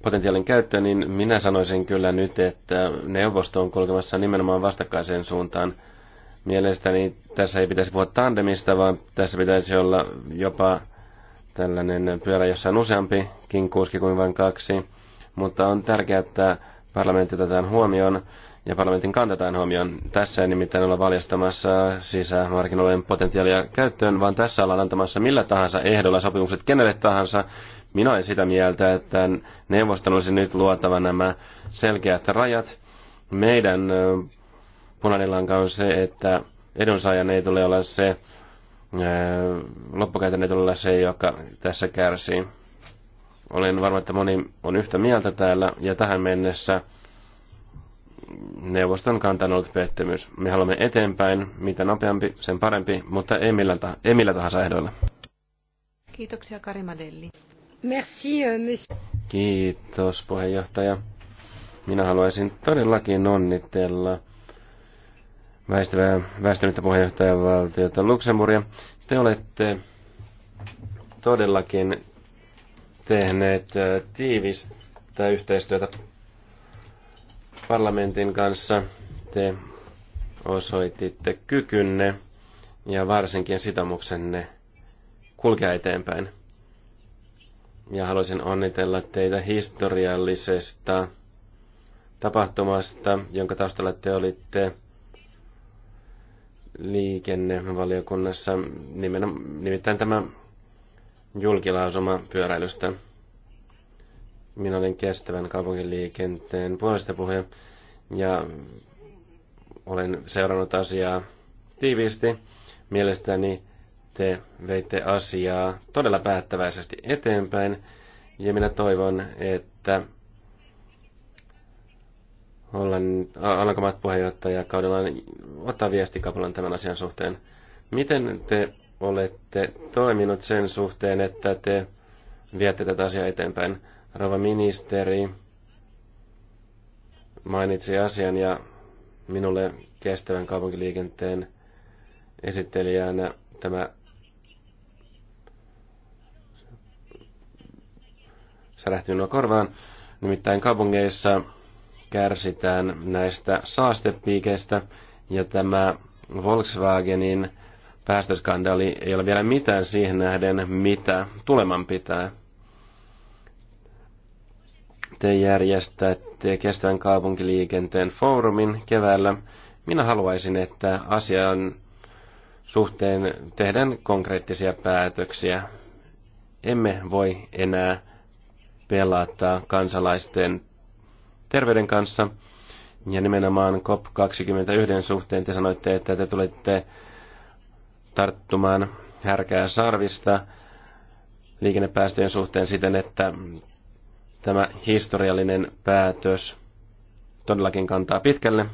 potentiaalin käyttöön, niin minä sanoisin kyllä nyt, että neuvosto on kulkemassa nimenomaan vastakkaiseen suuntaan. Mielestäni tässä ei pitäisi puhua tandemista, vaan tässä pitäisi olla jopa tällainen pyörä, jossa on useampikin kuski kuin vain kaksi. Mutta on tärkeää, että parlamentti otetaan huomioon ja parlamentin kantetaan huomioon. Tässä ei nimittäin olla valjastamassa sisämarkkinoiden potentiaalia käyttöön, vaan tässä ollaan antamassa millä tahansa ehdolla sopimukset kenelle tahansa. Minä olen sitä mieltä, että neuvoston olisi nyt luotava nämä selkeät rajat. Meidän punainen lanka on se, että edunsaajan ei tule olla se, loppukäytön ei tule olla se, joka tässä kärsii. Olen varma, että moni on yhtä mieltä täällä, ja tähän mennessä neuvoston kanta on ollut pettymys. Me haluamme eteenpäin, mitä nopeampi, sen parempi, mutta ei millä, ta- ei millä tahansa ehdoilla. Kiitoksia Karimadelli. Merci, euh, monsieur. Kiitos puheenjohtaja. Minä haluaisin todellakin onnitella väistävää väistänyttä puheenjohtajavaltiota Luxemburgia. Te olette todellakin tehneet äh, tiivistä yhteistyötä parlamentin kanssa. Te osoititte kykynne ja varsinkin sitomuksenne kulkea eteenpäin. Ja haluaisin onnitella teitä historiallisesta tapahtumasta, jonka taustalla te olitte liikennevaliokunnassa, nimittäin tämä julkilausuma pyöräilystä. Minä olen kestävän kaupunkiliikenteen puolesta puhuja ja olen seurannut asiaa tiiviisti. Mielestäni te veitte asiaa todella päättäväisesti eteenpäin ja minä toivon, että Hollannin, Alankomaat kaudella ottaa viesti viestikapulan tämän asian suhteen. Miten te olette toiminut sen suhteen, että te viette tätä asiaa eteenpäin? Rova ministeri mainitsi asian ja minulle kestävän kaupunkiliikenteen esittelijänä tämä särähti minua korvaan. Nimittäin kaupungeissa kärsitään näistä saastepiikeistä ja tämä Volkswagenin päästöskandaali ei ole vielä mitään siihen nähden, mitä tuleman pitää. Te järjestätte kestävän kaupunkiliikenteen foorumin keväällä. Minä haluaisin, että asian suhteen tehdään konkreettisia päätöksiä. Emme voi enää pelata kansalaisten terveyden kanssa. Ja nimenomaan COP21 suhteen te sanoitte, että te tulette tarttumaan härkää sarvista liikennepäästöjen suhteen siten, että tämä historiallinen päätös todellakin kantaa pitkälle.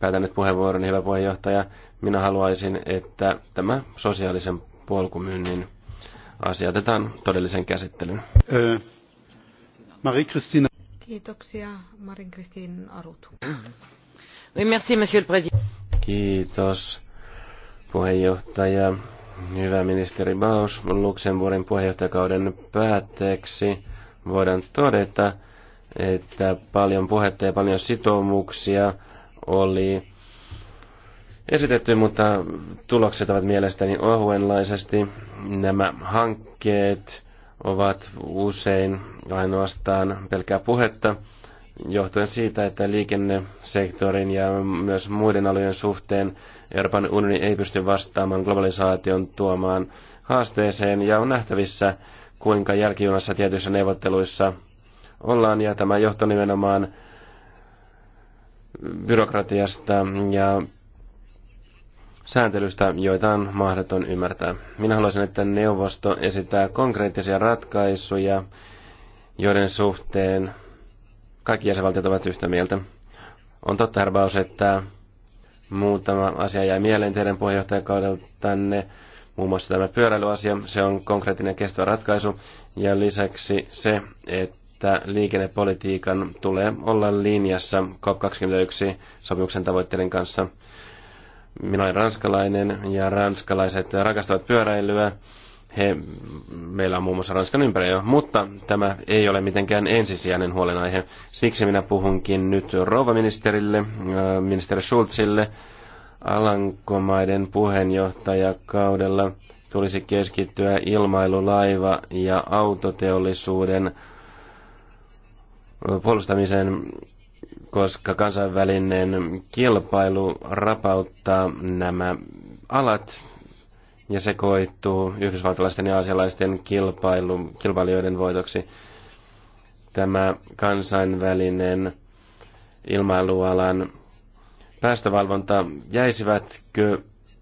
Päätän nyt puheenvuoron, hyvä puheenjohtaja. Minä haluaisin, että tämä sosiaalisen polkumyynnin asia otetaan todellisen käsittelyn. Äh, Marie-Christina Kiitoksia. Marin Kristiin Arutu. Kiitos puheenjohtaja. Hyvä ministeri Baus, Luxemburgin puheenjohtajakauden päätteeksi voidaan todeta, että paljon puhetta ja paljon sitoumuksia oli esitetty, mutta tulokset ovat mielestäni ohuenlaisesti. Nämä hankkeet ovat usein ainoastaan pelkää puhetta, johtuen siitä, että liikennesektorin ja myös muiden alojen suhteen Euroopan unioni ei pysty vastaamaan globalisaation tuomaan haasteeseen, ja on nähtävissä, kuinka jälkijunassa tietyissä neuvotteluissa ollaan, ja tämä johto nimenomaan byrokratiasta ja sääntelystä, joita on mahdoton ymmärtää. Minä haluaisin, että neuvosto esittää konkreettisia ratkaisuja, joiden suhteen kaikki jäsenvaltiot ovat yhtä mieltä. On totta, herbaus, että muutama asia jäi mieleen teidän tänne, muun muassa tämä pyöräilyasia, se on konkreettinen kestävä ratkaisu, ja lisäksi se, että liikennepolitiikan tulee olla linjassa COP21 sopimuksen tavoitteiden kanssa. Minä olen ranskalainen ja ranskalaiset rakastavat pyöräilyä. He, meillä on muun muassa Ranskan jo, mutta tämä ei ole mitenkään ensisijainen huolenaihe. Siksi minä puhunkin nyt rouvaministerille, äh, ministeri Schulzille, Alankomaiden puheenjohtajakaudella tulisi keskittyä ilmailulaiva- ja autoteollisuuden äh, puolustamiseen koska kansainvälinen kilpailu rapauttaa nämä alat ja sekoittuu yhdysvaltalaisten ja aasialaisten kilpailu, kilpailijoiden voitoksi. Tämä kansainvälinen ilmailualan päästövalvonta, jäisivätkö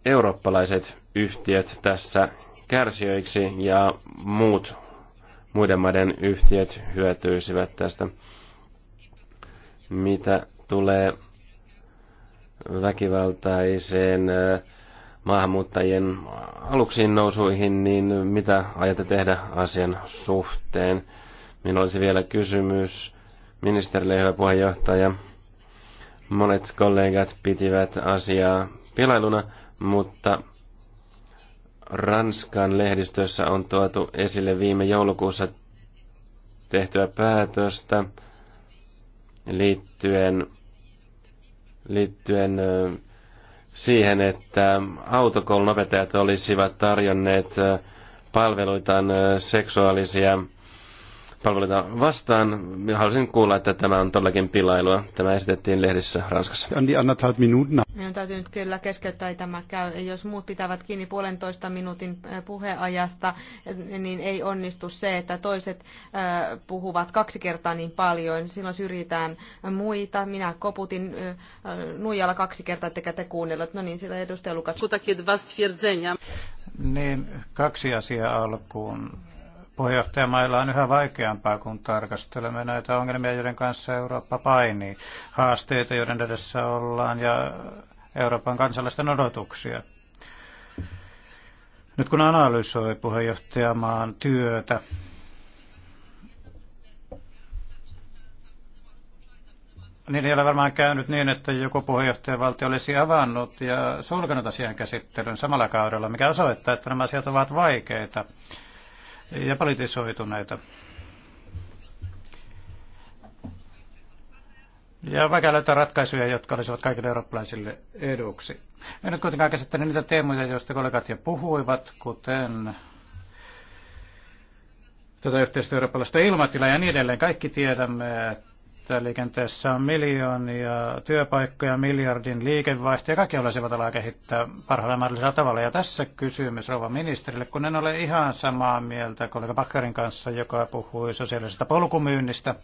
eurooppalaiset yhtiöt tässä kärsijöiksi ja muut muiden maiden yhtiöt hyötyisivät tästä? mitä tulee väkivaltaiseen maahanmuuttajien aluksiin nousuihin, niin mitä aiotte tehdä asian suhteen? Minulla olisi vielä kysymys ministerille, hyvä puheenjohtaja. Monet kollegat pitivät asiaa pilailuna, mutta Ranskan lehdistössä on tuotu esille viime joulukuussa tehtyä päätöstä, liittyen, liittyen siihen, että autokoulun opettajat olisivat tarjonneet palveluitaan seksuaalisia palveluita vastaan. Minä halusin kuulla, että tämä on todellakin pilailua. Tämä esitettiin lehdissä Ranskassa. Minun täytyy nyt kyllä keskeyttää, ei tämä käy. Jos muut pitävät kiinni puolentoista minuutin puheajasta, niin ei onnistu se, että toiset puhuvat kaksi kertaa niin paljon. Silloin syrjitään muita. Minä koputin nuijalla kaksi kertaa, että te kuunnellut. No niin, sillä edustaja Lukas. Niin, kaksi asiaa alkuun Puheenjohtajamailla on yhä vaikeampaa, kun tarkastelemme näitä ongelmia, joiden kanssa Eurooppa painii, haasteita, joiden edessä ollaan, ja Euroopan kansalaisten odotuksia. Nyt kun analysoi puheenjohtajamaan työtä, niin ei ole varmaan käynyt niin, että joku puheenjohtajavaltio olisi avannut ja sulkenut asian käsittelyn samalla kaudella, mikä osoittaa, että nämä asiat ovat vaikeita ja näitä. Ja vaikea löytää ratkaisuja, jotka olisivat kaikille eurooppalaisille eduksi. En nyt kuitenkaan käsittele niitä teemoja, joista kollegat jo puhuivat, kuten tätä yhteistyötä eurooppalaista ilmatilaa ja niin edelleen. Kaikki tiedämme, että liikenteessä on miljoonia työpaikkoja, miljardin liikevaihto ja kaikki olisivat alaa kehittää parhaalla mahdollisella tavalla. Ja tässä kysymys rouva ministerille, kun en ole ihan samaa mieltä kollega Bakkarin kanssa, joka puhui sosiaalisesta polkumyynnistä.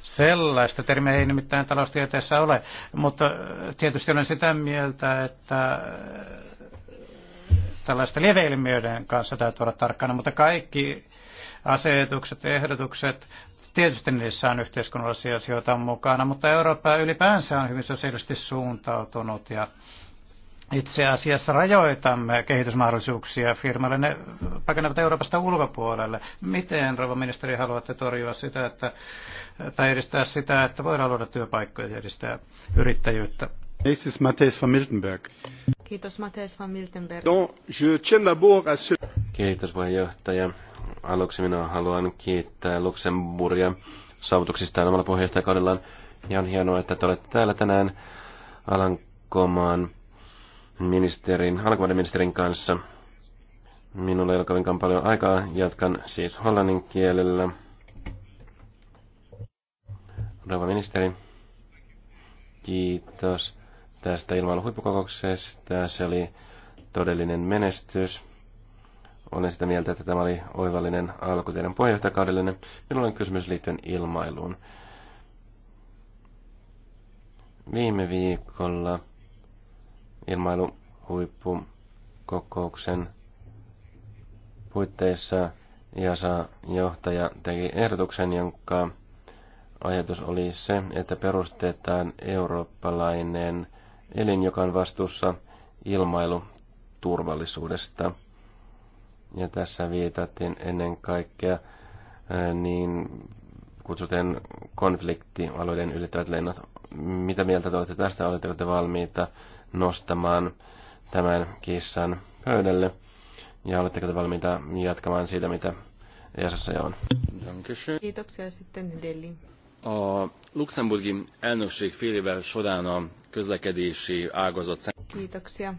Sellaista termiä ei nimittäin taloustieteessä ole, mutta tietysti olen sitä mieltä, että tällaista lieveilmiöiden kanssa täytyy olla tarkkana, mutta kaikki asetukset, ehdotukset Tietysti niissä on yhteiskunnallisia asioita mukana, mutta Eurooppa ylipäänsä on hyvin sosiaalisesti suuntautunut ja itse asiassa rajoitamme kehitysmahdollisuuksia firmalle. Ne pakenevat Euroopasta ulkopuolelle. Miten, rouva ministeri, haluatte torjua sitä, että, tai edistää sitä, että voidaan luoda työpaikkoja ja edistää yrittäjyyttä? Nächstes Matthäus von Miltenberg. Kiitos Matthäus van Miltenberg. Kiitos puheenjohtaja. Aluksi minä haluan kiittää Luxemburgia saavutuksistaan omalla puheenjohtajakaudellaan. Ja on hienoa, että te olette täällä tänään Alankomaan ministerin, Alankomaan ministerin kanssa. Minulla ei ole kovinkaan paljon aikaa. Jatkan siis hollannin kielellä. Rouva ministeri, kiitos tästä ilmailuhuippukokouksesta. Se oli todellinen menestys olen sitä mieltä, että tämä oli oivallinen alku teidän puheenjohtajakaudellenne. Minulla on kysymys liittyen ilmailuun. Viime viikolla ilmailuhuippukokouksen puitteissa jasa johtaja teki ehdotuksen, jonka ajatus oli se, että perustetaan eurooppalainen elin, joka on vastuussa ilmailuturvallisuudesta – ja tässä viitattiin ennen kaikkea äh, niin kutsuten konfliktialueiden ylittävät lennot. Mitä mieltä te olette tästä? Oletteko te valmiita nostamaan tämän kissan pöydälle? Ja oletteko te valmiita jatkamaan siitä, mitä ESAssa on? Kiitoksia sitten Deli. A Luxemburgin elnökség fél évvel során a közlekedési ágazat... Kiitoksia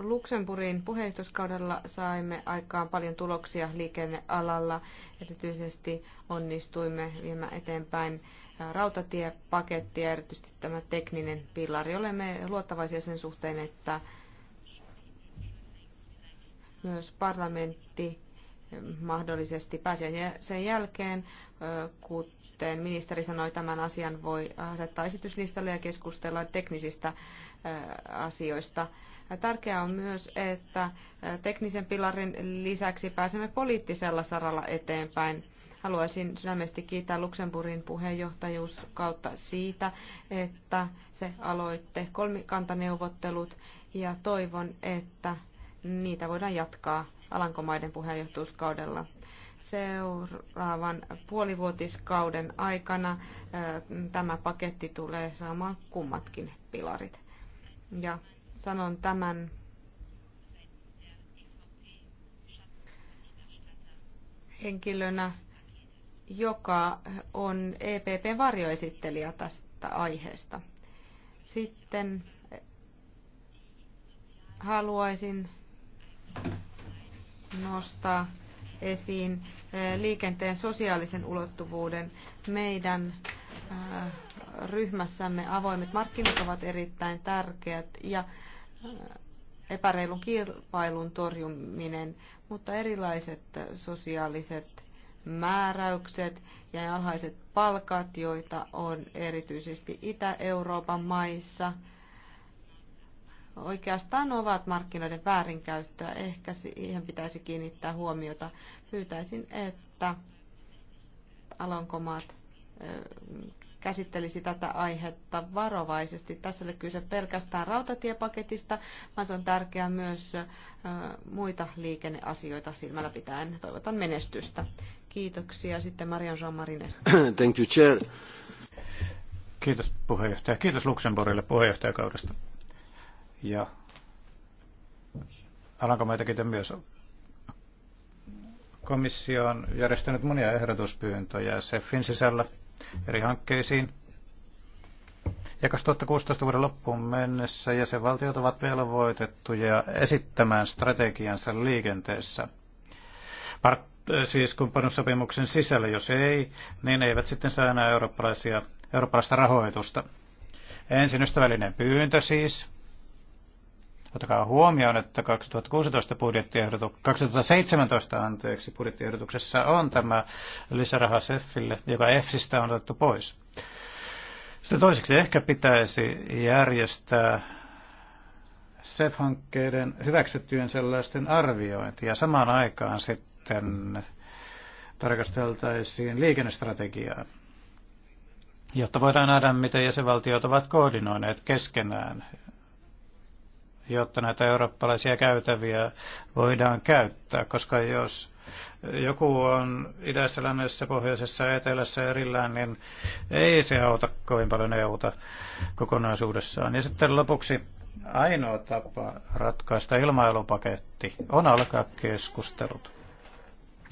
Luxemburgin puheenjohtajuuskaudella saimme aikaan paljon tuloksia liikennealalla. Erityisesti onnistuimme viemään eteenpäin rautatiepakettia, erityisesti tämä tekninen pilari. Olemme luottavaisia sen suhteen, että myös parlamentti mahdollisesti pääsee sen jälkeen, kuten ministeri sanoi, tämän asian voi asettaa esityslistalle ja keskustella teknisistä asioista. Tärkeää on myös, että teknisen pilarin lisäksi pääsemme poliittisella saralla eteenpäin. Haluaisin sydämesti kiittää Luxemburgin puheenjohtajuuskautta siitä, että se aloitte kolmikantaneuvottelut ja toivon, että niitä voidaan jatkaa Alankomaiden puheenjohtajuuskaudella seuraavan puolivuotiskauden aikana tämä paketti tulee saamaan kummatkin pilarit. Ja Sanon tämän henkilönä, joka on epp varjoesittelijä tästä aiheesta. Sitten haluaisin nostaa esiin eh, liikenteen sosiaalisen ulottuvuuden. Meidän eh, ryhmässämme avoimet markkinat ovat erittäin tärkeät ja epäreilun kilpailun torjuminen, mutta erilaiset sosiaaliset määräykset ja alhaiset palkat, joita on erityisesti Itä-Euroopan maissa, oikeastaan ovat markkinoiden väärinkäyttöä. Ehkä siihen pitäisi kiinnittää huomiota. Pyytäisin, että Alankomaat käsittelisi tätä aihetta varovaisesti. Tässä oli kyse pelkästään rautatiepaketista, vaan se on tärkeää myös muita liikenneasioita silmällä pitäen. Toivotan menestystä. Kiitoksia. Sitten Marian Jean Thank you, chair. Kiitos puheenjohtaja. Kiitos Luxemburgille puheenjohtajakaudesta. Ja meitä kiitän myös. Komissio on järjestänyt monia ehdotuspyyntöjä SEFin sisällä eri hankkeisiin. Ja 2016 vuoden loppuun mennessä jäsenvaltiot ovat velvoitettuja esittämään strategiansa liikenteessä. Part- siis kumppanussopimuksen sisällä, jos ei, niin eivät sitten saa enää eurooppalaista rahoitusta. Ensin ystävällinen pyyntö siis Ottakaa huomioon, että 2016 budjettiehdotu, 2017 anteeksi, budjettiehdotuksessa on tämä lisäraha SEFille, joka EFSistä on otettu pois. Sitten toiseksi ehkä pitäisi järjestää SEF-hankkeiden hyväksyttyjen sellaisten arviointi ja samaan aikaan sitten tarkasteltaisiin liikennestrategiaa, jotta voidaan nähdä, miten jäsenvaltiot ovat koordinoineet keskenään jotta näitä eurooppalaisia käytäviä voidaan käyttää, koska jos joku on idässä, lännessä, pohjoisessa ja etelässä erillään, niin ei se auta kovin paljon EUta kokonaisuudessaan. Ja sitten lopuksi ainoa tapa ratkaista ilmailupaketti on alkaa keskustelut.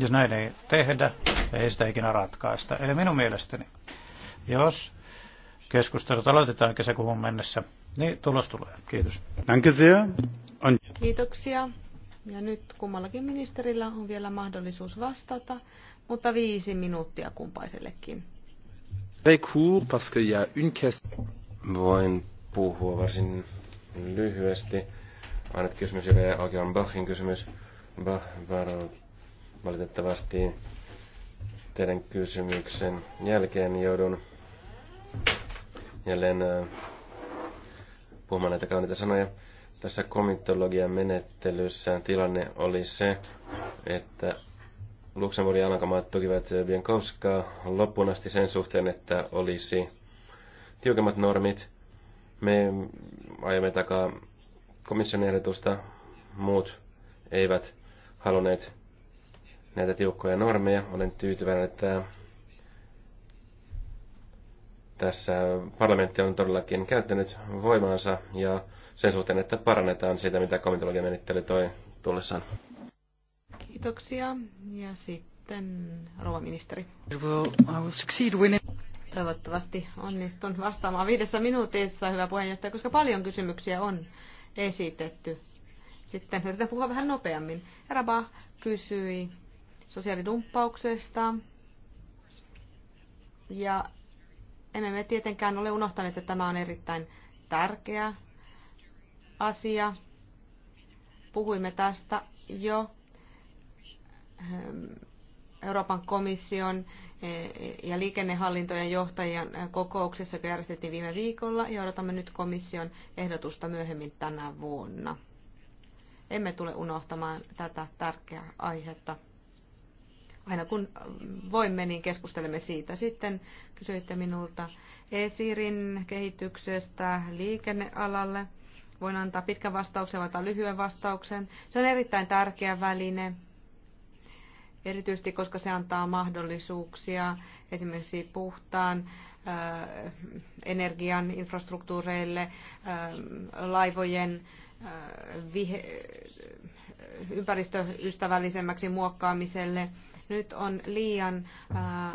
Jos näin ei tehdä, ei sitä ikinä ratkaista. Eli minun mielestäni, jos keskustelut aloitetaan kesäkuun mennessä, niin, tulos tulee. Kiitos. Kiitoksia. Ja nyt kummallakin ministerillä on vielä mahdollisuus vastata, mutta viisi minuuttia kumpaisellekin. Voin puhua varsin lyhyesti. Ainut kysymys, joka jäi auki, on Bachin kysymys. Bach, varo, valitettavasti teidän kysymyksen jälkeen joudun jälleen äh, puhumaan näitä kauniita sanoja. Tässä komitologian menettelyssä tilanne oli se, että Luxemburgin alankamaat tukivat Bienkowskaa loppuun asti sen suhteen, että olisi tiukemmat normit. Me ajamme takaa komission ehdotusta, muut eivät halunneet näitä tiukkoja normeja. Olen tyytyväinen, että tässä parlamentti on todellakin käyttänyt voimaansa ja sen suhteen, että parannetaan sitä, mitä komitologiamenettely toi tullessaan. Kiitoksia. Ja sitten rouva ministeri. Toivottavasti onnistun vastaamaan viidessä minuutissa, hyvä puheenjohtaja, koska paljon kysymyksiä on esitetty. Sitten yritän puhua vähän nopeammin. Raba kysyi sosiaalidumppauksesta ja emme me tietenkään ole unohtaneet, että tämä on erittäin tärkeä asia. Puhuimme tästä jo ehm, Euroopan komission eh, ja liikennehallintojen johtajien eh, kokouksessa, joka järjestettiin viime viikolla, ja odotamme nyt komission ehdotusta myöhemmin tänä vuonna. Emme tule unohtamaan tätä tärkeää aihetta aina kun voimme, niin keskustelemme siitä. Sitten kysyitte minulta esirin kehityksestä liikennealalle. Voin antaa pitkän vastauksen vai lyhyen vastauksen. Se on erittäin tärkeä väline, erityisesti koska se antaa mahdollisuuksia esimerkiksi puhtaan äh, energian infrastruktuureille, äh, laivojen äh, vihe, ympäristöystävällisemmäksi muokkaamiselle nyt on liian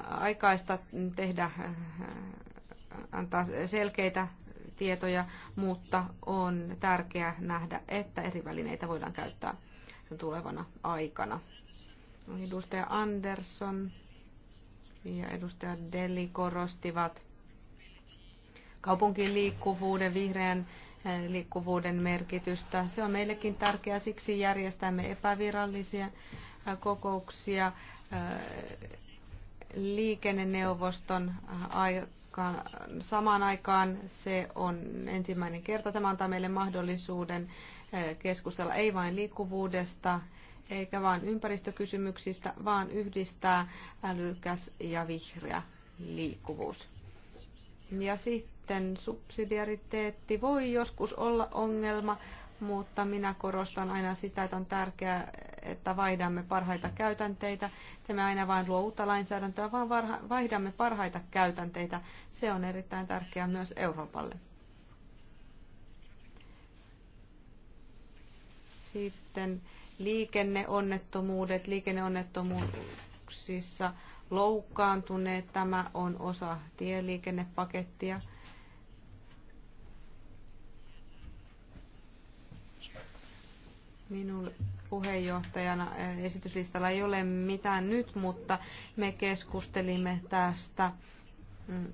aikaista tehdä, antaa selkeitä tietoja, mutta on tärkeää nähdä, että eri välineitä voidaan käyttää tulevana aikana. Edustaja Andersson ja edustaja Deli korostivat kaupunkiin liikkuvuuden, vihreän liikkuvuuden merkitystä. Se on meillekin tärkeää, siksi järjestämme epävirallisia kokouksia liikenneneuvoston aikaan. Samaan aikaan se on ensimmäinen kerta. Tämä antaa meille mahdollisuuden eh, keskustella ei vain liikkuvuudesta, eikä vain ympäristökysymyksistä, vaan yhdistää älykäs ja vihreä liikkuvuus. Ja sitten subsidiariteetti voi joskus olla ongelma, mutta minä korostan aina sitä, että on tärkeää, että vaihdamme parhaita käytänteitä. Emme aina vain luo uutta lainsäädäntöä, vaan vaihdamme parhaita käytänteitä. Se on erittäin tärkeää myös Euroopalle. Sitten liikenneonnettomuudet, liikenneonnettomuuksissa loukkaantuneet. Tämä on osa tieliikennepakettia Minun puheenjohtajana esityslistalla ei ole mitään nyt, mutta me keskustelimme tästä mm,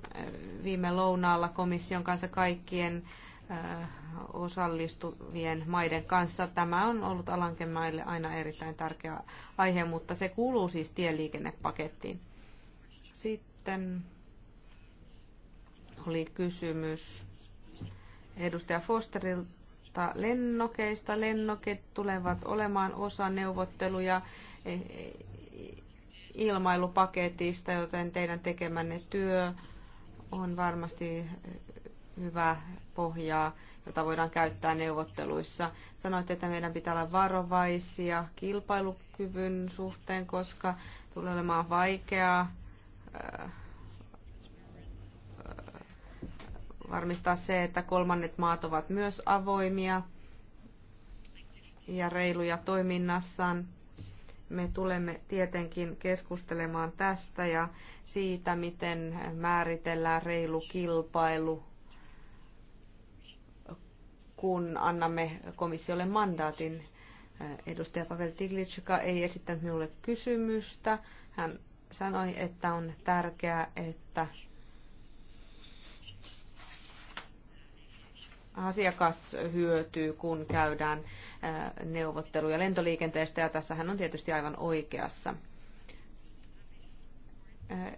viime lounaalla komission kanssa kaikkien osallistuvien maiden kanssa. Tämä on ollut alankemaille aina erittäin tärkeä aihe, mutta se kuuluu siis tieliikennepakettiin. Sitten oli kysymys edustaja Fosterilta puhumatta lennokeista. Lennoket tulevat olemaan osa neuvotteluja e, e, ilmailupaketista, joten teidän tekemänne työ on varmasti hyvä pohjaa, jota voidaan käyttää neuvotteluissa. Sanoitte, että meidän pitää olla varovaisia kilpailukyvyn suhteen, koska tulee olemaan vaikeaa varmistaa se, että kolmannet maat ovat myös avoimia ja reiluja toiminnassaan. Me tulemme tietenkin keskustelemaan tästä ja siitä, miten määritellään reilu kilpailu, kun annamme komissiolle mandaatin. Edustaja Pavel Tiglitschka ei esittänyt minulle kysymystä. Hän sanoi, että on tärkeää, että asiakas hyötyy, kun käydään neuvotteluja lentoliikenteestä, ja tässä hän on tietysti aivan oikeassa.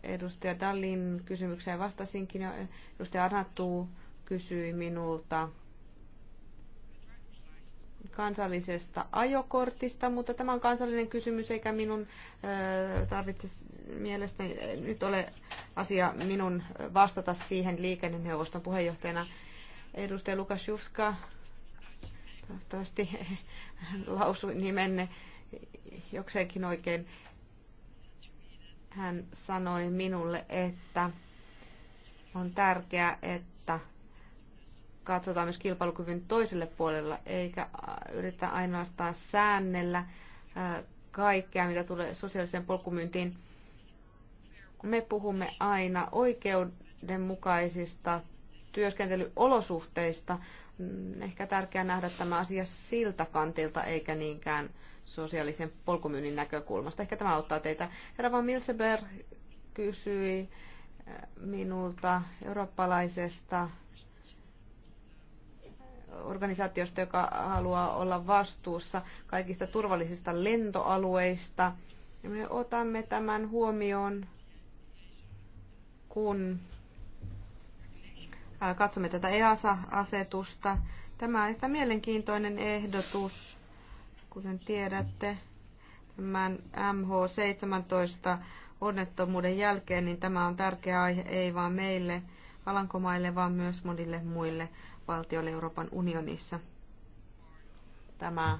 Edustaja Dallin kysymykseen vastasinkin, ja edustaja Arnattu kysyi minulta kansallisesta ajokortista, mutta tämä on kansallinen kysymys, eikä minun tarvitse mielestäni nyt ole asia minun vastata siihen liikenneneuvoston puheenjohtajana. Edustaja Juska, toivottavasti lausui nimenne jokseenkin oikein. Hän sanoi minulle, että on tärkeää, että katsotaan myös kilpailukyvyn toiselle puolella, eikä yritä ainoastaan säännellä kaikkea, mitä tulee sosiaaliseen polkumyyntiin. Me puhumme aina oikeudenmukaisista työskentelyolosuhteista. Mm, ehkä tärkeää nähdä tämä asia siltä kantilta eikä niinkään sosiaalisen polkumyynnin näkökulmasta. Ehkä tämä auttaa teitä. Herra Van Milseberg kysyi eh, minulta eurooppalaisesta organisaatiosta, joka haluaa olla vastuussa kaikista turvallisista lentoalueista. Ja me otamme tämän huomioon, kun katsomme tätä EASA-asetusta. Tämä on ehkä mielenkiintoinen ehdotus, kuten tiedätte, tämän MH17 onnettomuuden jälkeen, niin tämä on tärkeä aihe ei vain meille, Alankomaille, vaan myös monille muille valtioille Euroopan unionissa. Tämä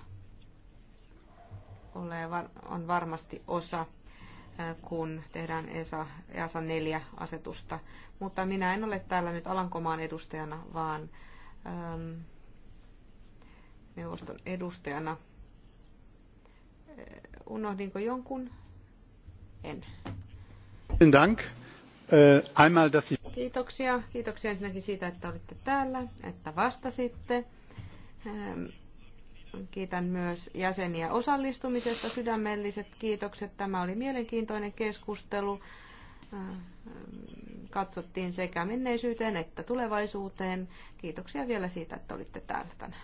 on varmasti osa Äh, kun tehdään ESA, EASA 4-asetusta. Mutta minä en ole täällä nyt Alankomaan edustajana, vaan ähm, neuvoston edustajana. Äh, unohdinko jonkun? En. Dank. Äh, Kiitoksia. Kiitoksia ensinnäkin siitä, että olitte täällä, että vastasitte. Ähm, Kiitän myös jäseniä osallistumisesta. Sydämelliset kiitokset. Tämä oli mielenkiintoinen keskustelu. Äh, katsottiin sekä menneisyyteen että tulevaisuuteen. Kiitoksia vielä siitä, että olitte täällä tänään.